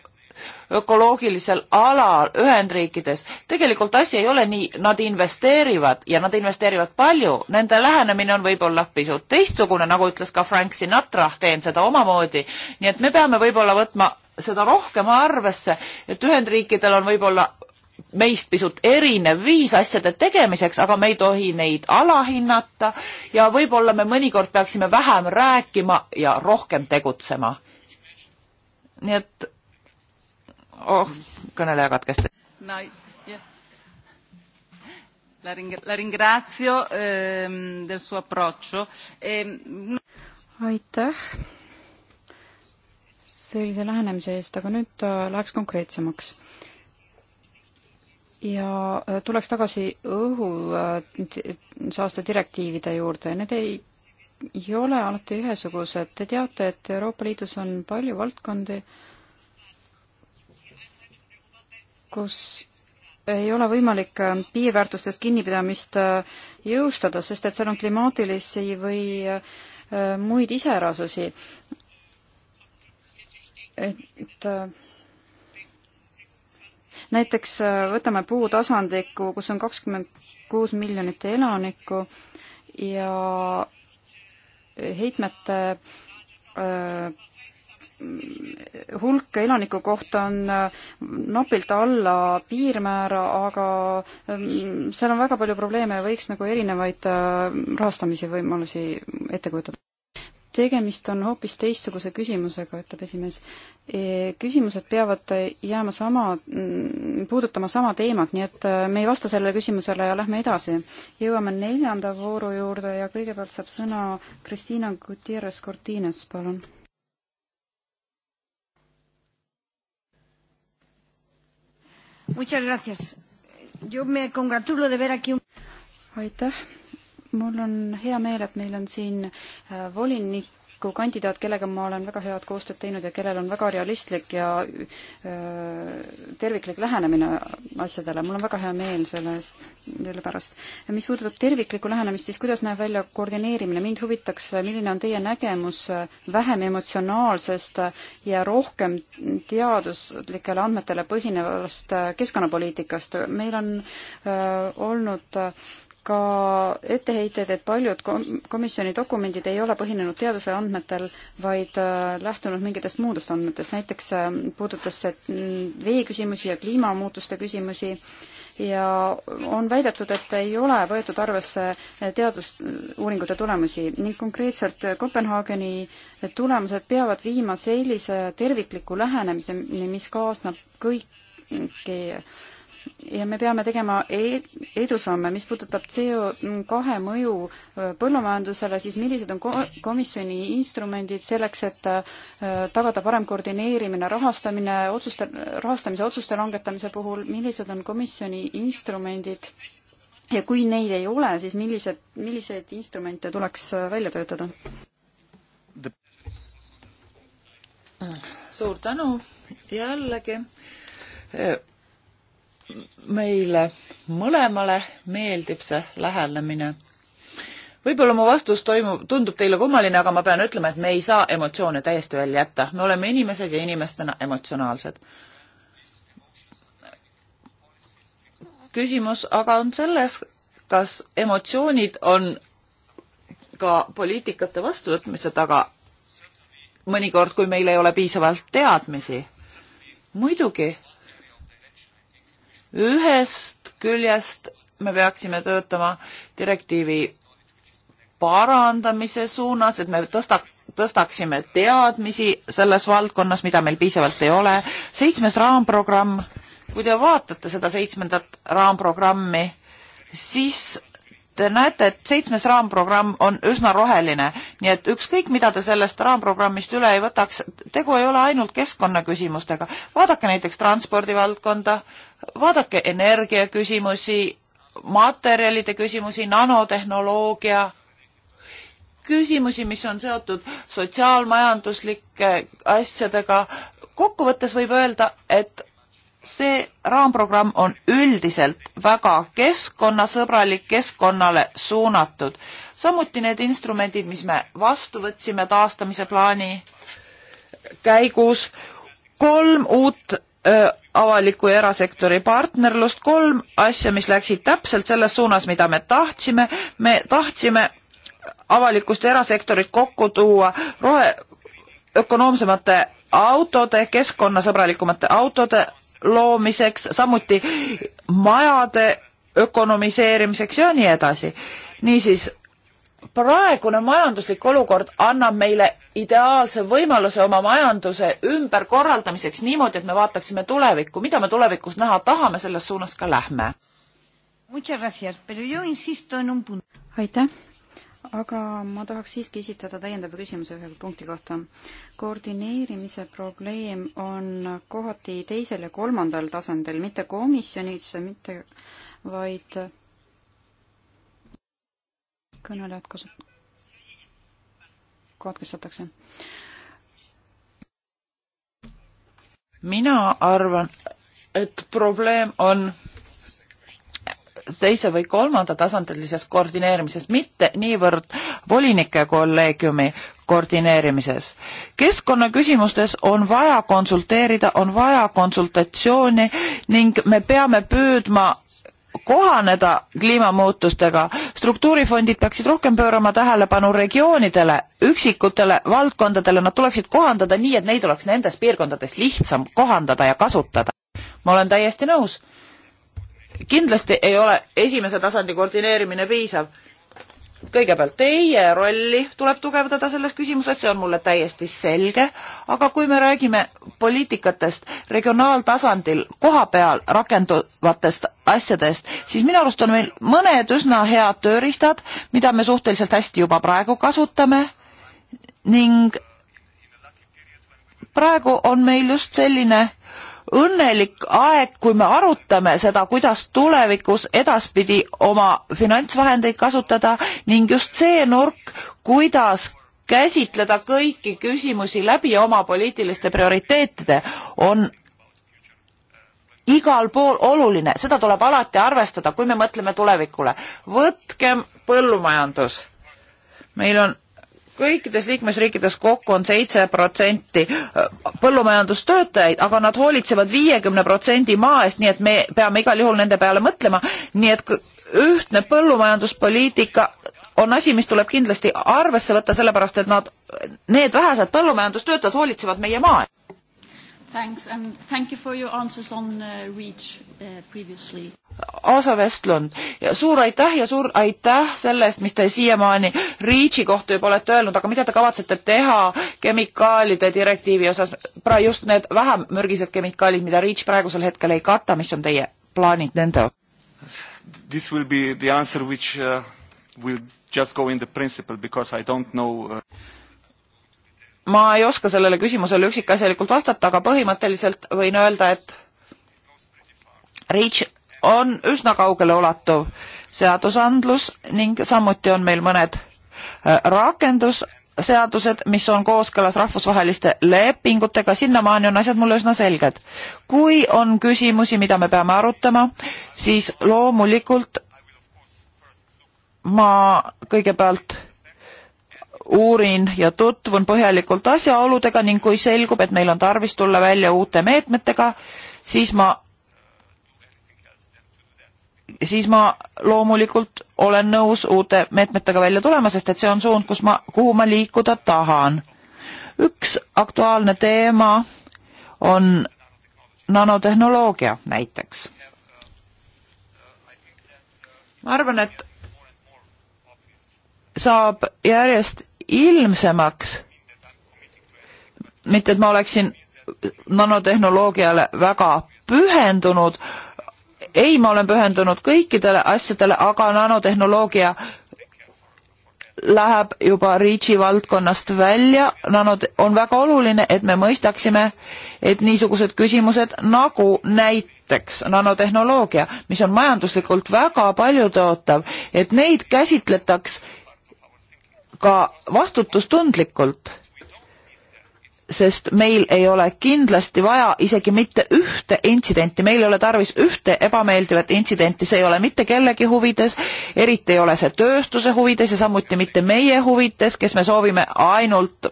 ökoloogilisel alal Ühendriikides. tegelikult asi ei ole nii, nad investeerivad ja nad investeerivad palju, nende lähenemine on võib-olla pisut teistsugune, nagu ütles ka Frank Sinatra, teen seda omamoodi, nii et me peame võib-olla võtma seda rohkem arvesse, et Ühendriikidel on võib-olla meist pisut erinev viis asjade tegemiseks, aga me ei tohi neid alahinnata ja võib-olla me mõnikord peaksime vähem rääkima ja rohkem tegutsema. nii et oh, kõneleja katkestati no,. Yeah. La, ring la ringrazio ehm, del suo approccio ehm,. aitäh sellise lähenemise eest, aga nüüd äh, läheks konkreetsemaks ja äh, tuleks tagasi õhusaaste äh, direktiivide juurde, need ei, ei ole alati ühesugused, te teate, et Euroopa Liidus on palju valdkondi, kus ei ole võimalik äh, piirväärtustest kinnipidamist äh, jõustada, sest et seal on klimaatilisi või äh, muid iseärasusi. et näiteks võtame puutasandiku, kus on kakskümmend kuus miljonit elanikku ja heitmete hulk elaniku kohta on äh, napilt alla piirmäära, aga ähm, seal on väga palju probleeme ja võiks nagu erinevaid äh, rahastamise võimalusi ette kujutada. tegemist on hoopis teistsuguse küsimusega, ütleb esimees. E, küsimused peavad jääma sama, mm, puudutama sama teemat, nii et äh, me ei vasta sellele küsimusele ja lähme edasi. jõuame neljanda vooru juurde ja kõigepealt saab sõna Kristiina Gutierrez Cortines, palun Muchas gracias. Yo me congratulo de ver aquí un... aitäh, mul on hea meel, et meil on siin äh, volinik kui kandidaat, kellega ma olen väga head koostööd teinud ja kellel on väga realistlik ja terviklik lähenemine asjadele. mul on väga hea meel selle eest, selle pärast. mis puudutab terviklikku lähenemist, siis kuidas näeb välja koordineerimine? mind huvitaks, milline on teie nägemus vähem emotsionaalsest ja rohkem teaduslikele andmetele põhinevast keskkonnapoliitikast. meil on öö, olnud öö, ka etteheited, et paljud komisjoni dokumendid ei ole põhinenud teaduse andmetel, vaid äh, lähtunud mingitest muudest andmetest, näiteks äh, puudutas see mm, veeküsimusi ja kliimamuutuste küsimusi ja on väidetud, et ei ole võetud arvesse äh, teadusuuringute tulemusi ning konkreetselt Kopenhaageni tulemused peavad viima sellise tervikliku lähenemiseni, mis kaasnab kõiki ja me peame tegema edusamme, mis puudutab CO2 mõju äh, põllumajandusele, siis millised on komisjoni instrumendid selleks, et äh, tagada parem koordineerimine, rahastamine, otsuste, rahastamise otsuste langetamise puhul, millised on komisjoni instrumendid ja kui neid ei ole, siis millised, milliseid instrumente tuleks äh, välja töötada? suur tänu jällegi meile mõlemale meeldib see lähenemine. võib-olla mu vastus toimub, tundub teile kummaline, aga ma pean ütlema, et me ei saa emotsioone täiesti välja jätta, me oleme inimesed ja inimestena emotsionaalsed. küsimus aga on selles, kas emotsioonid on ka poliitikate vastuvõtmise taga mõnikord, kui meil ei ole piisavalt teadmisi. muidugi ühest küljest me peaksime töötama direktiivi parandamise suunas, et me tõsta, tõstaksime teadmisi selles valdkonnas, mida meil piisavalt ei ole. seitsmes raamprogramm, kui te vaatate seda seitsmendat raamprogrammi, siis te näete, et seitsmes raamprogramm on üsna roheline, nii et ükskõik, mida te sellest raamprogrammist üle ei võtaks, tegu ei ole ainult keskkonnaküsimustega. vaadake näiteks transpordivaldkonda, vaadake energiaküsimusi, materjalide küsimusi, nanotehnoloogia küsimusi, mis on seotud sotsiaalmajanduslike asjadega. kokkuvõttes võib öelda, et see raamprogramm on üldiselt väga keskkonnasõbralik, keskkonnale suunatud. samuti need instrumendid, mis me vastu võtsime taastamise plaani käigus, kolm uut öö, avaliku ja erasektori partnerlust, kolm asja, mis läksid täpselt selles suunas, mida me tahtsime. me tahtsime avalikust ja erasektorit kokku tuua rohe, ökonoomsemate autode, keskkonnasõbralikumate autode loomiseks, samuti majade ökonomiseerimiseks ja nii edasi. niisiis, praegune majanduslik olukord annab meile ideaalse võimaluse oma majanduse ümberkorraldamiseks niimoodi, et me vaataksime tulevikku, mida me tulevikus näha tahame, selles suunas ka lähme. aitäh, aga ma tahaks siiski esitada täiendava küsimuse ühe punkti kohta. koordineerimise probleem on kohati teisel ja kolmandal tasandil, mitte komisjonis, mitte vaid kõnelejad kasut-, katkestatakse. mina arvan, et probleem on teise või kolmanda tasandilises koordineerimises, mitte niivõrd volinike kolleegiumi koordineerimises. keskkonnaküsimustes on vaja konsulteerida, on vaja konsultatsiooni ning me peame püüdma kohaneda kliimamuutustega, struktuurifondid peaksid rohkem pöörama tähelepanu regioonidele, üksikutele valdkondadele, nad tuleksid kohandada nii, et neid oleks nendes piirkondades lihtsam kohandada ja kasutada. ma olen täiesti nõus. kindlasti ei ole esimese tasandi koordineerimine piisav kõigepealt teie rolli tuleb tugevdada selles küsimuses, see on mulle täiesti selge, aga kui me räägime poliitikatest regionaaltasandil kohapeal rakenduvatest asjadest, siis minu arust on meil mõned üsna head tööriistad, mida me suhteliselt hästi juba praegu kasutame ning praegu on meil just selline õnnelik aeg, kui me arutame seda, kuidas tulevikus edaspidi oma finantsvahendeid kasutada ning just see nurk, kuidas käsitleda kõiki küsimusi läbi oma poliitiliste prioriteetide, on igal pool oluline, seda tuleb alati arvestada, kui me mõtleme tulevikule. võtkem põllumajandus. meil on kõikides liikmesriikides kokku on seitse protsenti äh, põllumajandustöötajaid, aga nad hoolitsevad viiekümne protsendi maa eest, nii et me peame igal juhul nende peale mõtlema, nii et ühtne põllumajanduspoliitika on asi, mis tuleb kindlasti arvesse võtta, sellepärast et nad, need vähesed põllumajandustöötajad hoolitsevad meie maa eest. Thanks and thank you for your answers on uh, REACH uh, previously. Aasa Vestlund ja suur aitäh ja suur aitäh selle eest, mis te siiamaani REACH-i kohta juba olete öelnud, aga mida te kavatsete teha kemikaalide direktiivi osas, just need vähem mürgised kemikaalid, mida REACH praegusel hetkel ei kata, mis on teie plaanid nende osas? This will be the answer which uh, will just go in the principle because I don't know uh ma ei oska sellele küsimusele üksikasjalikult vastata, aga põhimõtteliselt võin öelda, et REACH on üsna kaugele ulatuv seadusandlus ning samuti on meil mõned äh, rakendusseadused, mis on kooskõlas rahvusvaheliste lepingutega, sinnamaani on asjad mulle üsna selged. kui on küsimusi, mida me peame arutama, siis loomulikult ma kõigepealt uurin ja tutvun põhjalikult asjaoludega ning kui selgub, et meil on tarvis tulla välja uute meetmetega, siis ma, siis ma loomulikult olen nõus uute meetmetega välja tulema, sest et see on suund, kus ma, kuhu ma liikuda tahan. üks aktuaalne teema on nanotehnoloogia näiteks. ma arvan, et saab järjest ilmsemaks, mitte et ma oleksin nanotehnoloogiale väga pühendunud, ei, ma olen pühendunud kõikidele asjadele, aga nanotehnoloogia läheb juba REACH-i valdkonnast välja, nanot-, on väga oluline, et me mõistaksime, et niisugused küsimused nagu näiteks nanotehnoloogia, mis on majanduslikult väga paljutõotav, et neid käsitletaks ka vastutustundlikult, sest meil ei ole kindlasti vaja isegi mitte ühte intsidenti, meil ei ole tarvis ühte ebameeldivat intsidenti, see ei ole mitte kellegi huvides, eriti ei ole see tööstuse huvides ja samuti mitte meie huvides, kes me soovime ainult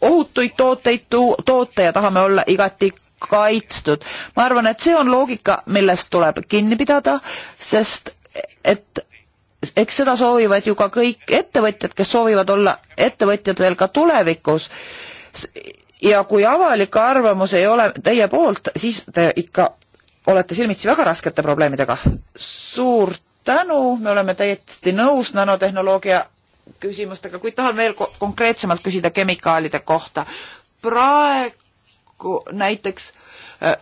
ohutuid tooteid toota ja tahame olla igati kaitstud. ma arvan, et see on loogika, millest tuleb kinni pidada, sest et eks seda soovivad ju ka kõik ettevõtjad, kes soovivad olla ettevõtjad veel ka tulevikus. ja kui avalik arvamus ei ole teie poolt, siis te ikka olete silmitsi väga raskete probleemidega. suur tänu, me oleme täiesti nõus nanotehnoloogia küsimustega, kuid tahan veel konkreetsemalt küsida kemikaalide kohta. praegu näiteks äh,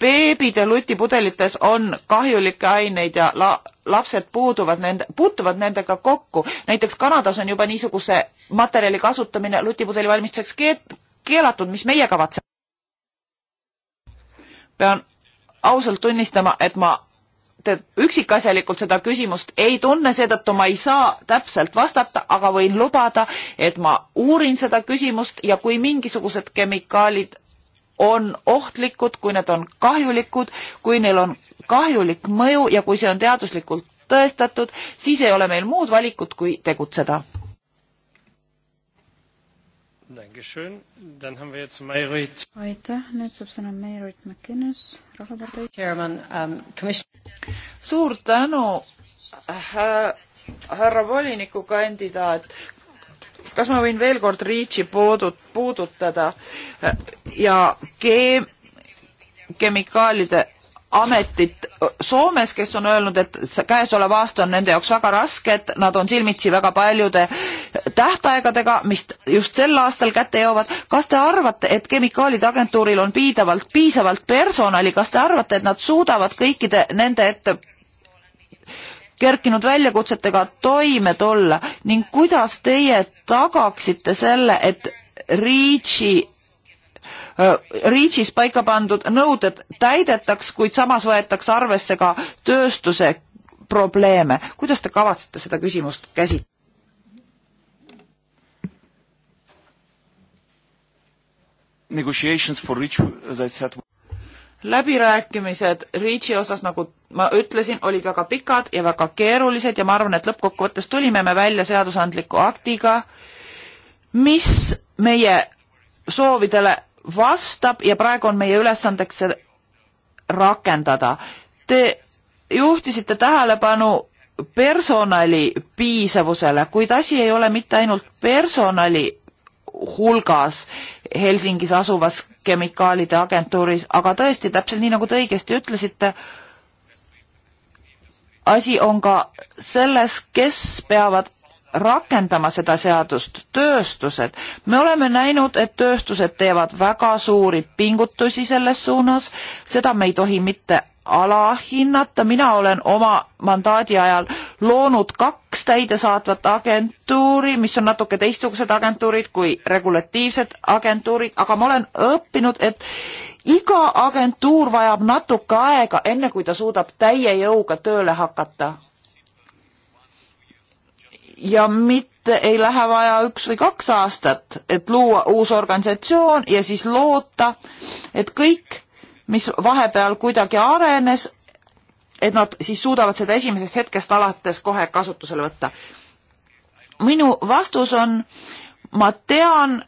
beebide lutipudelites on kahjulikke aineid ja la lapsed puuduvad nende, puutuvad nendega kokku. näiteks Kanadas on juba niisuguse materjali kasutamine lutipudeli valmistuseks keet-, keelatud, mis meie kavatseme. pean ausalt tunnistama, et ma üksikasjalikult seda küsimust ei tunne, seetõttu ma ei saa täpselt vastata, aga võin lubada, et ma uurin seda küsimust ja kui mingisugused kemikaalid on ohtlikud, kui need on kahjulikud, kui neil on kahjulik mõju ja kui see on teaduslikult tõestatud, siis ei ole meil muud valikut, kui tegutseda. aitäh, nüüd saab sõna Meirit McInnes, Rahvapartei. Um, suur tänu äh,, härra volinikukandidaat kas ma võin veel kord REACH-i puudut, puudutada ja keem-, kemikaalide ametit Soomes, kes on öelnud, et käesolev aasta on nende jaoks väga raske, et nad on silmitsi väga paljude tähtaegadega, mis just sel aastal kätte jõuavad. kas te arvate, et kemikaalide agentuuril on piidavalt, piisavalt personali, kas te arvate, et nad suudavad kõikide nende ette kerkinud väljakutsetega toime tulla ning kuidas teie tagaksite selle, et REACH-i äh, REACH-is paika pandud nõuded täidetaks, kuid samas võetakse arvesse ka tööstuse probleeme. kuidas te kavatsete seda küsimust käsitleda? Negotiations for REACH, as I said läbirääkimised REACH-i osas, nagu ma ütlesin, olid väga pikad ja väga keerulised ja ma arvan, et lõppkokkuvõttes tulime me välja seadusandliku aktiga, mis meie soovidele vastab ja praegu on meie ülesandeks see rakendada. Te juhtisite tähelepanu personali piisavusele, kuid asi ei ole mitte ainult personali hulgas Helsingis asuvas kemikaalide agentuuris, aga tõesti, täpselt nii, nagu te õigesti ütlesite, asi on ka selles, kes peavad rakendama seda seadust, tööstused. me oleme näinud, et tööstused teevad väga suuri pingutusi selles suunas, seda me ei tohi mitte alahinnata, mina olen oma mandaadi ajal loonud kaks täidesaatvat agentuuri, mis on natuke teistsugused agentuurid kui regulatiivsed agentuurid, aga ma olen õppinud, et iga agentuur vajab natuke aega, enne kui ta suudab täie jõuga tööle hakata. ja mitte ei lähe vaja üks või kaks aastat, et luua uus organisatsioon ja siis loota, et kõik mis vahepeal kuidagi arenes, et nad siis suudavad seda esimesest hetkest alates kohe kasutusele võtta. minu vastus on, ma tean,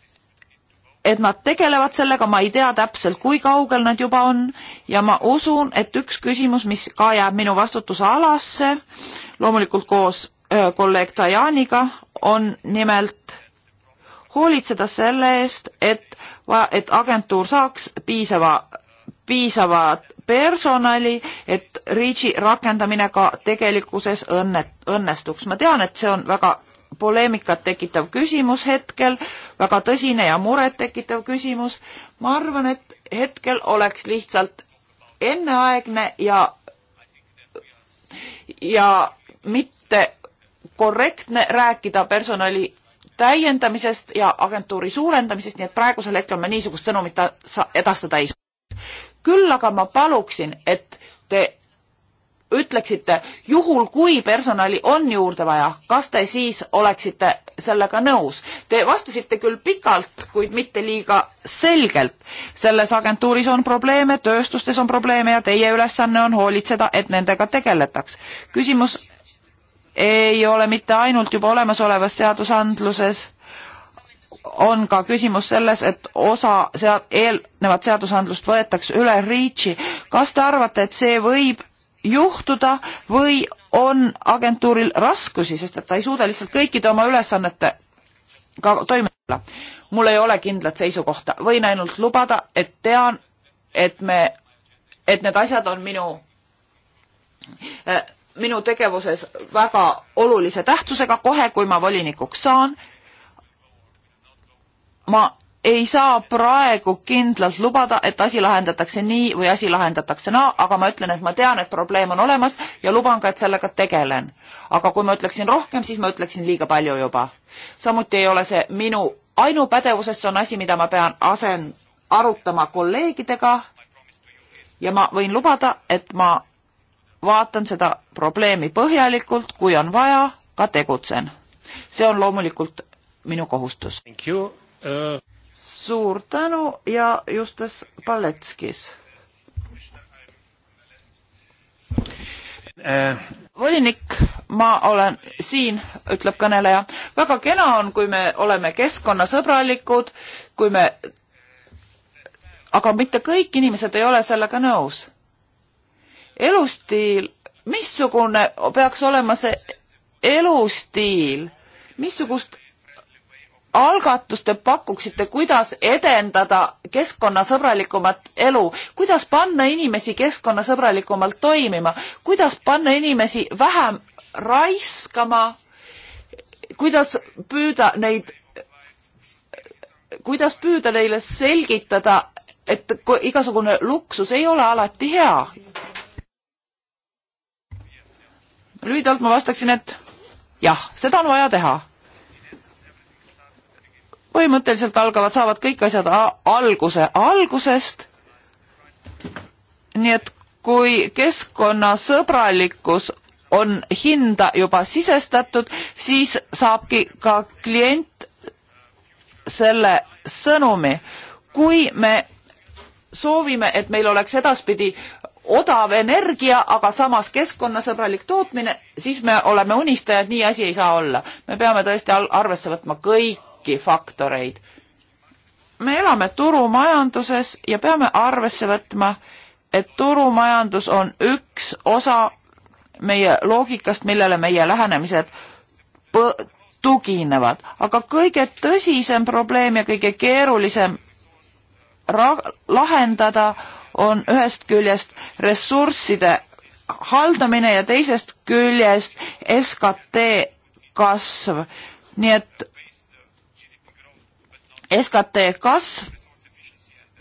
et nad tegelevad sellega, ma ei tea täpselt, kui kaugel nad juba on ja ma usun, et üks küsimus, mis ka jääb minu vastutuse alasse, loomulikult koos öö, kolleeg Dajaniga, on nimelt hoolitseda selle eest, et, et agentuur saaks piisava piisava personali, et REACH-i rakendamine ka tegelikkuses õnne, õnnestuks. ma tean, et see on väga poleemikat tekitav küsimus hetkel, väga tõsine ja murettekitav küsimus. ma arvan, et hetkel oleks lihtsalt enneaegne ja, ja mitte korrektne rääkida personali täiendamisest ja agentuuri suurendamisest, nii et praegusel hetkel me niisugust sõnumit edastada ei saa küll aga ma paluksin, et te ütleksite, juhul kui personali on juurde vaja, kas te siis oleksite sellega nõus? Te vastasite küll pikalt, kuid mitte liiga selgelt. selles agentuuris on probleeme, tööstustes on probleeme ja teie ülesanne on hoolitseda, et nendega tegeletaks. küsimus ei ole mitte ainult juba olemasolevas seadusandluses on ka küsimus selles, et osa sead-, eelnevat seadusandlust võetakse üle REACH-i. kas te arvate, et see võib juhtuda või on agentuuril raskusi, sest et ta ei suuda lihtsalt kõikide oma ülesannetega toime tulla? mul ei ole kindlat seisukohta, võin ainult lubada, et tean, et me, et need asjad on minu äh, minu tegevuses väga olulise tähtsusega kohe, kui ma volinikuks saan ma ei saa praegu kindlalt lubada, et asi lahendatakse nii või asi lahendatakse naa, aga ma ütlen, et ma tean, et probleem on olemas ja luban ka, et sellega tegelen. aga kui ma ütleksin rohkem, siis ma ütleksin liiga palju juba. samuti ei ole see minu ainupädevusest, see on asi, mida ma pean asen-, arutama kolleegidega ja ma võin lubada, et ma vaatan seda probleemi põhjalikult, kui on vaja, ka tegutsen. see on loomulikult minu kohustus. Thank you suur tänu ja Justas Paletskis. volinik, ma olen siin, ütleb kõneleja. väga kena on, kui me oleme keskkonnasõbralikud, kui me, aga mitte kõik inimesed ei ole sellega nõus. elustiil, missugune peaks olema see elustiil, missugust algatust te pakuksite, kuidas edendada keskkonnasõbralikumat elu, kuidas panna inimesi keskkonnasõbralikumalt toimima, kuidas panna inimesi vähem raiskama, kuidas püüda neid, kuidas püüda neile selgitada, et igasugune luksus ei ole alati hea? lühidalt ma vastaksin, et jah, seda on vaja teha põhimõtteliselt algavad, saavad kõik asjad alguse algusest. nii et kui keskkonnasõbralikkus on hinda juba sisestatud, siis saabki ka klient selle sõnumi. kui me soovime, et meil oleks edaspidi odav energia, aga samas keskkonnasõbralik tootmine, siis me oleme unistajad, nii asi ei saa olla. me peame tõesti arvesse võtma kõik šoki faktoreid. me elame turumajanduses ja peame arvesse võtma, et turumajandus on üks osa meie loogikast, millele meie lähenemised tuginevad, aga kõige tõsisem probleem ja kõige keerulisem lahendada on ühest küljest ressursside haldamine ja teisest küljest SKT kasv. nii et SKT kasv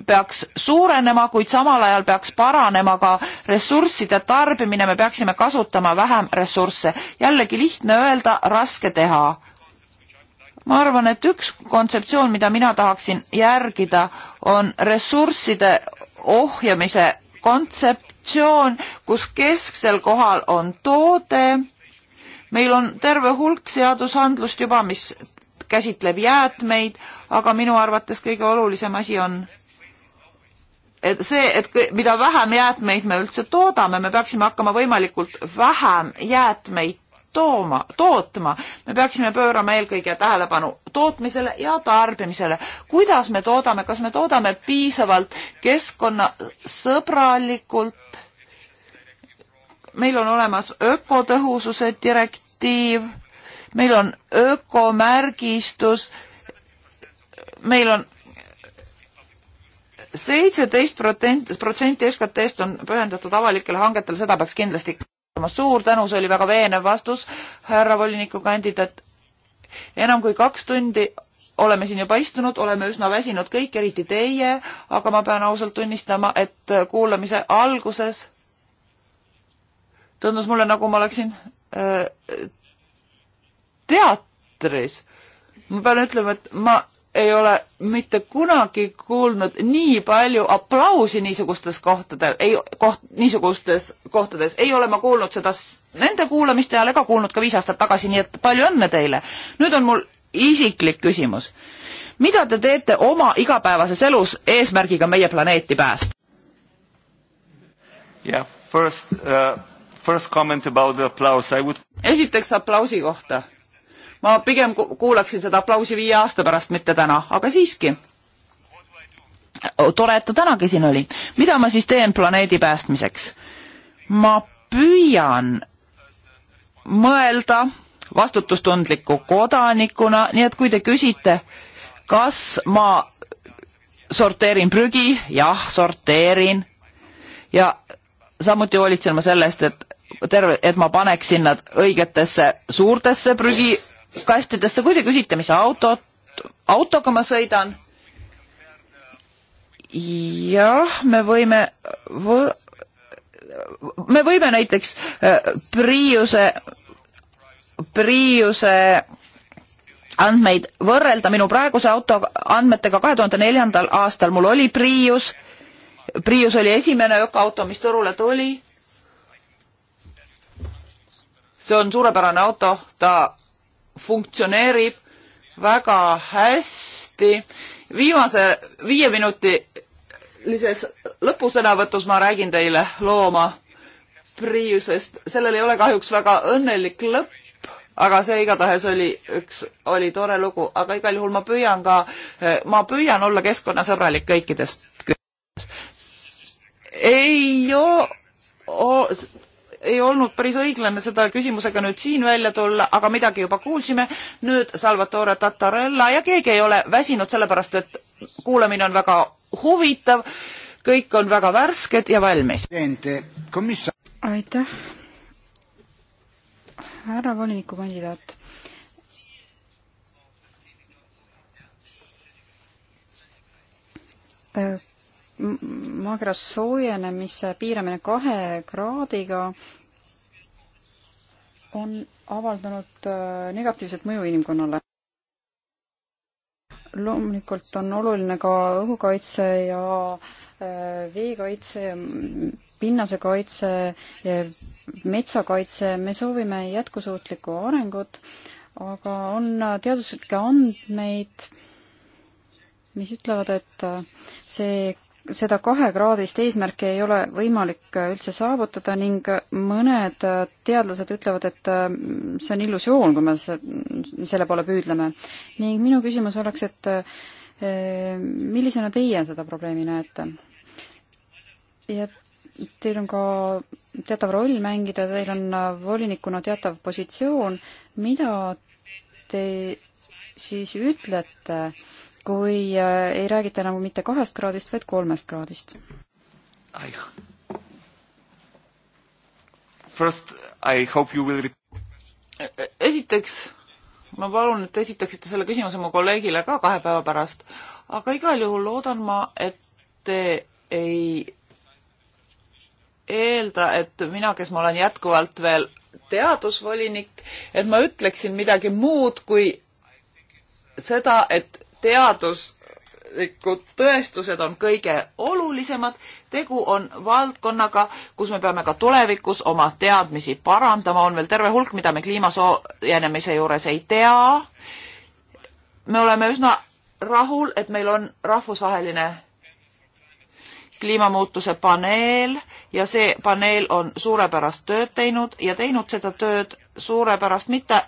peaks suurenema, kuid samal ajal peaks paranema ka ressursside tarbimine, me peaksime kasutama vähem ressursse. jällegi lihtne öelda, raske teha. ma arvan, et üks kontseptsioon, mida mina tahaksin järgida, on ressursside ohjamise kontseptsioon, kus kesksel kohal on toode, meil on terve hulk seadusandlust juba, mis käsitleb jäätmeid, aga minu arvates kõige olulisem asi on et see, et mida vähem jäätmeid me üldse toodame, me peaksime hakkama võimalikult vähem jäätmeid tooma, tootma, me peaksime pöörama eelkõige tähelepanu tootmisele ja tarbimisele. kuidas me toodame, kas me toodame piisavalt keskkonnasõbralikult? meil on olemas ökotõhususe direktiiv meil on ökomärgistus, meil on seitseteist protsenti SKT-st on pühendatud avalikele hangetele, seda peaks kindlasti suur tänu, see oli väga veenev vastus, härra volinikukandidaat. enam kui kaks tundi oleme siin juba istunud, oleme üsna väsinud kõik, eriti teie, aga ma pean ausalt tunnistama, et kuulamise alguses tundus mulle, nagu ma oleksin äh, teatris. ma pean ütlema, et ma ei ole mitte kunagi kuulnud nii palju aplausi niisugustes kohtadel, ei, koht, niisugustes kohtades, ei ole ma kuulnud seda nende kuulamiste ajal ega kuulnud ka viis aastat tagasi, nii et palju õnne teile. nüüd on mul isiklik küsimus. mida te teete oma igapäevases elus eesmärgiga meie planeeti päästa? jah yeah,, first uh,, first comment about the applause, I would esiteks aplausi kohta ma pigem kuulaksin seda aplausi viie aasta pärast, mitte täna, aga siiski. tore, et ta tänagi siin oli. mida ma siis teen planeedi päästmiseks? ma püüan mõelda vastutustundliku kodanikuna, nii et kui te küsite, kas ma sorteerin prügi, jah, sorteerin ja samuti hoolitsen ma selle eest, et terve, et ma paneks nad õigetesse suurtesse prügi kastidesse, kui te küsite, mis autot, autoga ma sõidan, jah, me võime võ, me võime näiteks äh, Priiuse, Priiuse andmeid võrrelda minu praeguse auto andmetega kahe tuhande neljandal aastal mul oli Priius, Priius oli esimene ökoauto, mis turule tuli. see on suurepärane auto, ta funktsioneerib väga hästi. viimase viie minutilises lõpusõnavõtus ma räägin teile looma Priusest. sellel ei ole kahjuks väga õnnelik lõpp, aga see igatahes oli üks, oli tore lugu, aga igal juhul ma püüan ka, ma püüan olla keskkonnasõbralik kõikidest. ei joo ei olnud päris õiglane seda küsimusega nüüd siin välja tulla, aga midagi juba kuulsime. nüüd Salvatore Tattarella ja keegi ei ole väsinud, sellepärast et kuulamine on väga huvitav, kõik on väga värsked ja valmis. aitäh, härra volinikukandidaat äh, maakera soojenemise piiramine kahe kraadiga on avaldanud äh, negatiivset mõju inimkonnale. loomulikult on oluline ka õhukaitse ja äh, veekaitse ja pinnasekaitse, metsakaitse, me soovime jätkusuutlikku arengut, aga on teaduslikke andmeid, mis ütlevad, et äh, see seda kahekraadist eesmärki ei ole võimalik äh, üldse saavutada ning äh, mõned äh, teadlased ütlevad, et see on illusioon, kui me selle poole püüdleme. ning minu küsimus oleks, et millisena teie seda probleemi näete? ja teil on ka teatav roll mängida, teil on volinikuna teatav positsioon, mida te siis ütlete äh, kui äh, ei räägita nagu mitte kahest kraadist, vaid kolmest kraadist? First, I hope you will e-, esiteks, ma palun, et te esitaksite selle küsimuse mu kolleegile ka kahe päeva pärast, aga igal juhul loodan ma, et te ei eelda, et mina, kes ma olen jätkuvalt veel teadusvolinik, et ma ütleksin midagi muud kui seda, et teaduslikud tõestused on kõige olulisemad. tegu on valdkonnaga, kus me peame ka tulevikus oma teadmisi parandama, on veel terve hulk, mida me kliima soojenemise juures ei tea. me oleme üsna rahul, et meil on rahvusvaheline kliimamuutuse paneel ja see paneel on suurepärast tööd teinud ja teinud seda tööd suurepärast mitte,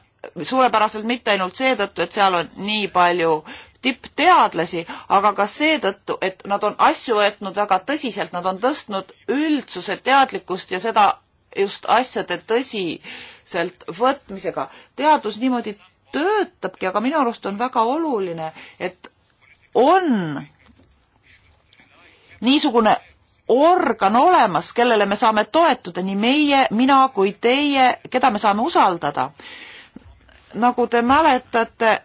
suurepäraselt mitte ainult seetõttu, et seal on nii palju tippteadlasi, aga ka seetõttu, et nad on asju võtnud väga tõsiselt, nad on tõstnud üldsuse teadlikkust ja seda just asjade tõsiselt võtmisega. teadus niimoodi töötabki, aga minu arust on väga oluline, et on niisugune organ olemas, kellele me saame toetuda, nii meie, mina kui teie, keda me saame usaldada. nagu te mäletate,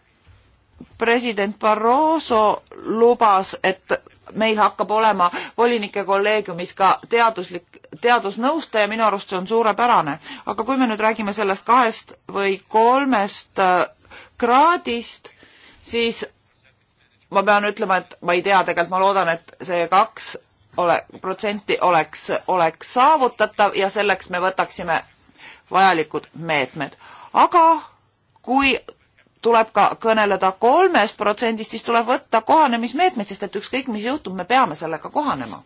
president Barroso lubas, et meil hakkab olema volinike kolleegiumis ka teaduslik, teadusnõustaja, minu arust see on suurepärane. aga kui me nüüd räägime sellest kahest või kolmest äh, kraadist, siis ma pean ütlema, et ma ei tea, tegelikult ma loodan, et see kaks ole, protsenti oleks, oleks saavutatav ja selleks me võtaksime vajalikud meetmed. aga kui tuleb ka kõneleda kolmest protsendist, siis tuleb võtta kohanemismeetmed, sest et ükskõik, mis juhtub, me peame sellega kohanema.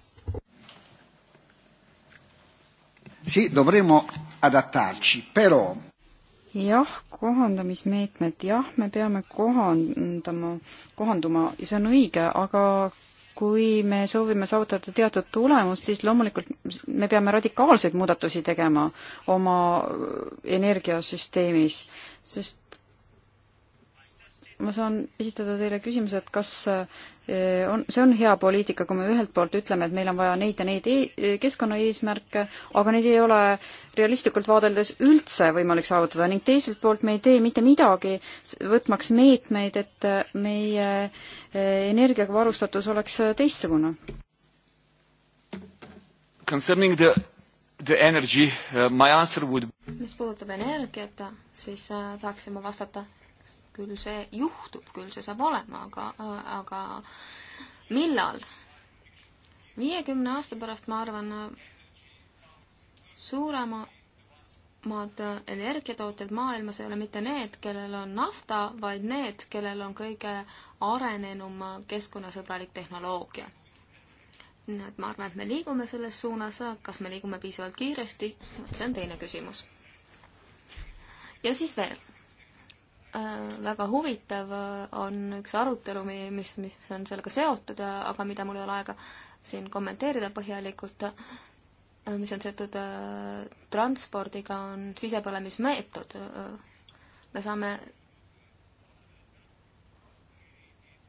jah, kohandamismeetmed, jah, me peame kohandama, kohanduma ja see on õige, aga kui me soovime saavutada teatud tulemust, siis loomulikult me peame radikaalseid muudatusi tegema oma energiasüsteemis, sest ma saan esitada teile küsimuse, et kas eh, on, see on hea poliitika, kui me ühelt poolt ütleme, et meil on vaja neid ja neid e keskkonnaeesmärke, aga neid ei ole realistlikult vaadeldes üldse võimalik saavutada ning teiselt poolt me ei tee mitte midagi, võtmaks meetmeid, et meie eh, energiaga varustatus oleks teistsugune. Concerning the the energy, uh, my answer would mis puudutab energiat, siis äh, tahaksin ma vastata küll see juhtub, küll see saab olema, aga, aga millal? viiekümne aasta pärast, ma arvan, suuremad energiatootjad maailmas ei ole mitte need, kellel on nafta, vaid need, kellel on kõige arenenum keskkonnasõbralik tehnoloogia. nii et ma arvan, et me liigume selles suunas, kas me liigume piisavalt kiiresti, see on teine küsimus. ja siis veel Äh, väga huvitav äh, on üks arutelu, mis, mis on sellega seotud, äh, aga mida mul ei ole aega siin kommenteerida põhjalikult, mis on seotud transpordiga, on sisepõlemismeetod. me saame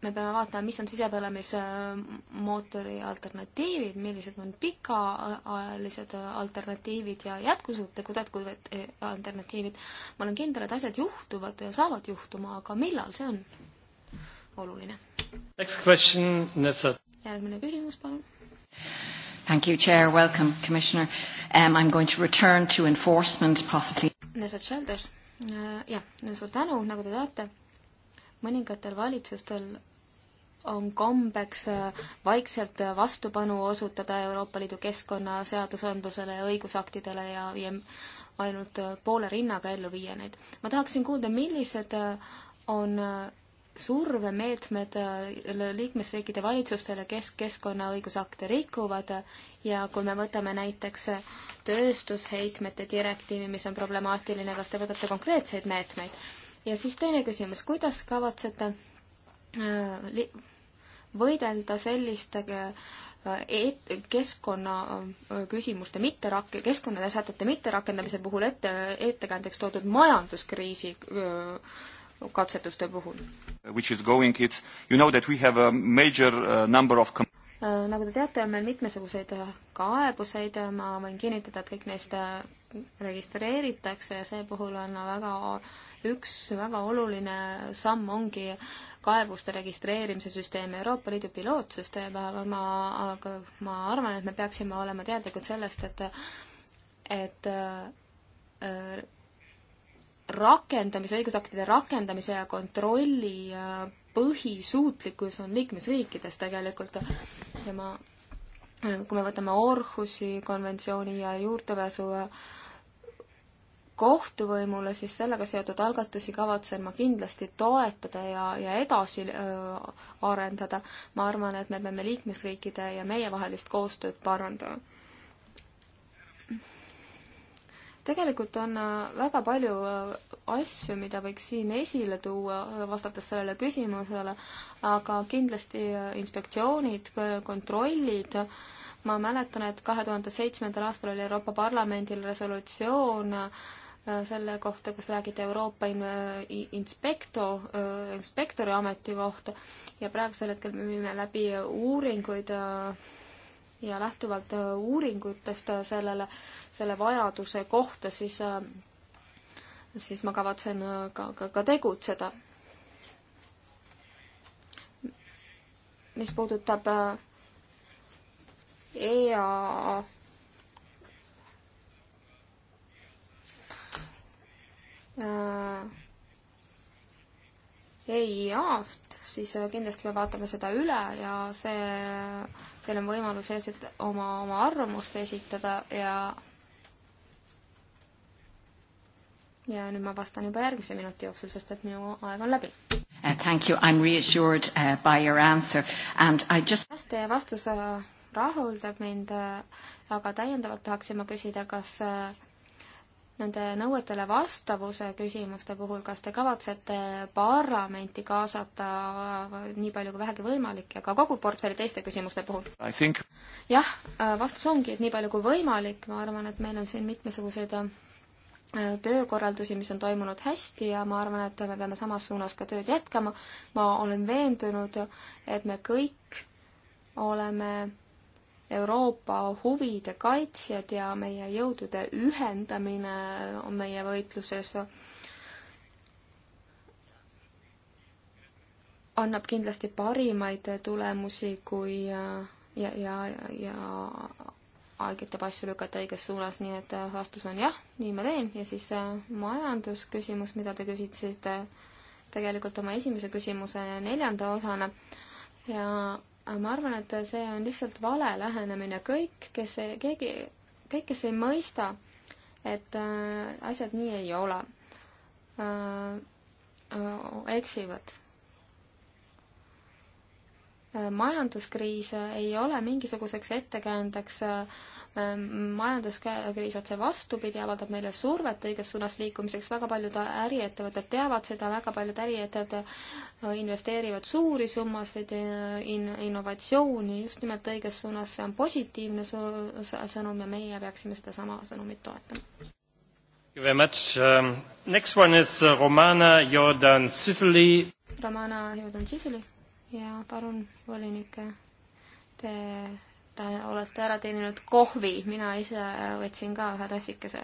me peame vaatama, mis on sisepõlemismootori alternatiivid, millised on pikaajalised alternatiivid ja jätkusuutlikud jätkuvad alternatiivid. ma olen kindel, et asjad juhtuvad ja saavad juhtuma, aga millal, see on oluline. järgmine küsimus, palun. Thank you, Chair. Welcome, Commissioner. Um, I'm going to return to enforcement possibly. Nessa Childers. Uh, jah, suur tänu, nagu te teate mõningatel valitsustel on kombeks äh, vaikselt äh, vastupanu osutada Euroopa Liidu keskkonnaseadusandlusele ja õigusaktidele ja, ja ainult äh, poole rinnaga ellu viia neid. ma tahaksin kuulda, millised on survemeetmed liikmesriikide valitsustele, kes keskkonnaõigusakte rikuvad ja kui me võtame näiteks tööstusheitmete direktiivi, mis on problemaatiline, kas te võtate konkreetseid meetmeid? ja siis teine küsimus, kuidas kavatsete äh, võidelda selliste äh, et-, keskkonnaküsimuste äh, mitterak-, keskkonnasätete mitterakendamise puhul ette, ettekäändeks toodud majanduskriisi katsetuste puhul. Uh, which is going, it's, you know that we have a major uh, number of nagu te teate, on meil mitmesuguseid kaebuseid, ma võin kinnitada, et kõik neist registreeritakse ja see puhul on väga, üks väga oluline samm ongi kaebuste registreerimise süsteem, Euroopa Liidu pilootsüsteem, aga ma, aga ma arvan, et me peaksime olema teadlikud sellest, et et äh, rakendamise, õigusaktide rakendamise ja kontrolli äh, põhisuutlikkus on liikmesriikides tegelikult ja ma, kui me võtame Orhusi konventsiooni ja juurdepääsu äh, kohtuvõimule, siis sellega seotud algatusi kavatsen ma kindlasti toetada ja, ja edasi öö, arendada. ma arvan, et me peame liikmesriikide ja meie vahelist koostööd parandama. tegelikult on väga palju asju, mida võiks siin esile tuua, vastates sellele küsimusele, aga kindlasti inspektsioonid, kontrollid, ma mäletan, et kahe tuhande seitsmendal aastal oli Euroopa Parlamendil resolutsioon äh, Äh, selle kohta, kus räägiti Euroopa äh, inspekto, äh, inspektori ametikohta ja praegusel hetkel me viime läbi uuringuid ja lähtuvalt uuringutest sellele, selle vajaduse kohta, siis, siis ma kavatsen ka, ka, ka tegutseda. mis puudutab EA Äh, EIA-lt, siis kindlasti me vaatame seda üle ja see, teil on võimalus esit-, oma, oma arvamust esitada ja ja nüüd ma vastan juba järgmise minuti jooksul, sest et minu aeg on läbi. Uh, thank you, I am reassured uh, by your answer and I just Teie vastus rahuldab mind, äh, aga täiendavalt tahaksin ma küsida, kas uh, nende nõuetele vastavuse küsimuste puhul, kas te kavatsete parlamenti kaasata äh, nii palju kui vähegi võimalik ja ka kogu portfelli teiste küsimuste puhul? jah, äh, vastus ongi, et nii palju kui võimalik, ma arvan, et meil on siin mitmesuguseid äh, töökorraldusi, mis on toimunud hästi ja ma arvan, et me peame samas suunas ka tööd jätkama. ma olen veendunud, et me kõik oleme Euroopa huvide kaitsjad ja meie jõudude ühendamine on meie võitluses annab kindlasti parimaid tulemusi, kui ja, ja, ja, ja aigitab asju lükata õiges suunas, nii et vastus on jah, nii ma teen ja siis äh, majandusküsimus, mida te küsisite tegelikult oma esimese küsimuse neljanda osana ja ma arvan, et see on lihtsalt vale lähenemine, kõik, kes ei, keegi, kõik, kes ei mõista, et äh, asjad nii ei ole äh,, äh, eksivad äh,. majanduskriis ei ole mingisuguseks ettekäändeks äh, Ehm, majanduskriis otse vastupidi avaldab meile survet õiges suunas liikumiseks, väga paljud äriettevõtted teavad seda, väga paljud äriettevõtted äh, investeerivad suuri summasid in-, innovatsiooni just nimelt õiges suunas, see on positiivne su-, sõnum ja meie peaksime sedasama sõnumit toetama. Thank you very much. Um, next one is uh, Romana Jordan Sicily. Romana Jordan Sicily ja palun volinike, te te äh, olete ära teeninud kohvi, mina ise äh, võtsin ka ühe tassikese.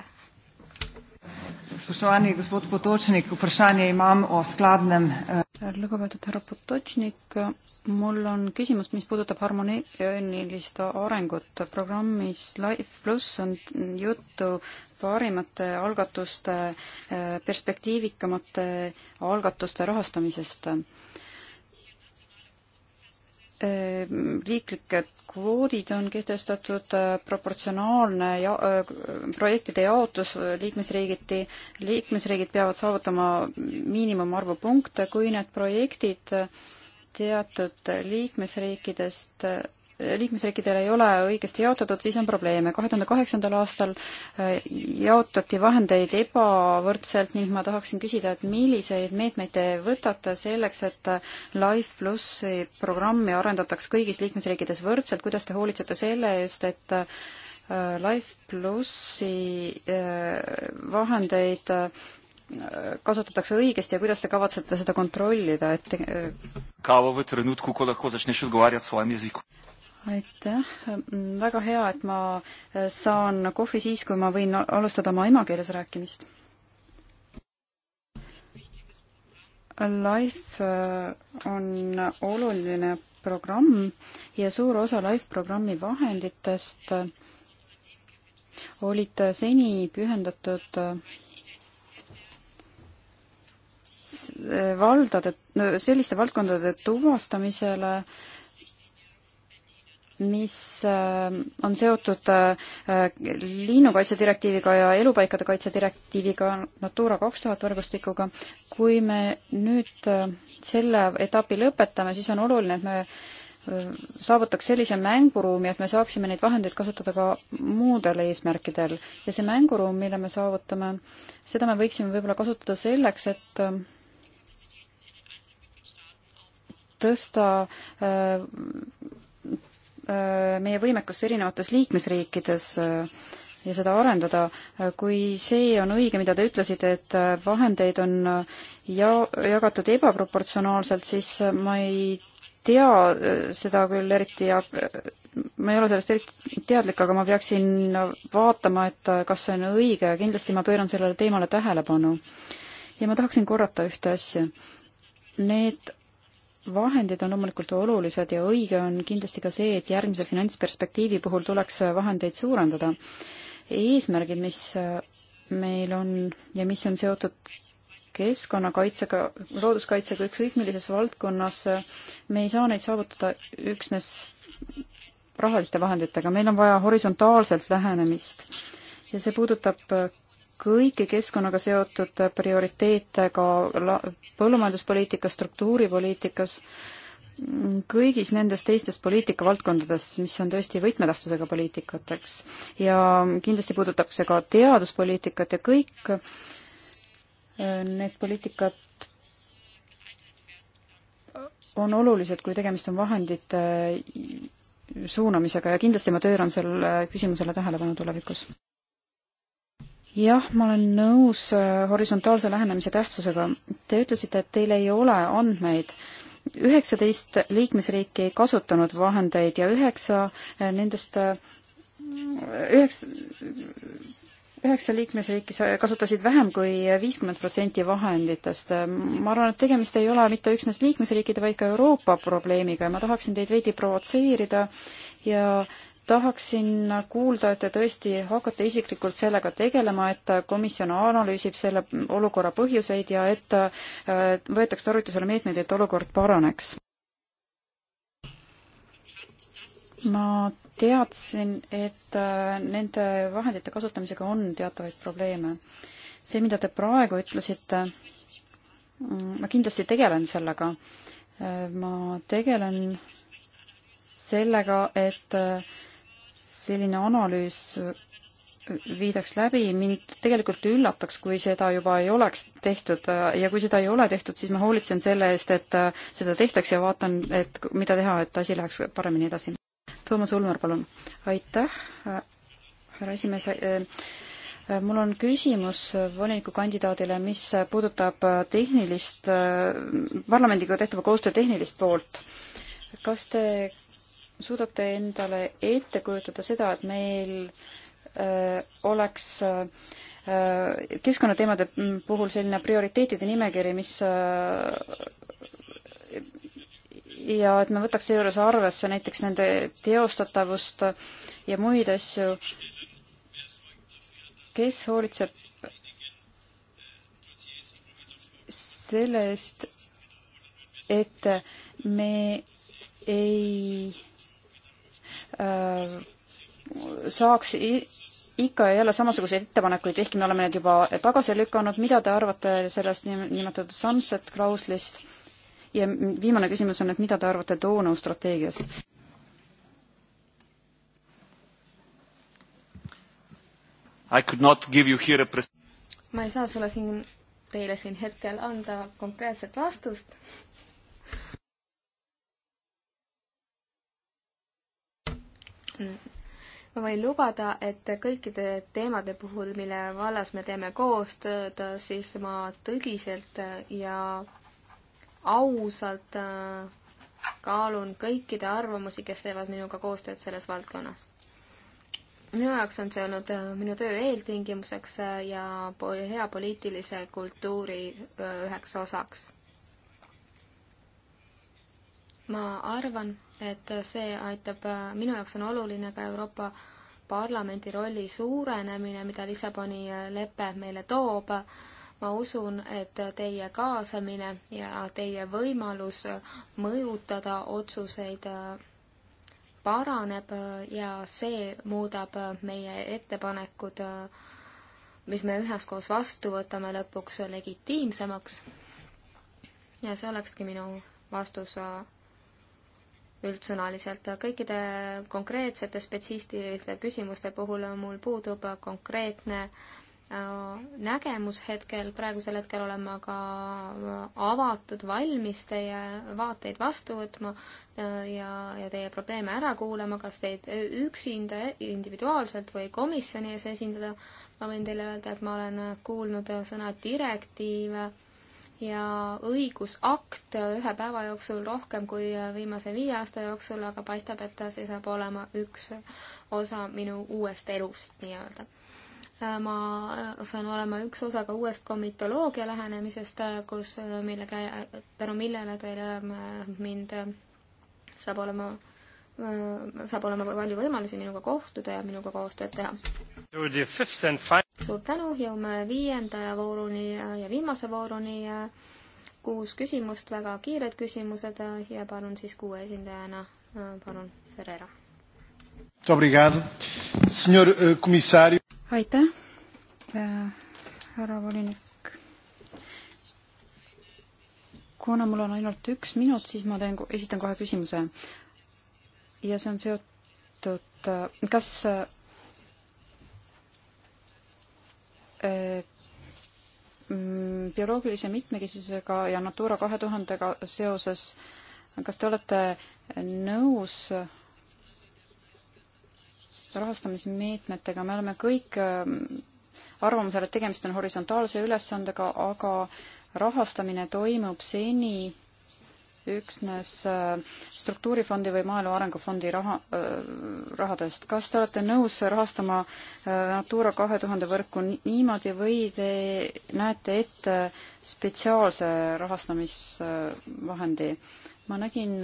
Spoštovani gospod Potočnik, vprašanje imam o skladnem äh, lugupeetud härra Potočnik, mul on küsimus, mis puudutab harmoonilist arengut. programmis Life pluss on juttu parimate algatuste, perspektiivikamate algatuste rahastamisest Ehm, riiklikud kvoodid on kehtestatud, äh, proportsionaalne ja, äh, projektide jaotus äh, liikmesriigiti, liikmesriigid peavad saavutama miinimumarvu punkte, kui need projektid teatud liikmesriikidest liikmesriikidel ei ole õigesti jaotatud, siis on probleeme. kahe tuhande kaheksandal aastal äh, jaotati vahendeid ebavõrdselt ning ma tahaksin küsida, et milliseid meetmeid te võtate selleks, et äh, Life plussi programmi arendataks kõigis liikmesriikides võrdselt, kuidas te hoolitsete selle eest, et äh, Life plussi vahendeid kasutatakse õigesti ja kuidas te kavatsete seda kontrollida, et Kao v trenutku, ko lahko začneš odgovarjati svojem jeziku? aitäh, väga hea, et ma saan kohvi siis, kui ma võin alustada oma emakeeles rääkimist. Life äh, on oluline programm ja suur osa Life programmi vahenditest olid seni pühendatud äh, valdade, selliste valdkondade tuvastamisele äh, mis äh, on seotud äh, linnukaitse direktiiviga ja elupaikade kaitse direktiiviga, Natura kaks tuhat võrgustikuga. kui me nüüd äh, selle etapi lõpetame, siis on oluline, et me saavutaks sellise mänguruumi, et me saaksime neid vahendeid kasutada ka muudel eesmärkidel. ja see mänguruum, mille me saavutame, seda me võiksime võib-olla kasutada selleks, et tõsta Äh, meie võimekust erinevates liikmesriikides äh, ja seda arendada, äh, kui see on õige, mida te ütlesite, et vahendeid on ja-, jagatud ebaproportsionaalselt, siis ma ei tea seda küll eriti ja ma ei ole sellest eriti teadlik, aga ma peaksin vaatama, et kas see on õige ja kindlasti ma pööran sellele teemale tähelepanu. ja ma tahaksin korrata ühte asja. Need vahendid on loomulikult olulised ja õige on kindlasti ka see, et järgmise finantsperspektiivi puhul tuleks vahendeid suurendada. eesmärgid, mis meil on ja mis on seotud keskkonnakaitsega, looduskaitsega, ükskõik millises valdkonnas, me ei saa neid saavutada üksnes rahaliste vahenditega, meil on vaja horisontaalselt lähenemist ja see puudutab kõiki keskkonnaga seotud prioriteete ka põllumajanduspoliitikas, struktuuripoliitikas, kõigis nendes teistes poliitikavaldkondades, mis on tõesti võtmetähtsusega poliitikateks. ja kindlasti puudutab see ka teaduspoliitikat ja kõik äh, need poliitikad on olulised, kui tegemist on vahendite suunamisega ja kindlasti ma tööran sellele küsimusele tähelepanu tulevikus jah, ma olen nõus äh, horisontaalse lähenemise tähtsusega. Te ütlesite, et teil ei ole andmeid. üheksateist liikmesriiki ei kasutanud vahendeid ja üheksa äh, nendest, äh, üheksa, üheksa liikmesriiki kasutasid vähem kui viiskümmend protsenti vahenditest. ma arvan, et tegemist ei ole mitte üksnes liikmesriikide, vaid ka Euroopa probleemiga ja ma tahaksin teid veidi provotseerida ja tahaksin kuulda, et te tõesti hakkate isiklikult sellega tegelema, et komisjon analüüsib selle olukorra põhjuseid ja et äh, võetakse tarvitusele meetmeid, et olukord paraneks. ma teadsin, et äh, nende vahendite kasutamisega on teatavaid probleeme. see, mida te praegu ütlesite, mm, ma kindlasti tegelen sellega. Äh, ma tegelen sellega, et äh, selline analüüs viidaks läbi, mind tegelikult üllataks, kui seda juba ei oleks tehtud ja kui seda ei ole tehtud, siis ma hoolitsen selle eest, et seda tehtaks ja vaatan, et mida teha, et asi läheks paremini edasi. Toomas Ulmer, palun. aitäh, härra esimees. mul on küsimus volinikukandidaadile, mis puudutab tehnilist, parlamendiga tehtava koostöö tehnilist poolt. kas te suudab ta endale ette kujutada seda, et meil öö, äh, oleks öö, äh, keskkonnateemade mm, puhul selline prioriteetide nimekiri, mis öö, äh, ja et me võtaks seejuures arvesse näiteks nende teostatavust ja muid asju. kes hoolitseb selle eest, et me ei Äh, saaks ikka ja jälle samasuguseid ettepanekuid, ehkki me oleme need juba tagasi lükanud, mida te arvate sellest nimetatud sunset klauslist? ja viimane küsimus on, et mida te arvate Donau strateegiast? ma ei saa sulle siin, teile siin hetkel anda konkreetset vastust, ma võin lubada, et kõikide teemade puhul, mille vallas me teeme koostööd, siis ma tõsiselt ja ausalt äh, kaalun kõikide arvamusi, kes teevad minuga koostööd selles valdkonnas. minu jaoks on see olnud äh, minu töö eeltingimuseks äh, ja hea poliitilise kultuuri üheks osaks ma arvan, et see aitab, äh, minu jaoks on oluline ka Euroopa Parlamendi rolli suurenemine, mida Lissaboni äh, lepe meile toob. ma usun, et teie kaasamine ja teie võimalus äh, mõjutada otsuseid paraneb ja see muudab meie ettepanekud, mis me üheskoos vastu võtame, lõpuks legitiimsemaks. ja see olekski minu vastus üldsõnaliselt. kõikide konkreetsete spetsifiliste küsimuste puhul mul puudub konkreetne äh, nägemus hetkel, praegusel hetkel olen ma ka äh, avatud, valmis teie vaateid vastu võtma äh, ja, ja teie probleeme ära kuulama, kas teid üksinda, individuaalselt või komisjoni ees esindada. ma võin teile öelda, et ma olen kuulnud sõna direktiiv ja õigusakt ühe päeva jooksul rohkem kui viimase viie aasta jooksul, aga paistab, et see saab olema üks osa minu uuest elust nii-öelda. ma saan olema üks osa ka uuest komitoloogia lähenemisest, kus, mille käe, tänu millele teile äh, mind äh, saab olema, äh, saab olema palju võimalusi minuga kohtuda ja minuga koostööd teha suur tänu, jõuame viienda vooruni ja viimase vooruni kuus küsimust, väga kiired küsimused ja palun siis kuue esindajana, palun, Ferreira. Eh, aitäh, eh, härra volinik. kuna mul on ainult üks minut, siis ma teen, esitan kohe küsimuse. ja see on seotud, eh, kas Äh, mm, bioloogilise mitmekesisusega ja Natura kahe tuhandega seoses, kas te olete nõus rahastamismeetmetega, me oleme kõik äh, arvamusel, et tegemist on horisontaalse ülesandega, aga rahastamine toimub seni üksnes äh, struktuurifondi või Maaelu Arengufondi raha, äh, rahadest. kas te olete nõus rahastama äh, Natura kahe tuhande võrku niimoodi või te näete ette spetsiaalse rahastamisvahendi? ma nägin,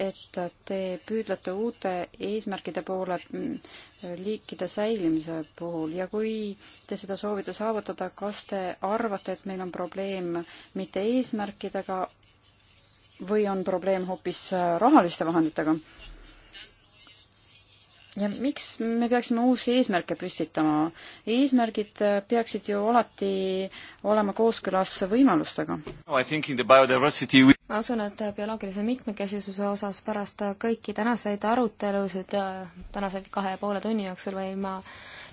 et te püüdlete uute eesmärkide poole mm, liikide säilimise puhul ja kui te seda soovite saavutada, kas te arvate, et meil on probleem mitte eesmärkidega, või on probleem hoopis äh, rahaliste vahenditega? ja miks me peaksime uusi eesmärke püstitama? eesmärgid äh, peaksid ju alati olema kooskõlas võimalustega no,. ma usun, et äh, bioloogilise mitmekesisuse osas pärast kõiki tänaseid arutelusid tänase kahe ja poole tunni jooksul võin ma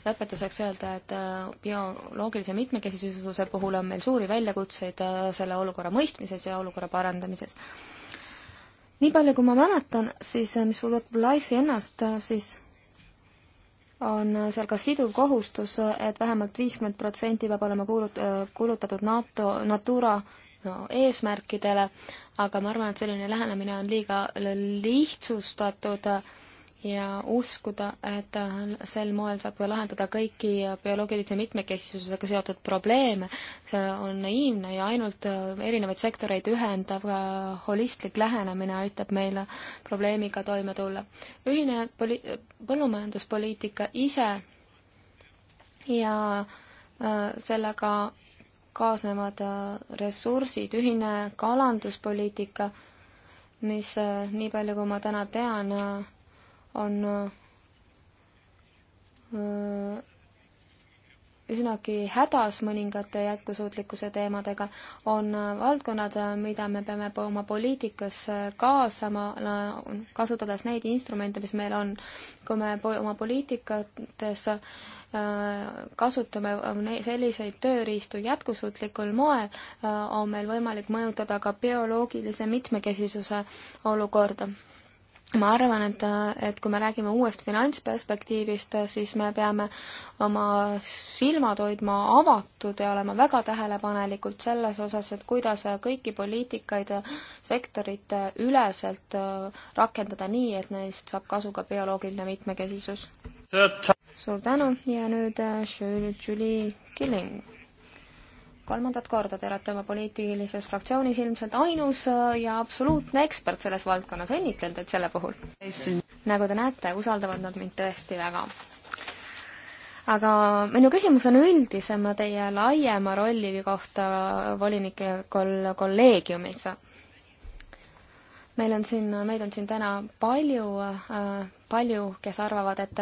lõpetuseks öelda, et äh, bioloogilise mitmekesisuse puhul on meil suuri väljakutseid äh, selle olukorra mõistmises ja olukorra parandamises. nii palju, kui ma mäletan, siis äh, mis puudutab Life'i ennast, siis on seal ka siduv kohustus, et vähemalt viiskümmend protsenti peab olema kuulut-, kulutatud NATO, Natura no, eesmärkidele, aga ma arvan, et selline lähenemine on liiga lihtsustatud äh, ja uskuda, et sel moel saab lahendada kõiki bioloogilise mitmekesisusega seotud probleeme, see on naiivne ja ainult äh, erinevaid sektoreid ühendav äh, holistlik lähenemine aitab meil probleemiga toime tulla. ühine poli-, põllumajanduspoliitika ise ja äh, sellega kaasnevad ressursid, ühine kalanduspoliitika, mis nii palju, kui ma täna tean, on üsnagi hädas mõningate jätkusuutlikkuse teemadega, on äh, valdkonnad, äh, mida me peame oma poliitikasse äh, kaasama, kasutades neid instrumente, mis meil on. kui me oma poliitikates kasutame selliseid tööriistu jätkusuutlikul moel, on meil võimalik mõjutada ka bioloogilise mitmekesisuse olukorda ma arvan, et, et kui me räägime uuest finantsperspektiivist, siis me peame oma silmad hoidma avatud ja olema väga tähelepanelikud selles osas, et kuidas kõiki poliitikaid sektorite üleselt rakendada nii, et neist saab kasu ka bioloogiline mitmekesisus. suur tänu ja nüüd äh, Julie Killing kolmandat korda te olete oma poliitilises fraktsioonis ilmselt ainus äh, ja absoluutne ekspert selles valdkonnas, õnnitlen teid selle puhul. nagu te näete, usaldavad nad mind tõesti väga. aga minu küsimus on üldisema teie laiema rolli kohta volinike kol-, kolleegiumis meil on siin, meid on siin täna palju äh,, palju, kes arvavad, et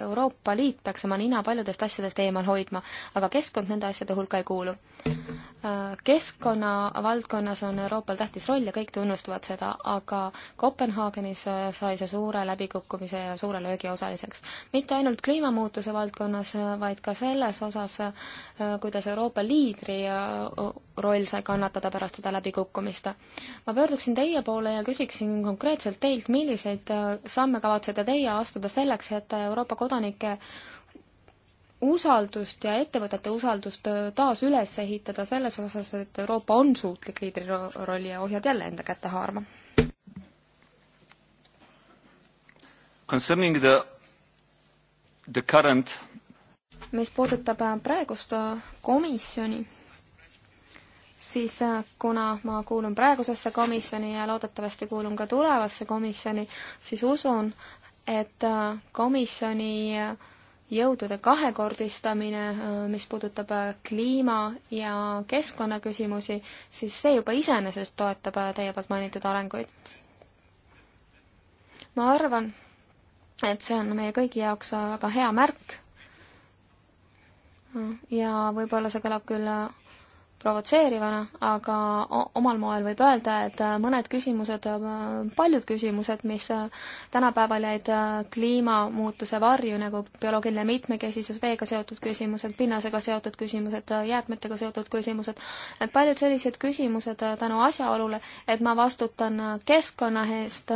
Euroopa Liit peaks oma nina paljudest asjadest eemal hoidma, aga keskkond nende asjade hulka ei kuulu. Keskkonna valdkonnas on Euroopal tähtis roll ja kõik tunnustavad seda, aga Kopenhaagenis sai see suure läbikukkumise ja suure löögi osaliseks. mitte ainult kliimamuutuse valdkonnas, vaid ka selles osas, kuidas Euroopa liidri roll sai kannatada pärast seda läbikukkumist. ma pöörduksin teie poole ja küsiksin konkreetselt teilt, milliseid äh, samme kavatsete teie astuda selleks, et Euroopa kodanike usaldust ja ettevõtete usaldust äh, taas üles ehitada selles osas, et Euroopa on suutlik liidrirolli ja ohjad jälle enda kätte haarama? Concerning the, the current mis puudutab äh, praegust komisjoni, siis äh, kuna ma kuulun praegusesse komisjoni ja loodetavasti kuulun ka tulevasse komisjoni, siis usun, et äh, komisjoni äh, jõudude kahekordistamine, mis puudutab kliima- ja keskkonnaküsimusi, siis see juba iseenesest toetab teie poolt mainitud arenguid. ma arvan, et see on meie kõigi jaoks väga hea märk. ja võib-olla see kõlab küll provotseerivana, aga omal moel võib öelda, et äh, mõned küsimused, äh, paljud küsimused, mis äh, tänapäeval jäid kliimamuutuse varju, nagu bioloogiline mitmekesisus, veega seotud küsimused, pinnasega seotud küsimused, jäätmetega seotud küsimused, et paljud sellised küsimused tänu asjaolule, et ma vastutan keskkonna eest,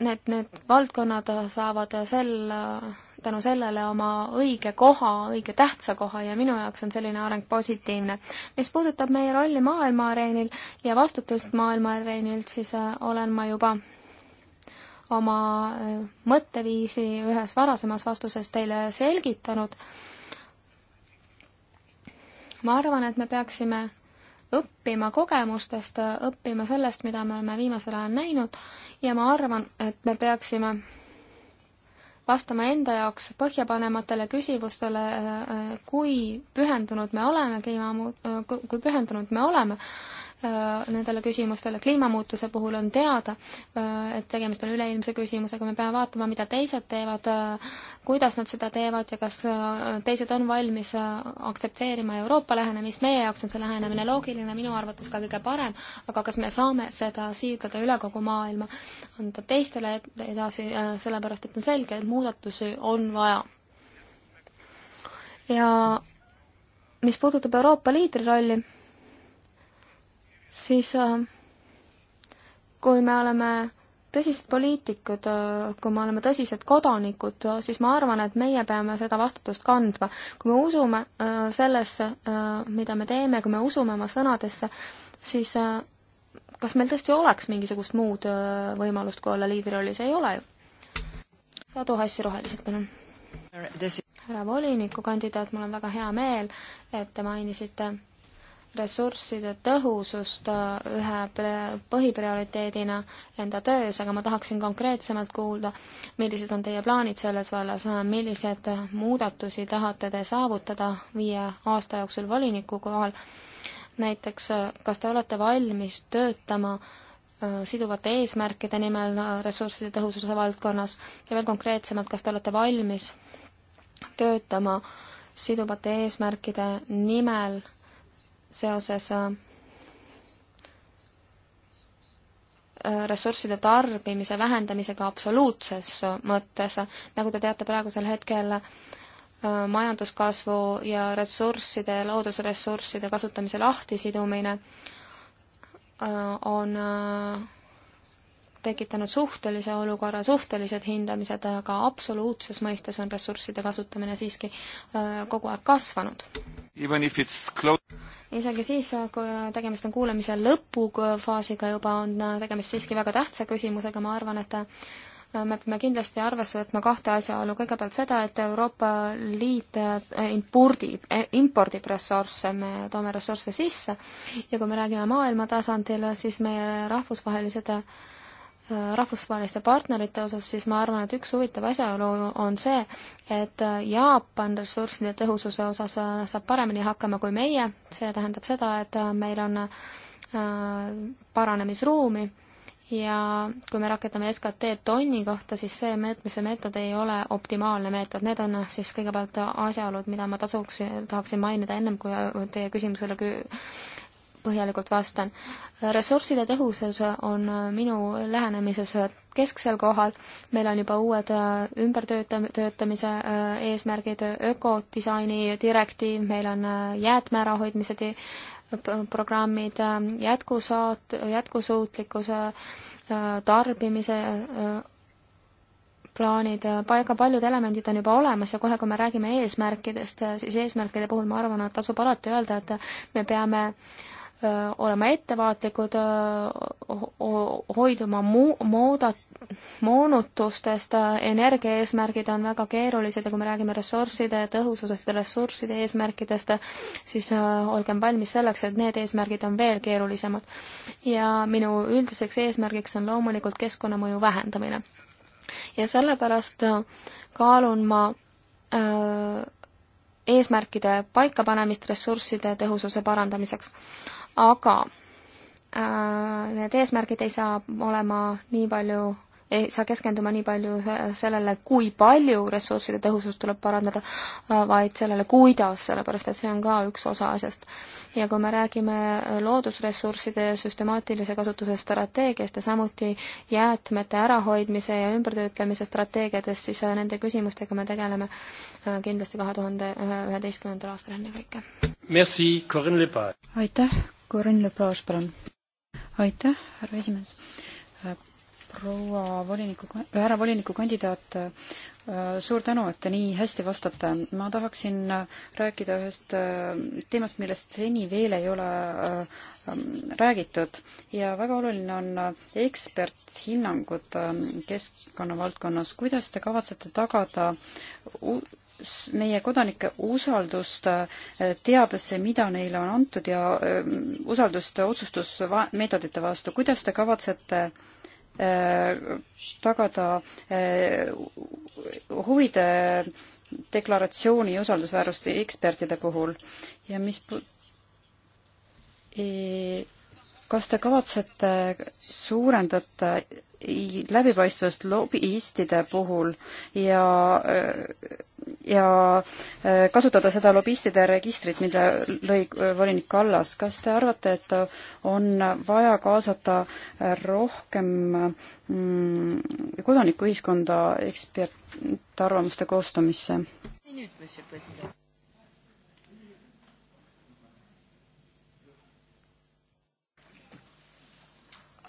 need, need valdkonnad saavad sel tänu sellele oma õige koha, õige tähtsa koha ja minu jaoks on selline areng positiivne. mis puudutab meie rolli maailma areenil ja vastutust maailma areenilt, siis äh, olen ma juba oma äh, mõtteviisi ühes varasemas vastuses teile selgitanud. ma arvan, et me peaksime õppima kogemustest, õppima sellest, mida me oleme viimasel ajal näinud ja ma arvan, et me peaksime vastama enda jaoks põhjapanematele küsimustele, äh, äh, kui pühendunud me oleme kliimamu-, äh, kui pühendunud me oleme Äh, nendele küsimustele. kliimamuutuse puhul on teada, äh, et tegemist on üleilmse küsimusega, me peame vaatama, mida teised teevad, äh, kuidas nad seda teevad ja kas teised on valmis aktsepteerima Euroopa lähenemist, meie jaoks on see lähenemine loogiline, minu arvates ka kõige parem, aga kas me saame seda siirdada üle kogu maailma, anda teistele edasi, sellepärast et on selge, et muudatusi on vaja. ja mis puudutab Euroopa liidri rolli, siis äh, kui me oleme tõsised poliitikud, äh, kui me oleme tõsised kodanikud, äh, siis ma arvan, et meie peame seda vastutust kandma. kui me usume sellesse, mida me teeme, kui me usume oma sõnadesse, siis kas meil tõesti oleks mingisugust muud võimalust, kui olla liidrirollis, ei ole ju. Sadu Hassi Rohelised, palun. härra volinikukandidaat, mul on väga hea meel, et te mainisite ressursside tõhusust äh, ühe põhiprioriteedina enda töös, aga ma tahaksin konkreetsemalt kuulda, millised on teie plaanid selles vallas, äh, millised muudatusi tahate te saavutada viie aasta jooksul voliniku kohal, näiteks äh, kas te olete valmis töötama siduvate eesmärkide nimel ressursside tõhususe valdkonnas ja veel konkreetsemalt, kas te olete valmis töötama siduvate eesmärkide nimel seoses äh, ressursside tarbimise vähendamisega absoluutses mõttes, nagu te teate, praegusel hetkel äh, majanduskasvu ja ressursside, loodusressursside kasutamise lahtisidumine äh, on tekitanud suhtelise olukorra, suhtelised hindamised, aga absoluutses mõistes on ressursside kasutamine siiski äh, kogu aeg kasvanud. isegi siis, kui tegemist on kuulamise lõpufaasiga juba, on äh, tegemist siiski väga tähtsa küsimusega, ma arvan, et äh, me peame kindlasti arvesse võtma kahte asjaolu, kõigepealt seda, et Euroopa Liit impordib, impordib ressursse, me toome ressursse sisse ja kui me räägime maailma tasandil, siis meie rahvusvahelised Äh, rahvusvaheliste partnerite osas, siis ma arvan, et üks huvitav asjaolu on see, et äh, Jaapan ressursside tõhususe osas äh, saab paremini hakkama kui meie, see tähendab seda, et meil on paranemisruumi ja kui me rakendame SKT tonni kohta, siis see mõõtmise meetod ei ole optimaalne meetod, need on siis kõigepealt asjaolud, mida ma tasuks, tahaksin mainida ennem, kui teie küsimusele põhjalikult vastan. ressursside tõhusus on minu lähenemises kesksel kohal, meil on juba uued äh, ümbertöötamise äh, eesmärgid, ökodisaini direktiiv, meil on äh, jäätme ärahoidmise programmid, jätkusaat-, jätkusuutlikkuse tarbimise plaanid, väga paljud elemendid on juba olemas ja kohe, kui me räägime eesmärkidest, siis eesmärkide puhul ma arvan, et tasub alati öelda, et me peame äh, olema ettevaatlikud, hoiduma mu-, mooda-, moonutustest, energiaeesmärgid on väga keerulised ja kui me räägime ressursside tõhususest ja ressursside eesmärkidest, siis olgem valmis selleks, et need eesmärgid on veel keerulisemad. ja minu üldiseks eesmärgiks on loomulikult keskkonnamõju vähendamine. ja sellepärast kaalun ma öö, eesmärkide paikapanemist ressursside tõhususe parandamiseks aga äh, need eesmärgid ei saa olema nii palju ei saa keskenduma nii palju sellele, kui palju ressursside tõhusust tuleb parandada, äh, vaid sellele, kuidas, sellepärast et see on ka üks osa asjast. ja kui me räägime loodusressursside süstemaatilise kasutuse strateegiast ja samuti jäätmete ärahoidmise ja ümbertöötlemise strateegiatest, siis äh, nende küsimustega me tegeleme kindlasti kahe tuhande üheteistkümnendal aastal ennekõike. aitäh, Corinne Lepage, palun. aitäh, härra esimees. Äh, proua voliniku, äh, härra volinikukandidaat, äh, suur tänu, et te nii hästi vastate. ma tahaksin rääkida ühest teemast, millest seni veel ei ole ähm, räägitud ja väga oluline on eksperthinnangud keskkonna valdkonnas. kuidas te kavatsete tagada meie kodanike usaldust äh, teabesse, mida neile on antud ja äh, usaldust otsustusmeetodite vastu. kuidas te kavatsete äh, tagada huvide deklaratsiooni usaldusväärust ekspertide puhul ja mis e-, kas te kavatsete suurendada läbipaistvust lobistide puhul ja ja äh, kasutada seda lobistide registrit, mille lõi äh, volinik Kallas. kas te arvate, et on vaja kaasata rohkem mm, kodanikuühiskonda ekspertarvamuste koostamisse?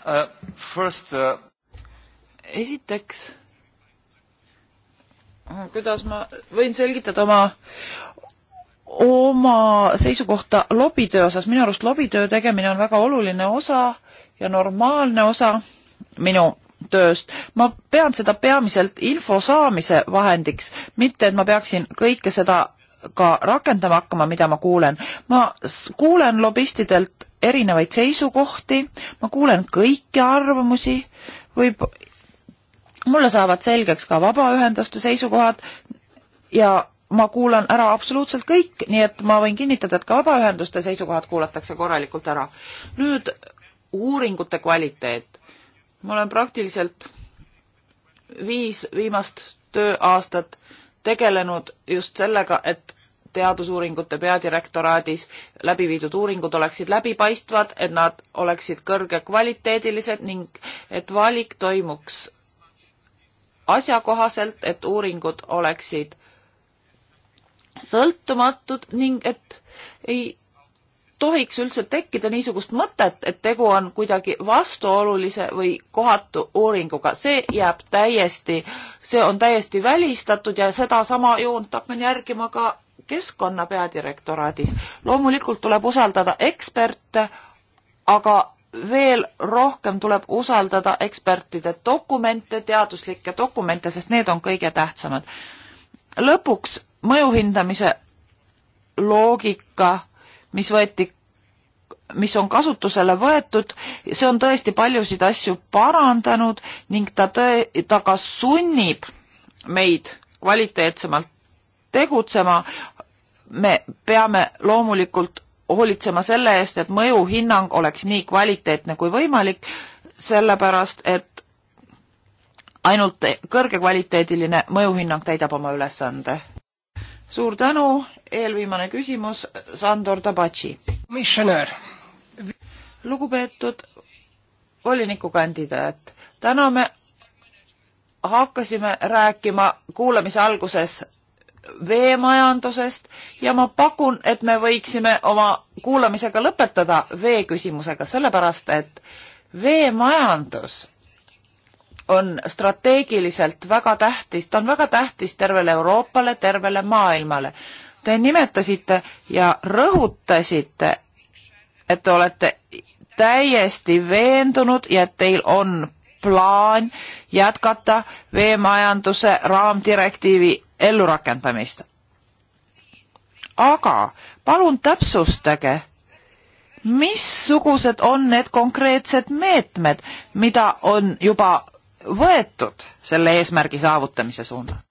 Uh, first, uh... esiteks Äh, kuidas ma võin selgitada oma oma seisukohta lobitöö osas, minu arust lobitöö tegemine on väga oluline osa ja normaalne osa minu tööst. ma pean seda peamiselt info saamise vahendiks, mitte et ma peaksin kõike seda ka rakendama hakkama, mida ma kuulen. ma kuulen lobistidelt erinevaid seisukohti, ma kuulen kõiki arvamusi, võib mulle saavad selgeks ka vabaühenduste seisukohad ja ma kuulan ära absoluutselt kõik, nii et ma võin kinnitada, et ka vabaühenduste seisukohad kuulatakse korralikult ära. nüüd uuringute kvaliteet. ma olen praktiliselt viis viimast tööaastat tegelenud just sellega, et teadusuuringute peadirektoraadis läbi viidud uuringud oleksid läbipaistvad, et nad oleksid kõrgekvaliteedilised ning et valik toimuks asjakohaselt, et uuringud oleksid sõltumatud ning et ei tohiks üldse tekkida niisugust mõtet, et tegu on kuidagi vastuolulise või kohatu uuringuga, see jääb täiesti, see on täiesti välistatud ja sedasama joont hakkan järgima ka keskkonna peadirektoraadis. loomulikult tuleb usaldada eksperte, aga veel rohkem tuleb usaldada ekspertide dokumente, teaduslikke dokumente, sest need on kõige tähtsamad. lõpuks mõjuhindamise loogika, mis võeti, mis on kasutusele võetud, see on tõesti paljusid asju parandanud ning ta tõe, ta ka sunnib meid kvaliteetsemalt tegutsema. me peame loomulikult hoolitsema selle eest, et mõjuhinnang oleks nii kvaliteetne kui võimalik, sellepärast et ainult kõrgekvaliteediline mõjuhinnang täidab oma ülesande. suur tänu, eelviimane küsimus, Sandor Tabatši. lugupeetud volinikukandidaat, täna me hakkasime rääkima kuulamise alguses veemajandusest ja ma pakun, et me võiksime oma kuulamisega lõpetada vee küsimusega, sellepärast et veemajandus on strateegiliselt väga tähtis, ta on väga tähtis tervele Euroopale, tervele maailmale. Te nimetasite ja rõhutasite, et te olete täiesti veendunud ja et teil on plaan jätkata veemajanduse raamdirektiivi ellurakendamist. aga palun täpsustage, missugused on need konkreetsed meetmed, mida on juba võetud selle eesmärgi saavutamise suunal?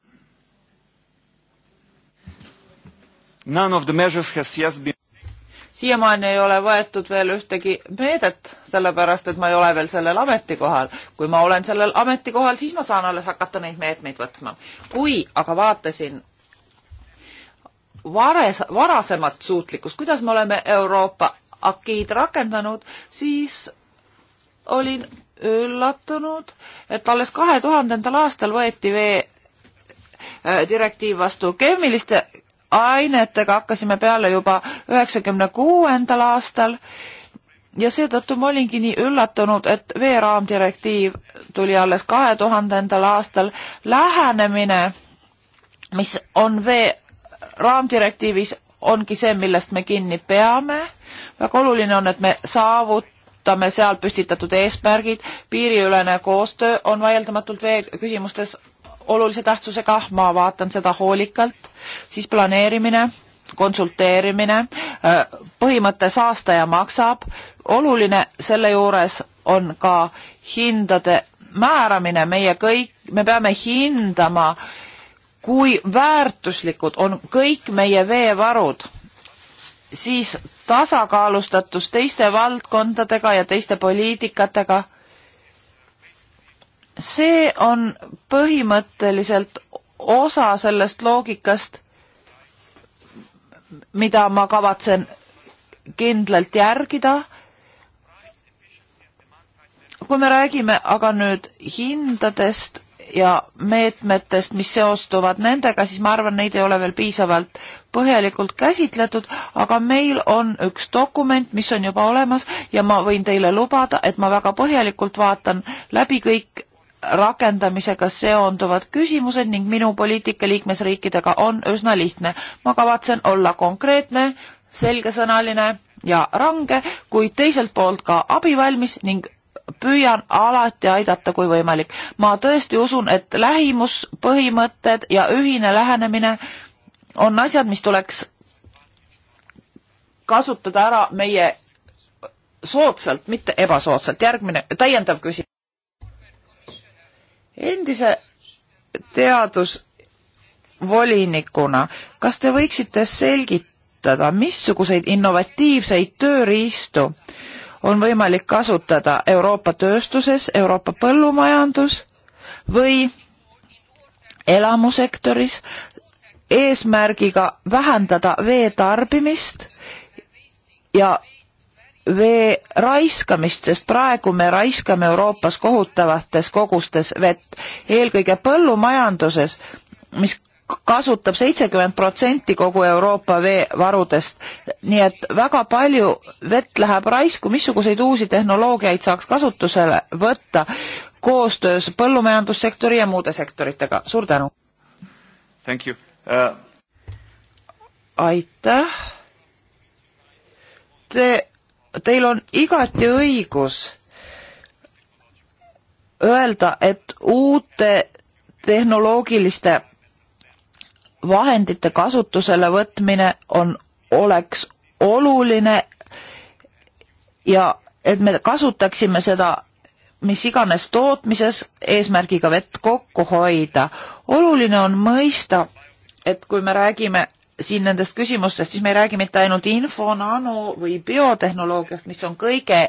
None of the measures has yet been siiamaani ei ole võetud veel ühtegi meedet, sellepärast et ma ei ole veel sellel ametikohal. kui ma olen sellel ametikohal, siis ma saan alles hakata neid meetmeid võtma. kui aga vaatasin vares, varasemat suutlikkust, kuidas me oleme Euroopa akiid rakendanud, siis olin üllatunud, et alles kahe tuhandendal aastal võeti vee äh, direktiiv vastu keemiliste ainetega hakkasime peale juba üheksakümne kuuendal aastal ja seetõttu ma olingi nii üllatunud, et veeraamdirektiiv tuli alles kahe tuhandendal aastal. lähenemine, mis on vee raamdirektiivis, ongi see, millest me kinni peame. väga oluline on, et me saavutame seal püstitatud eesmärgid, piiriülene koostöö on vaieldamatult vee küsimustes olulise tähtsusega, ma vaatan seda hoolikalt, siis planeerimine, konsulteerimine, äh, põhimõte saastaja maksab, oluline selle juures on ka hindade määramine, meie kõik, me peame hindama, kui väärtuslikud on kõik meie veevarud, siis tasakaalustatus teiste valdkondadega ja teiste poliitikatega see on põhimõtteliselt osa sellest loogikast, mida ma kavatsen kindlalt järgida. kui me räägime aga nüüd hindadest ja meetmetest, mis seostuvad nendega, siis ma arvan, neid ei ole veel piisavalt põhjalikult käsitletud, aga meil on üks dokument, mis on juba olemas ja ma võin teile lubada, et ma väga põhjalikult vaatan läbi kõik rakendamisega seonduvad küsimused ning minu poliitika liikmesriikidega on üsna lihtne. ma kavatsen olla konkreetne, selgesõnaline ja range, kuid teiselt poolt ka abivalmis ning püüan alati aidata, kui võimalik. ma tõesti usun, et lähimuspõhimõtted ja ühine lähenemine on asjad, mis tuleks kasutada ära meie soodsalt, mitte ebasoodsalt. järgmine, täiendav küsimus endise teadusvolinikuna, kas te võiksite selgitada, missuguseid innovatiivseid tööriistu on võimalik kasutada Euroopa tööstuses, Euroopa põllumajandus või elamusektoris eesmärgiga vähendada vee tarbimist ja vee raiskamist, sest praegu me raiskame Euroopas kohutavates kogustes vett, eelkõige põllumajanduses, mis kasutab seitsekümmend protsenti kogu Euroopa veevarudest, nii et väga palju vett läheb raisku, missuguseid uusi tehnoloogiaid saaks kasutusele võtta koostöös põllumajandussektori ja muude sektoritega, suur tänu! Uh... aitäh! Te teil on igati õigus öelda, et uute tehnoloogiliste vahendite kasutusele võtmine on, oleks oluline ja et me kasutaksime seda mis iganes tootmises eesmärgiga vett kokku hoida. oluline on mõista, et kui me räägime siin nendest küsimustest, siis me ei räägi mitte ainult info, nano või biotehnoloogiast, mis on kõige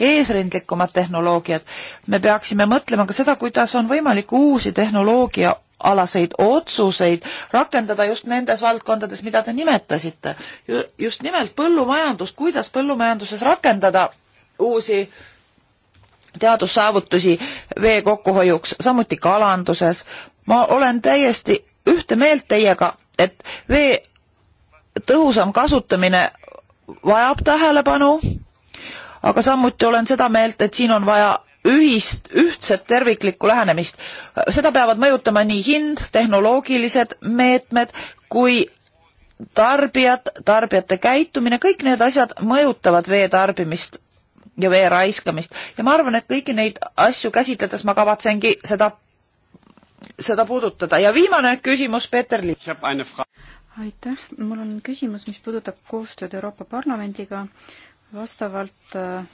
eesrindlikumad tehnoloogiad. me peaksime mõtlema ka seda, kuidas on võimalik uusi tehnoloogia alaseid otsuseid rakendada just nendes valdkondades, mida te nimetasite. just nimelt põllumajandust, kuidas põllumajanduses rakendada uusi teadussaavutusi vee kokkuhoiuks, samuti kalanduses. ma olen täiesti ühte meelt teiega et vee tõhusam kasutamine vajab tähelepanu, aga samuti olen seda meelt, et siin on vaja ühist, ühtset terviklikku lähenemist. seda peavad mõjutama nii hind, tehnoloogilised meetmed kui tarbijad, tarbijate käitumine, kõik need asjad mõjutavad vee tarbimist ja vee raiskamist ja ma arvan, et kõiki neid asju käsitledes ma kavatsengi seda seda puudutada ja viimane küsimus, Peeter Liit. aitäh, mul on küsimus, mis puudutab koostööd Euroopa Parlamendiga vastavalt äh,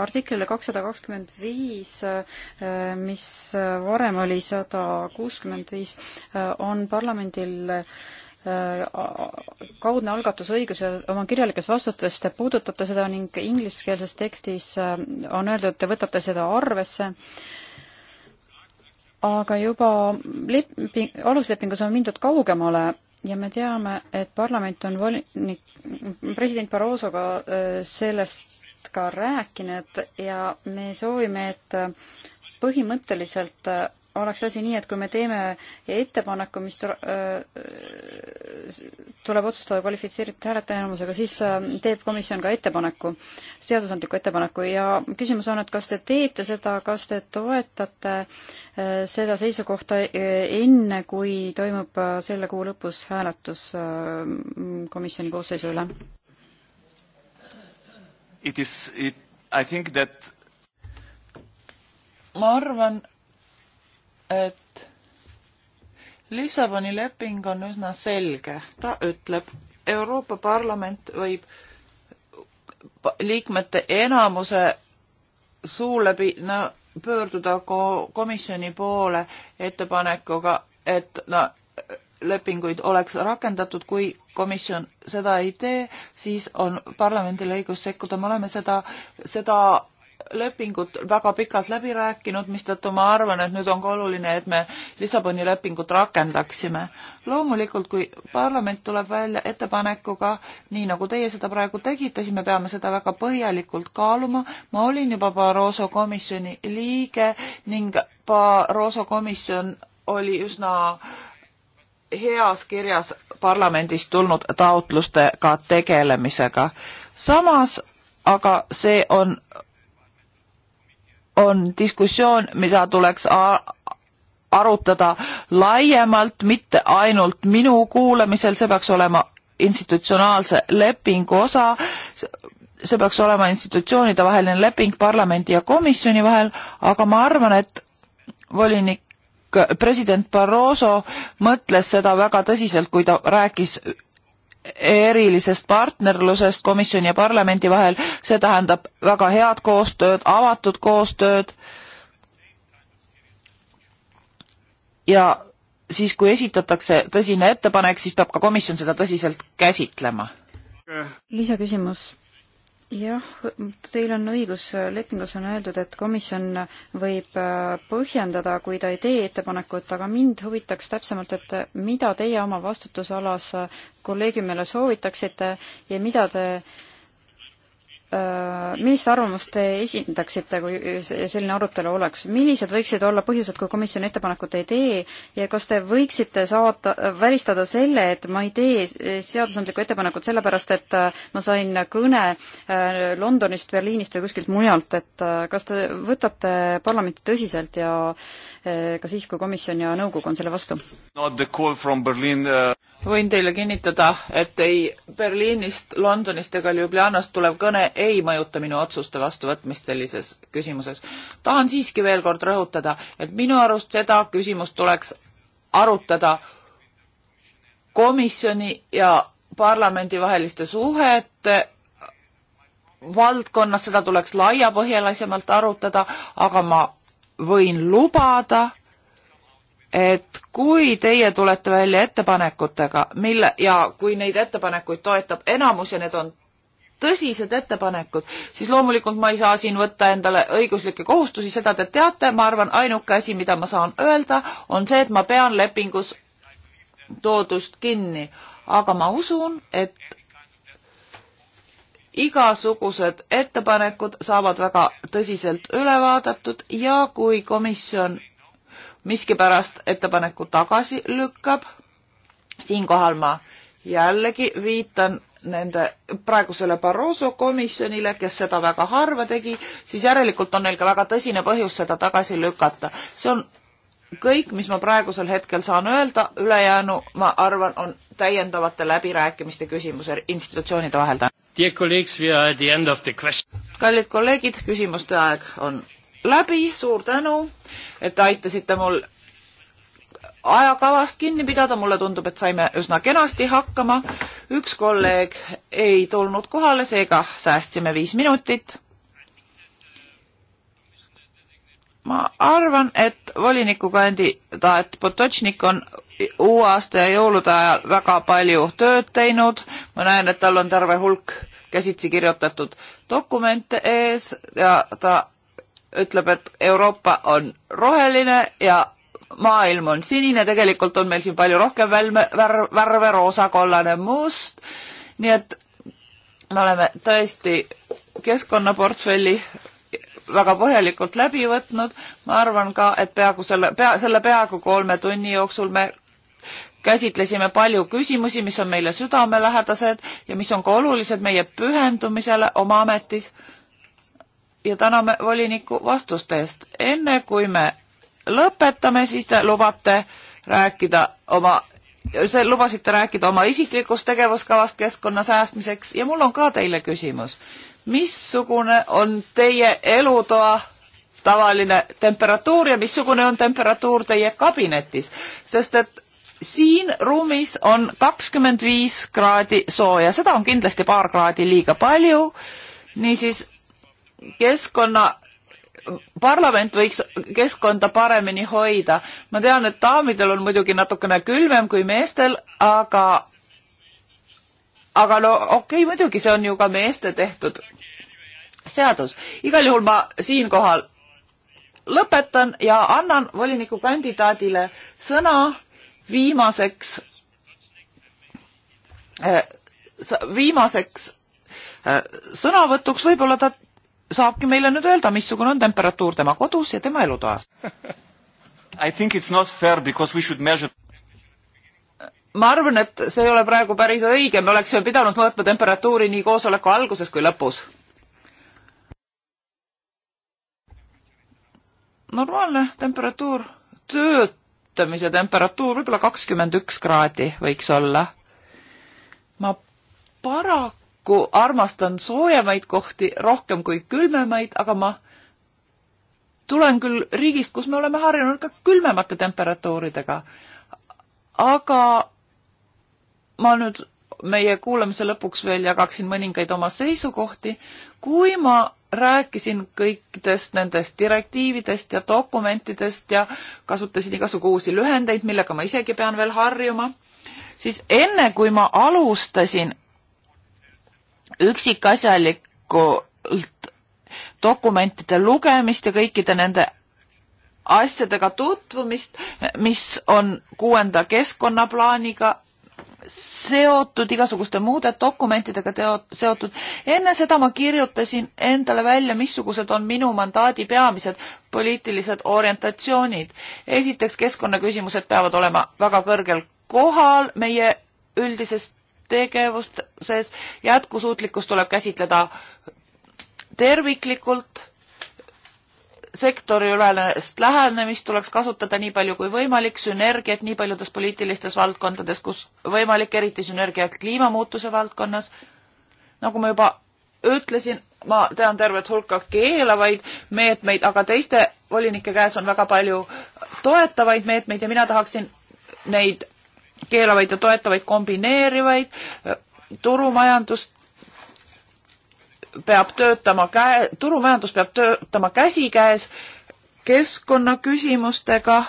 artiklile kakssada kakskümmend viis, äh, mis äh, varem oli sada kuuskümmend viis, äh, on parlamendil kaudne algatusõigus ja oma kirjalikes vastutes te puudutate seda ning ingliskeelses tekstis on öeldud, et te võtate seda arvesse aga juba lepi-, aluslepingus on mindud kaugemale ja me teame, et parlament on volinik, president Barrosoga äh, sellest ka rääkinud ja me soovime, et põhimõtteliselt oleks asi nii, et kui me teeme ettepaneku, mis tuleb otsustada kvalifitseeritud hääletajanumusega, siis äh, teeb komisjon ka ettepaneku, seadusandliku ettepaneku ja küsimus on, et kas te teete seda, kas te toetate äh, seda seisukohta äh, enne, kui toimub selle kuu lõpus hääletus komisjoni koosseisu üle? It is, it, I think that ma arvan, et Lissaboni leping on üsna selge. ta ütleb, Euroopa Parlament võib liikmete enamuse suu läbi no, pöörduda ko komisjoni poole ettepanekuga, et no, lepinguid oleks rakendatud, kui komisjon seda ei tee, siis on parlamendil õigus sekkuda, me oleme seda, seda lepingut väga pikalt läbi rääkinud, mistõttu ma arvan, et nüüd on ka oluline, et me Lissaboni lepingut rakendaksime. loomulikult, kui parlament tuleb välja ettepanekuga, nii nagu teie seda praegu tegite, siis me peame seda väga põhjalikult kaaluma. ma olin juba Barroso komisjoni liige ning Barroso komisjon oli üsna heas kirjas parlamendist tulnud taotlustega tegelemisega. samas aga see on on diskussioon, mida tuleks arutada laiemalt, mitte ainult minu kuulamisel, see peaks olema institutsionaalse lepingu osa, see peaks olema institutsioonide vaheline leping parlamendi ja komisjoni vahel, aga ma arvan, et volinik president Barroso mõtles seda väga tõsiselt, kui ta rääkis erilisest partnerlusest komisjoni ja parlamendi vahel, see tähendab väga head koostööd, avatud koostööd ja siis, kui esitatakse tõsine ettepanek, siis peab ka komisjon seda tõsiselt käsitlema. lisaküsimus jah, teil on õigus, lepingus on öeldud, et komisjon võib äh, põhjendada, kui ta ei tee ettepanekut, aga mind huvitaks täpsemalt, et mida teie oma vastutusalas kolleegiumile soovitaksite ja mida te äh, Äh, millist arvamust te esindaksite, kui selline arutelu oleks? millised võiksid olla põhjused, kui komisjon ettepanekut ei tee ja kas te võiksite saata, välistada selle, et ma ei tee seadusandlikku ettepanekut sellepärast, et äh, ma sain kõne äh, Londonist, Berliinist või kuskilt mujalt, et kas te võtate parlamenti tõsiselt ja ka siis, kui komisjon ja nõukogu on selle vastu? võin teile kinnitada, et ei Berliinist, Londonist ega Ljubljanast tulev kõne ei mõjuta minu otsuste vastuvõtmist sellises küsimuses. tahan siiski veel kord rõhutada, et minu arust seda küsimust tuleks arutada komisjoni ja parlamendi vaheliste suhete valdkonnas, seda tuleks laiapõhjalisemalt arutada, aga ma võin lubada, et kui teie tulete välja ettepanekutega, mille ja kui neid ettepanekuid toetab enamus ja need on tõsised ettepanekud, siis loomulikult ma ei saa siin võtta endale õiguslikke kohustusi, seda te teate, ma arvan, ainuke asi, mida ma saan öelda, on see, et ma pean lepingus toodust kinni, aga ma usun, et igasugused ettepanekud saavad väga tõsiselt üle vaadatud ja kui komisjon miskipärast ettepaneku tagasi lükkab. siinkohal ma jällegi viitan nende praegusele Barroso komisjonile, kes seda väga harva tegi, siis järelikult on neil ka väga tõsine põhjus seda tagasi lükata. see on kõik, mis ma praegusel hetkel saan öelda, ülejäänu, ma arvan, on täiendavate läbirääkimiste küsimus institutsioonide vahel täna. kallid kolleegid, küsimuste aeg on läbi, suur tänu, et aitasite mul ajakavast kinni pidada, mulle tundub, et saime üsna kenasti hakkama. üks kolleeg ei tulnud kohale, seega säästsime viis minutit. ma arvan, et volinikukandidaat Potočnik on uue aasta ja jõulude ajal väga palju tööd teinud. ma näen, et tal on terve hulk käsitsi kirjutatud dokumente ees ja ta ütleb, et Euroopa on roheline ja maailm on sinine, tegelikult on meil siin palju rohkem välme, värve, värve, roosa, kollane, must, nii et me oleme tõesti keskkonnaportfelli väga põhjalikult läbi võtnud, ma arvan ka, et peaaegu selle, pea, selle peaaegu kolme tunni jooksul me käsitlesime palju küsimusi, mis on meile südamelähedased ja mis on ka olulised meie pühendumisele oma ametis ja täname voliniku vastuste eest. enne kui me lõpetame, siis te lubate rääkida oma, te lubasite rääkida oma isiklikust tegevuskavast keskkonna säästmiseks ja mul on ka teile küsimus. missugune on teie elutoa tavaline temperatuur ja missugune on temperatuur teie kabinetis, sest et siin ruumis on kakskümmend viis kraadi sooja, seda on kindlasti paar kraadi liiga palju. niisiis keskkonna parlament võiks keskkonda paremini hoida. ma tean, et daamidel on muidugi natukene külmem kui meestel, aga, aga no okei okay,, muidugi see on ju ka meeste tehtud seadus. igal juhul ma siinkohal lõpetan ja annan volinikukandidaadile sõna viimaseks, eh, viimaseks eh, sõnavõtuks, võib-olla ta saabki meile nüüd öelda, missugune on temperatuur tema kodus ja tema elutoas. I think it's not fair because we should measure ma arvan, et see ei ole praegu päris õige, me oleksime pidanud mõõtma temperatuuri nii koosoleku alguses kui lõpus. normaalne temperatuur, töötamise temperatuur võib-olla kakskümmend üks kraadi võiks olla. ma paraku paraku armastan soojemaid kohti rohkem kui külmemaid, aga ma tulen küll riigist, kus me oleme harjunud ka külmemate temperatuuridega. aga ma nüüd meie kuulamise lõpuks veel jagaksin mõningaid oma seisukohti. kui ma rääkisin kõikidest nendest direktiividest ja dokumentidest ja kasutasin igasugu uusi lühendeid, millega ma isegi pean veel harjuma, siis enne kui ma alustasin üksikasjalikult dokumentide lugemist ja kõikide nende asjadega tutvumist, mis on kuuenda keskkonnaplaaniga seotud, igasuguste muude dokumentidega teot, seotud. enne seda ma kirjutasin endale välja, missugused on minu mandaadi peamised poliitilised orientatsioonid. esiteks, keskkonnaküsimused peavad olema väga kõrgel kohal meie üldises tegevuses jätkusuutlikkust tuleb käsitleda terviklikult, sektoriülest lähenemist tuleks kasutada nii palju kui võimalik, sünergiat nii paljudes poliitilistes valdkondades, kus võimalik, eriti sünergiat kliimamuutuse valdkonnas. nagu ma juba ütlesin, ma tean tervet hulka keelavaid meetmeid, aga teiste volinike käes on väga palju toetavaid meetmeid ja mina tahaksin neid keelavaid ja toetavaid kombineerivaid, äh, turumajandust peab töötama käe, turumajandus peab töötama käsikäes keskkonnaküsimustega,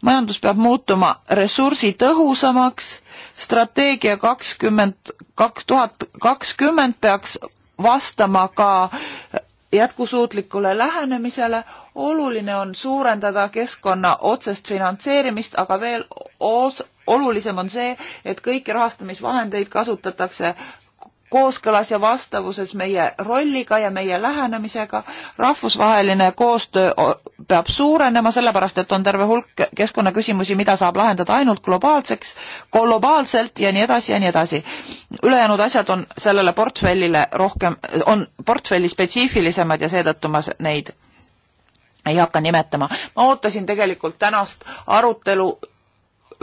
majandus peab muutuma ressursitõhusamaks, strateegia kakskümmend, kaks tuhat kakskümmend peaks vastama ka jätkusuutlikule lähenemisele. oluline on suurendada keskkonna otsest finantseerimist, aga veel os-, olulisem on see, et kõiki rahastamisvahendeid kasutatakse kooskõlas ja vastavuses meie rolliga ja meie lähenemisega. rahvusvaheline koostöö peab suurenema, sellepärast et on terve hulk keskkonnaküsimusi, mida saab lahendada ainult globaalseks, globaalselt ja nii edasi ja nii edasi. ülejäänud asjad on sellele portfellile rohkem, on portfelli spetsiifilisemad ja seetõttu ma neid ei hakka nimetama. ma ootasin tegelikult tänast arutelu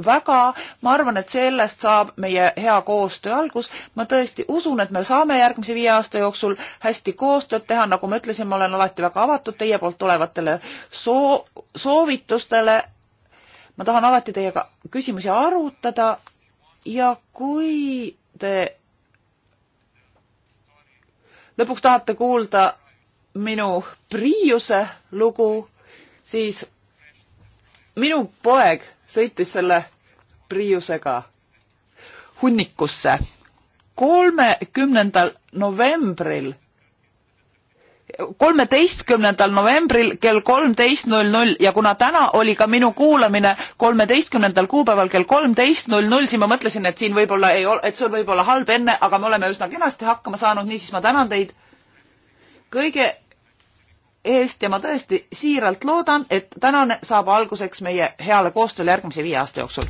väga, ma arvan, et sellest saab meie hea koostöö algus. ma tõesti usun, et me saame järgmise viie aasta jooksul hästi koostööd teha, nagu ma ütlesin, ma olen alati väga avatud teie poolt tulevatele soo-, soovitustele. ma tahan alati teiega küsimusi arutada ja kui te lõpuks tahate kuulda minu Priiuse lugu, siis minu poeg sõitis selle Priusega hunnikusse. kolmekümnendal novembril, kolmeteistkümnendal novembril kell kolmteist null null ja kuna täna oli ka minu kuulamine kolmeteistkümnendal kuupäeval kell kolmteist null null, siis ma mõtlesin, et siin võib-olla ei ole, et see on võib-olla halb enne, aga me oleme üsna kenasti hakkama saanud, niisiis ma tänan teid kõige eest ja ma tõesti siiralt loodan, et tänane saab alguseks meie heale koostööle järgmise viie aasta jooksul.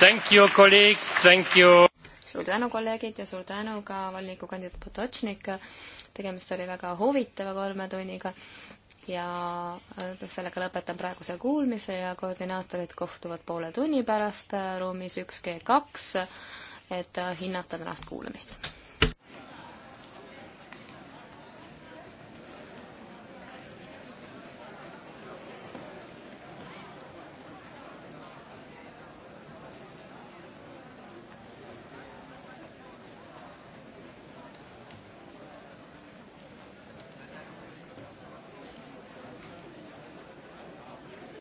Thank you, colleagues, thank you! suur tänu, kolleegid, ja suur tänu ka volinikukandidaat Potočnik. tegemist oli väga huvitava kolme tunniga ja äh, sellega lõpetan praeguse kuulmise ja koordinaatorid kohtuvad poole tunni pärast äh, ruumis üks G kaks et äh, hinnata tänast kuulamist.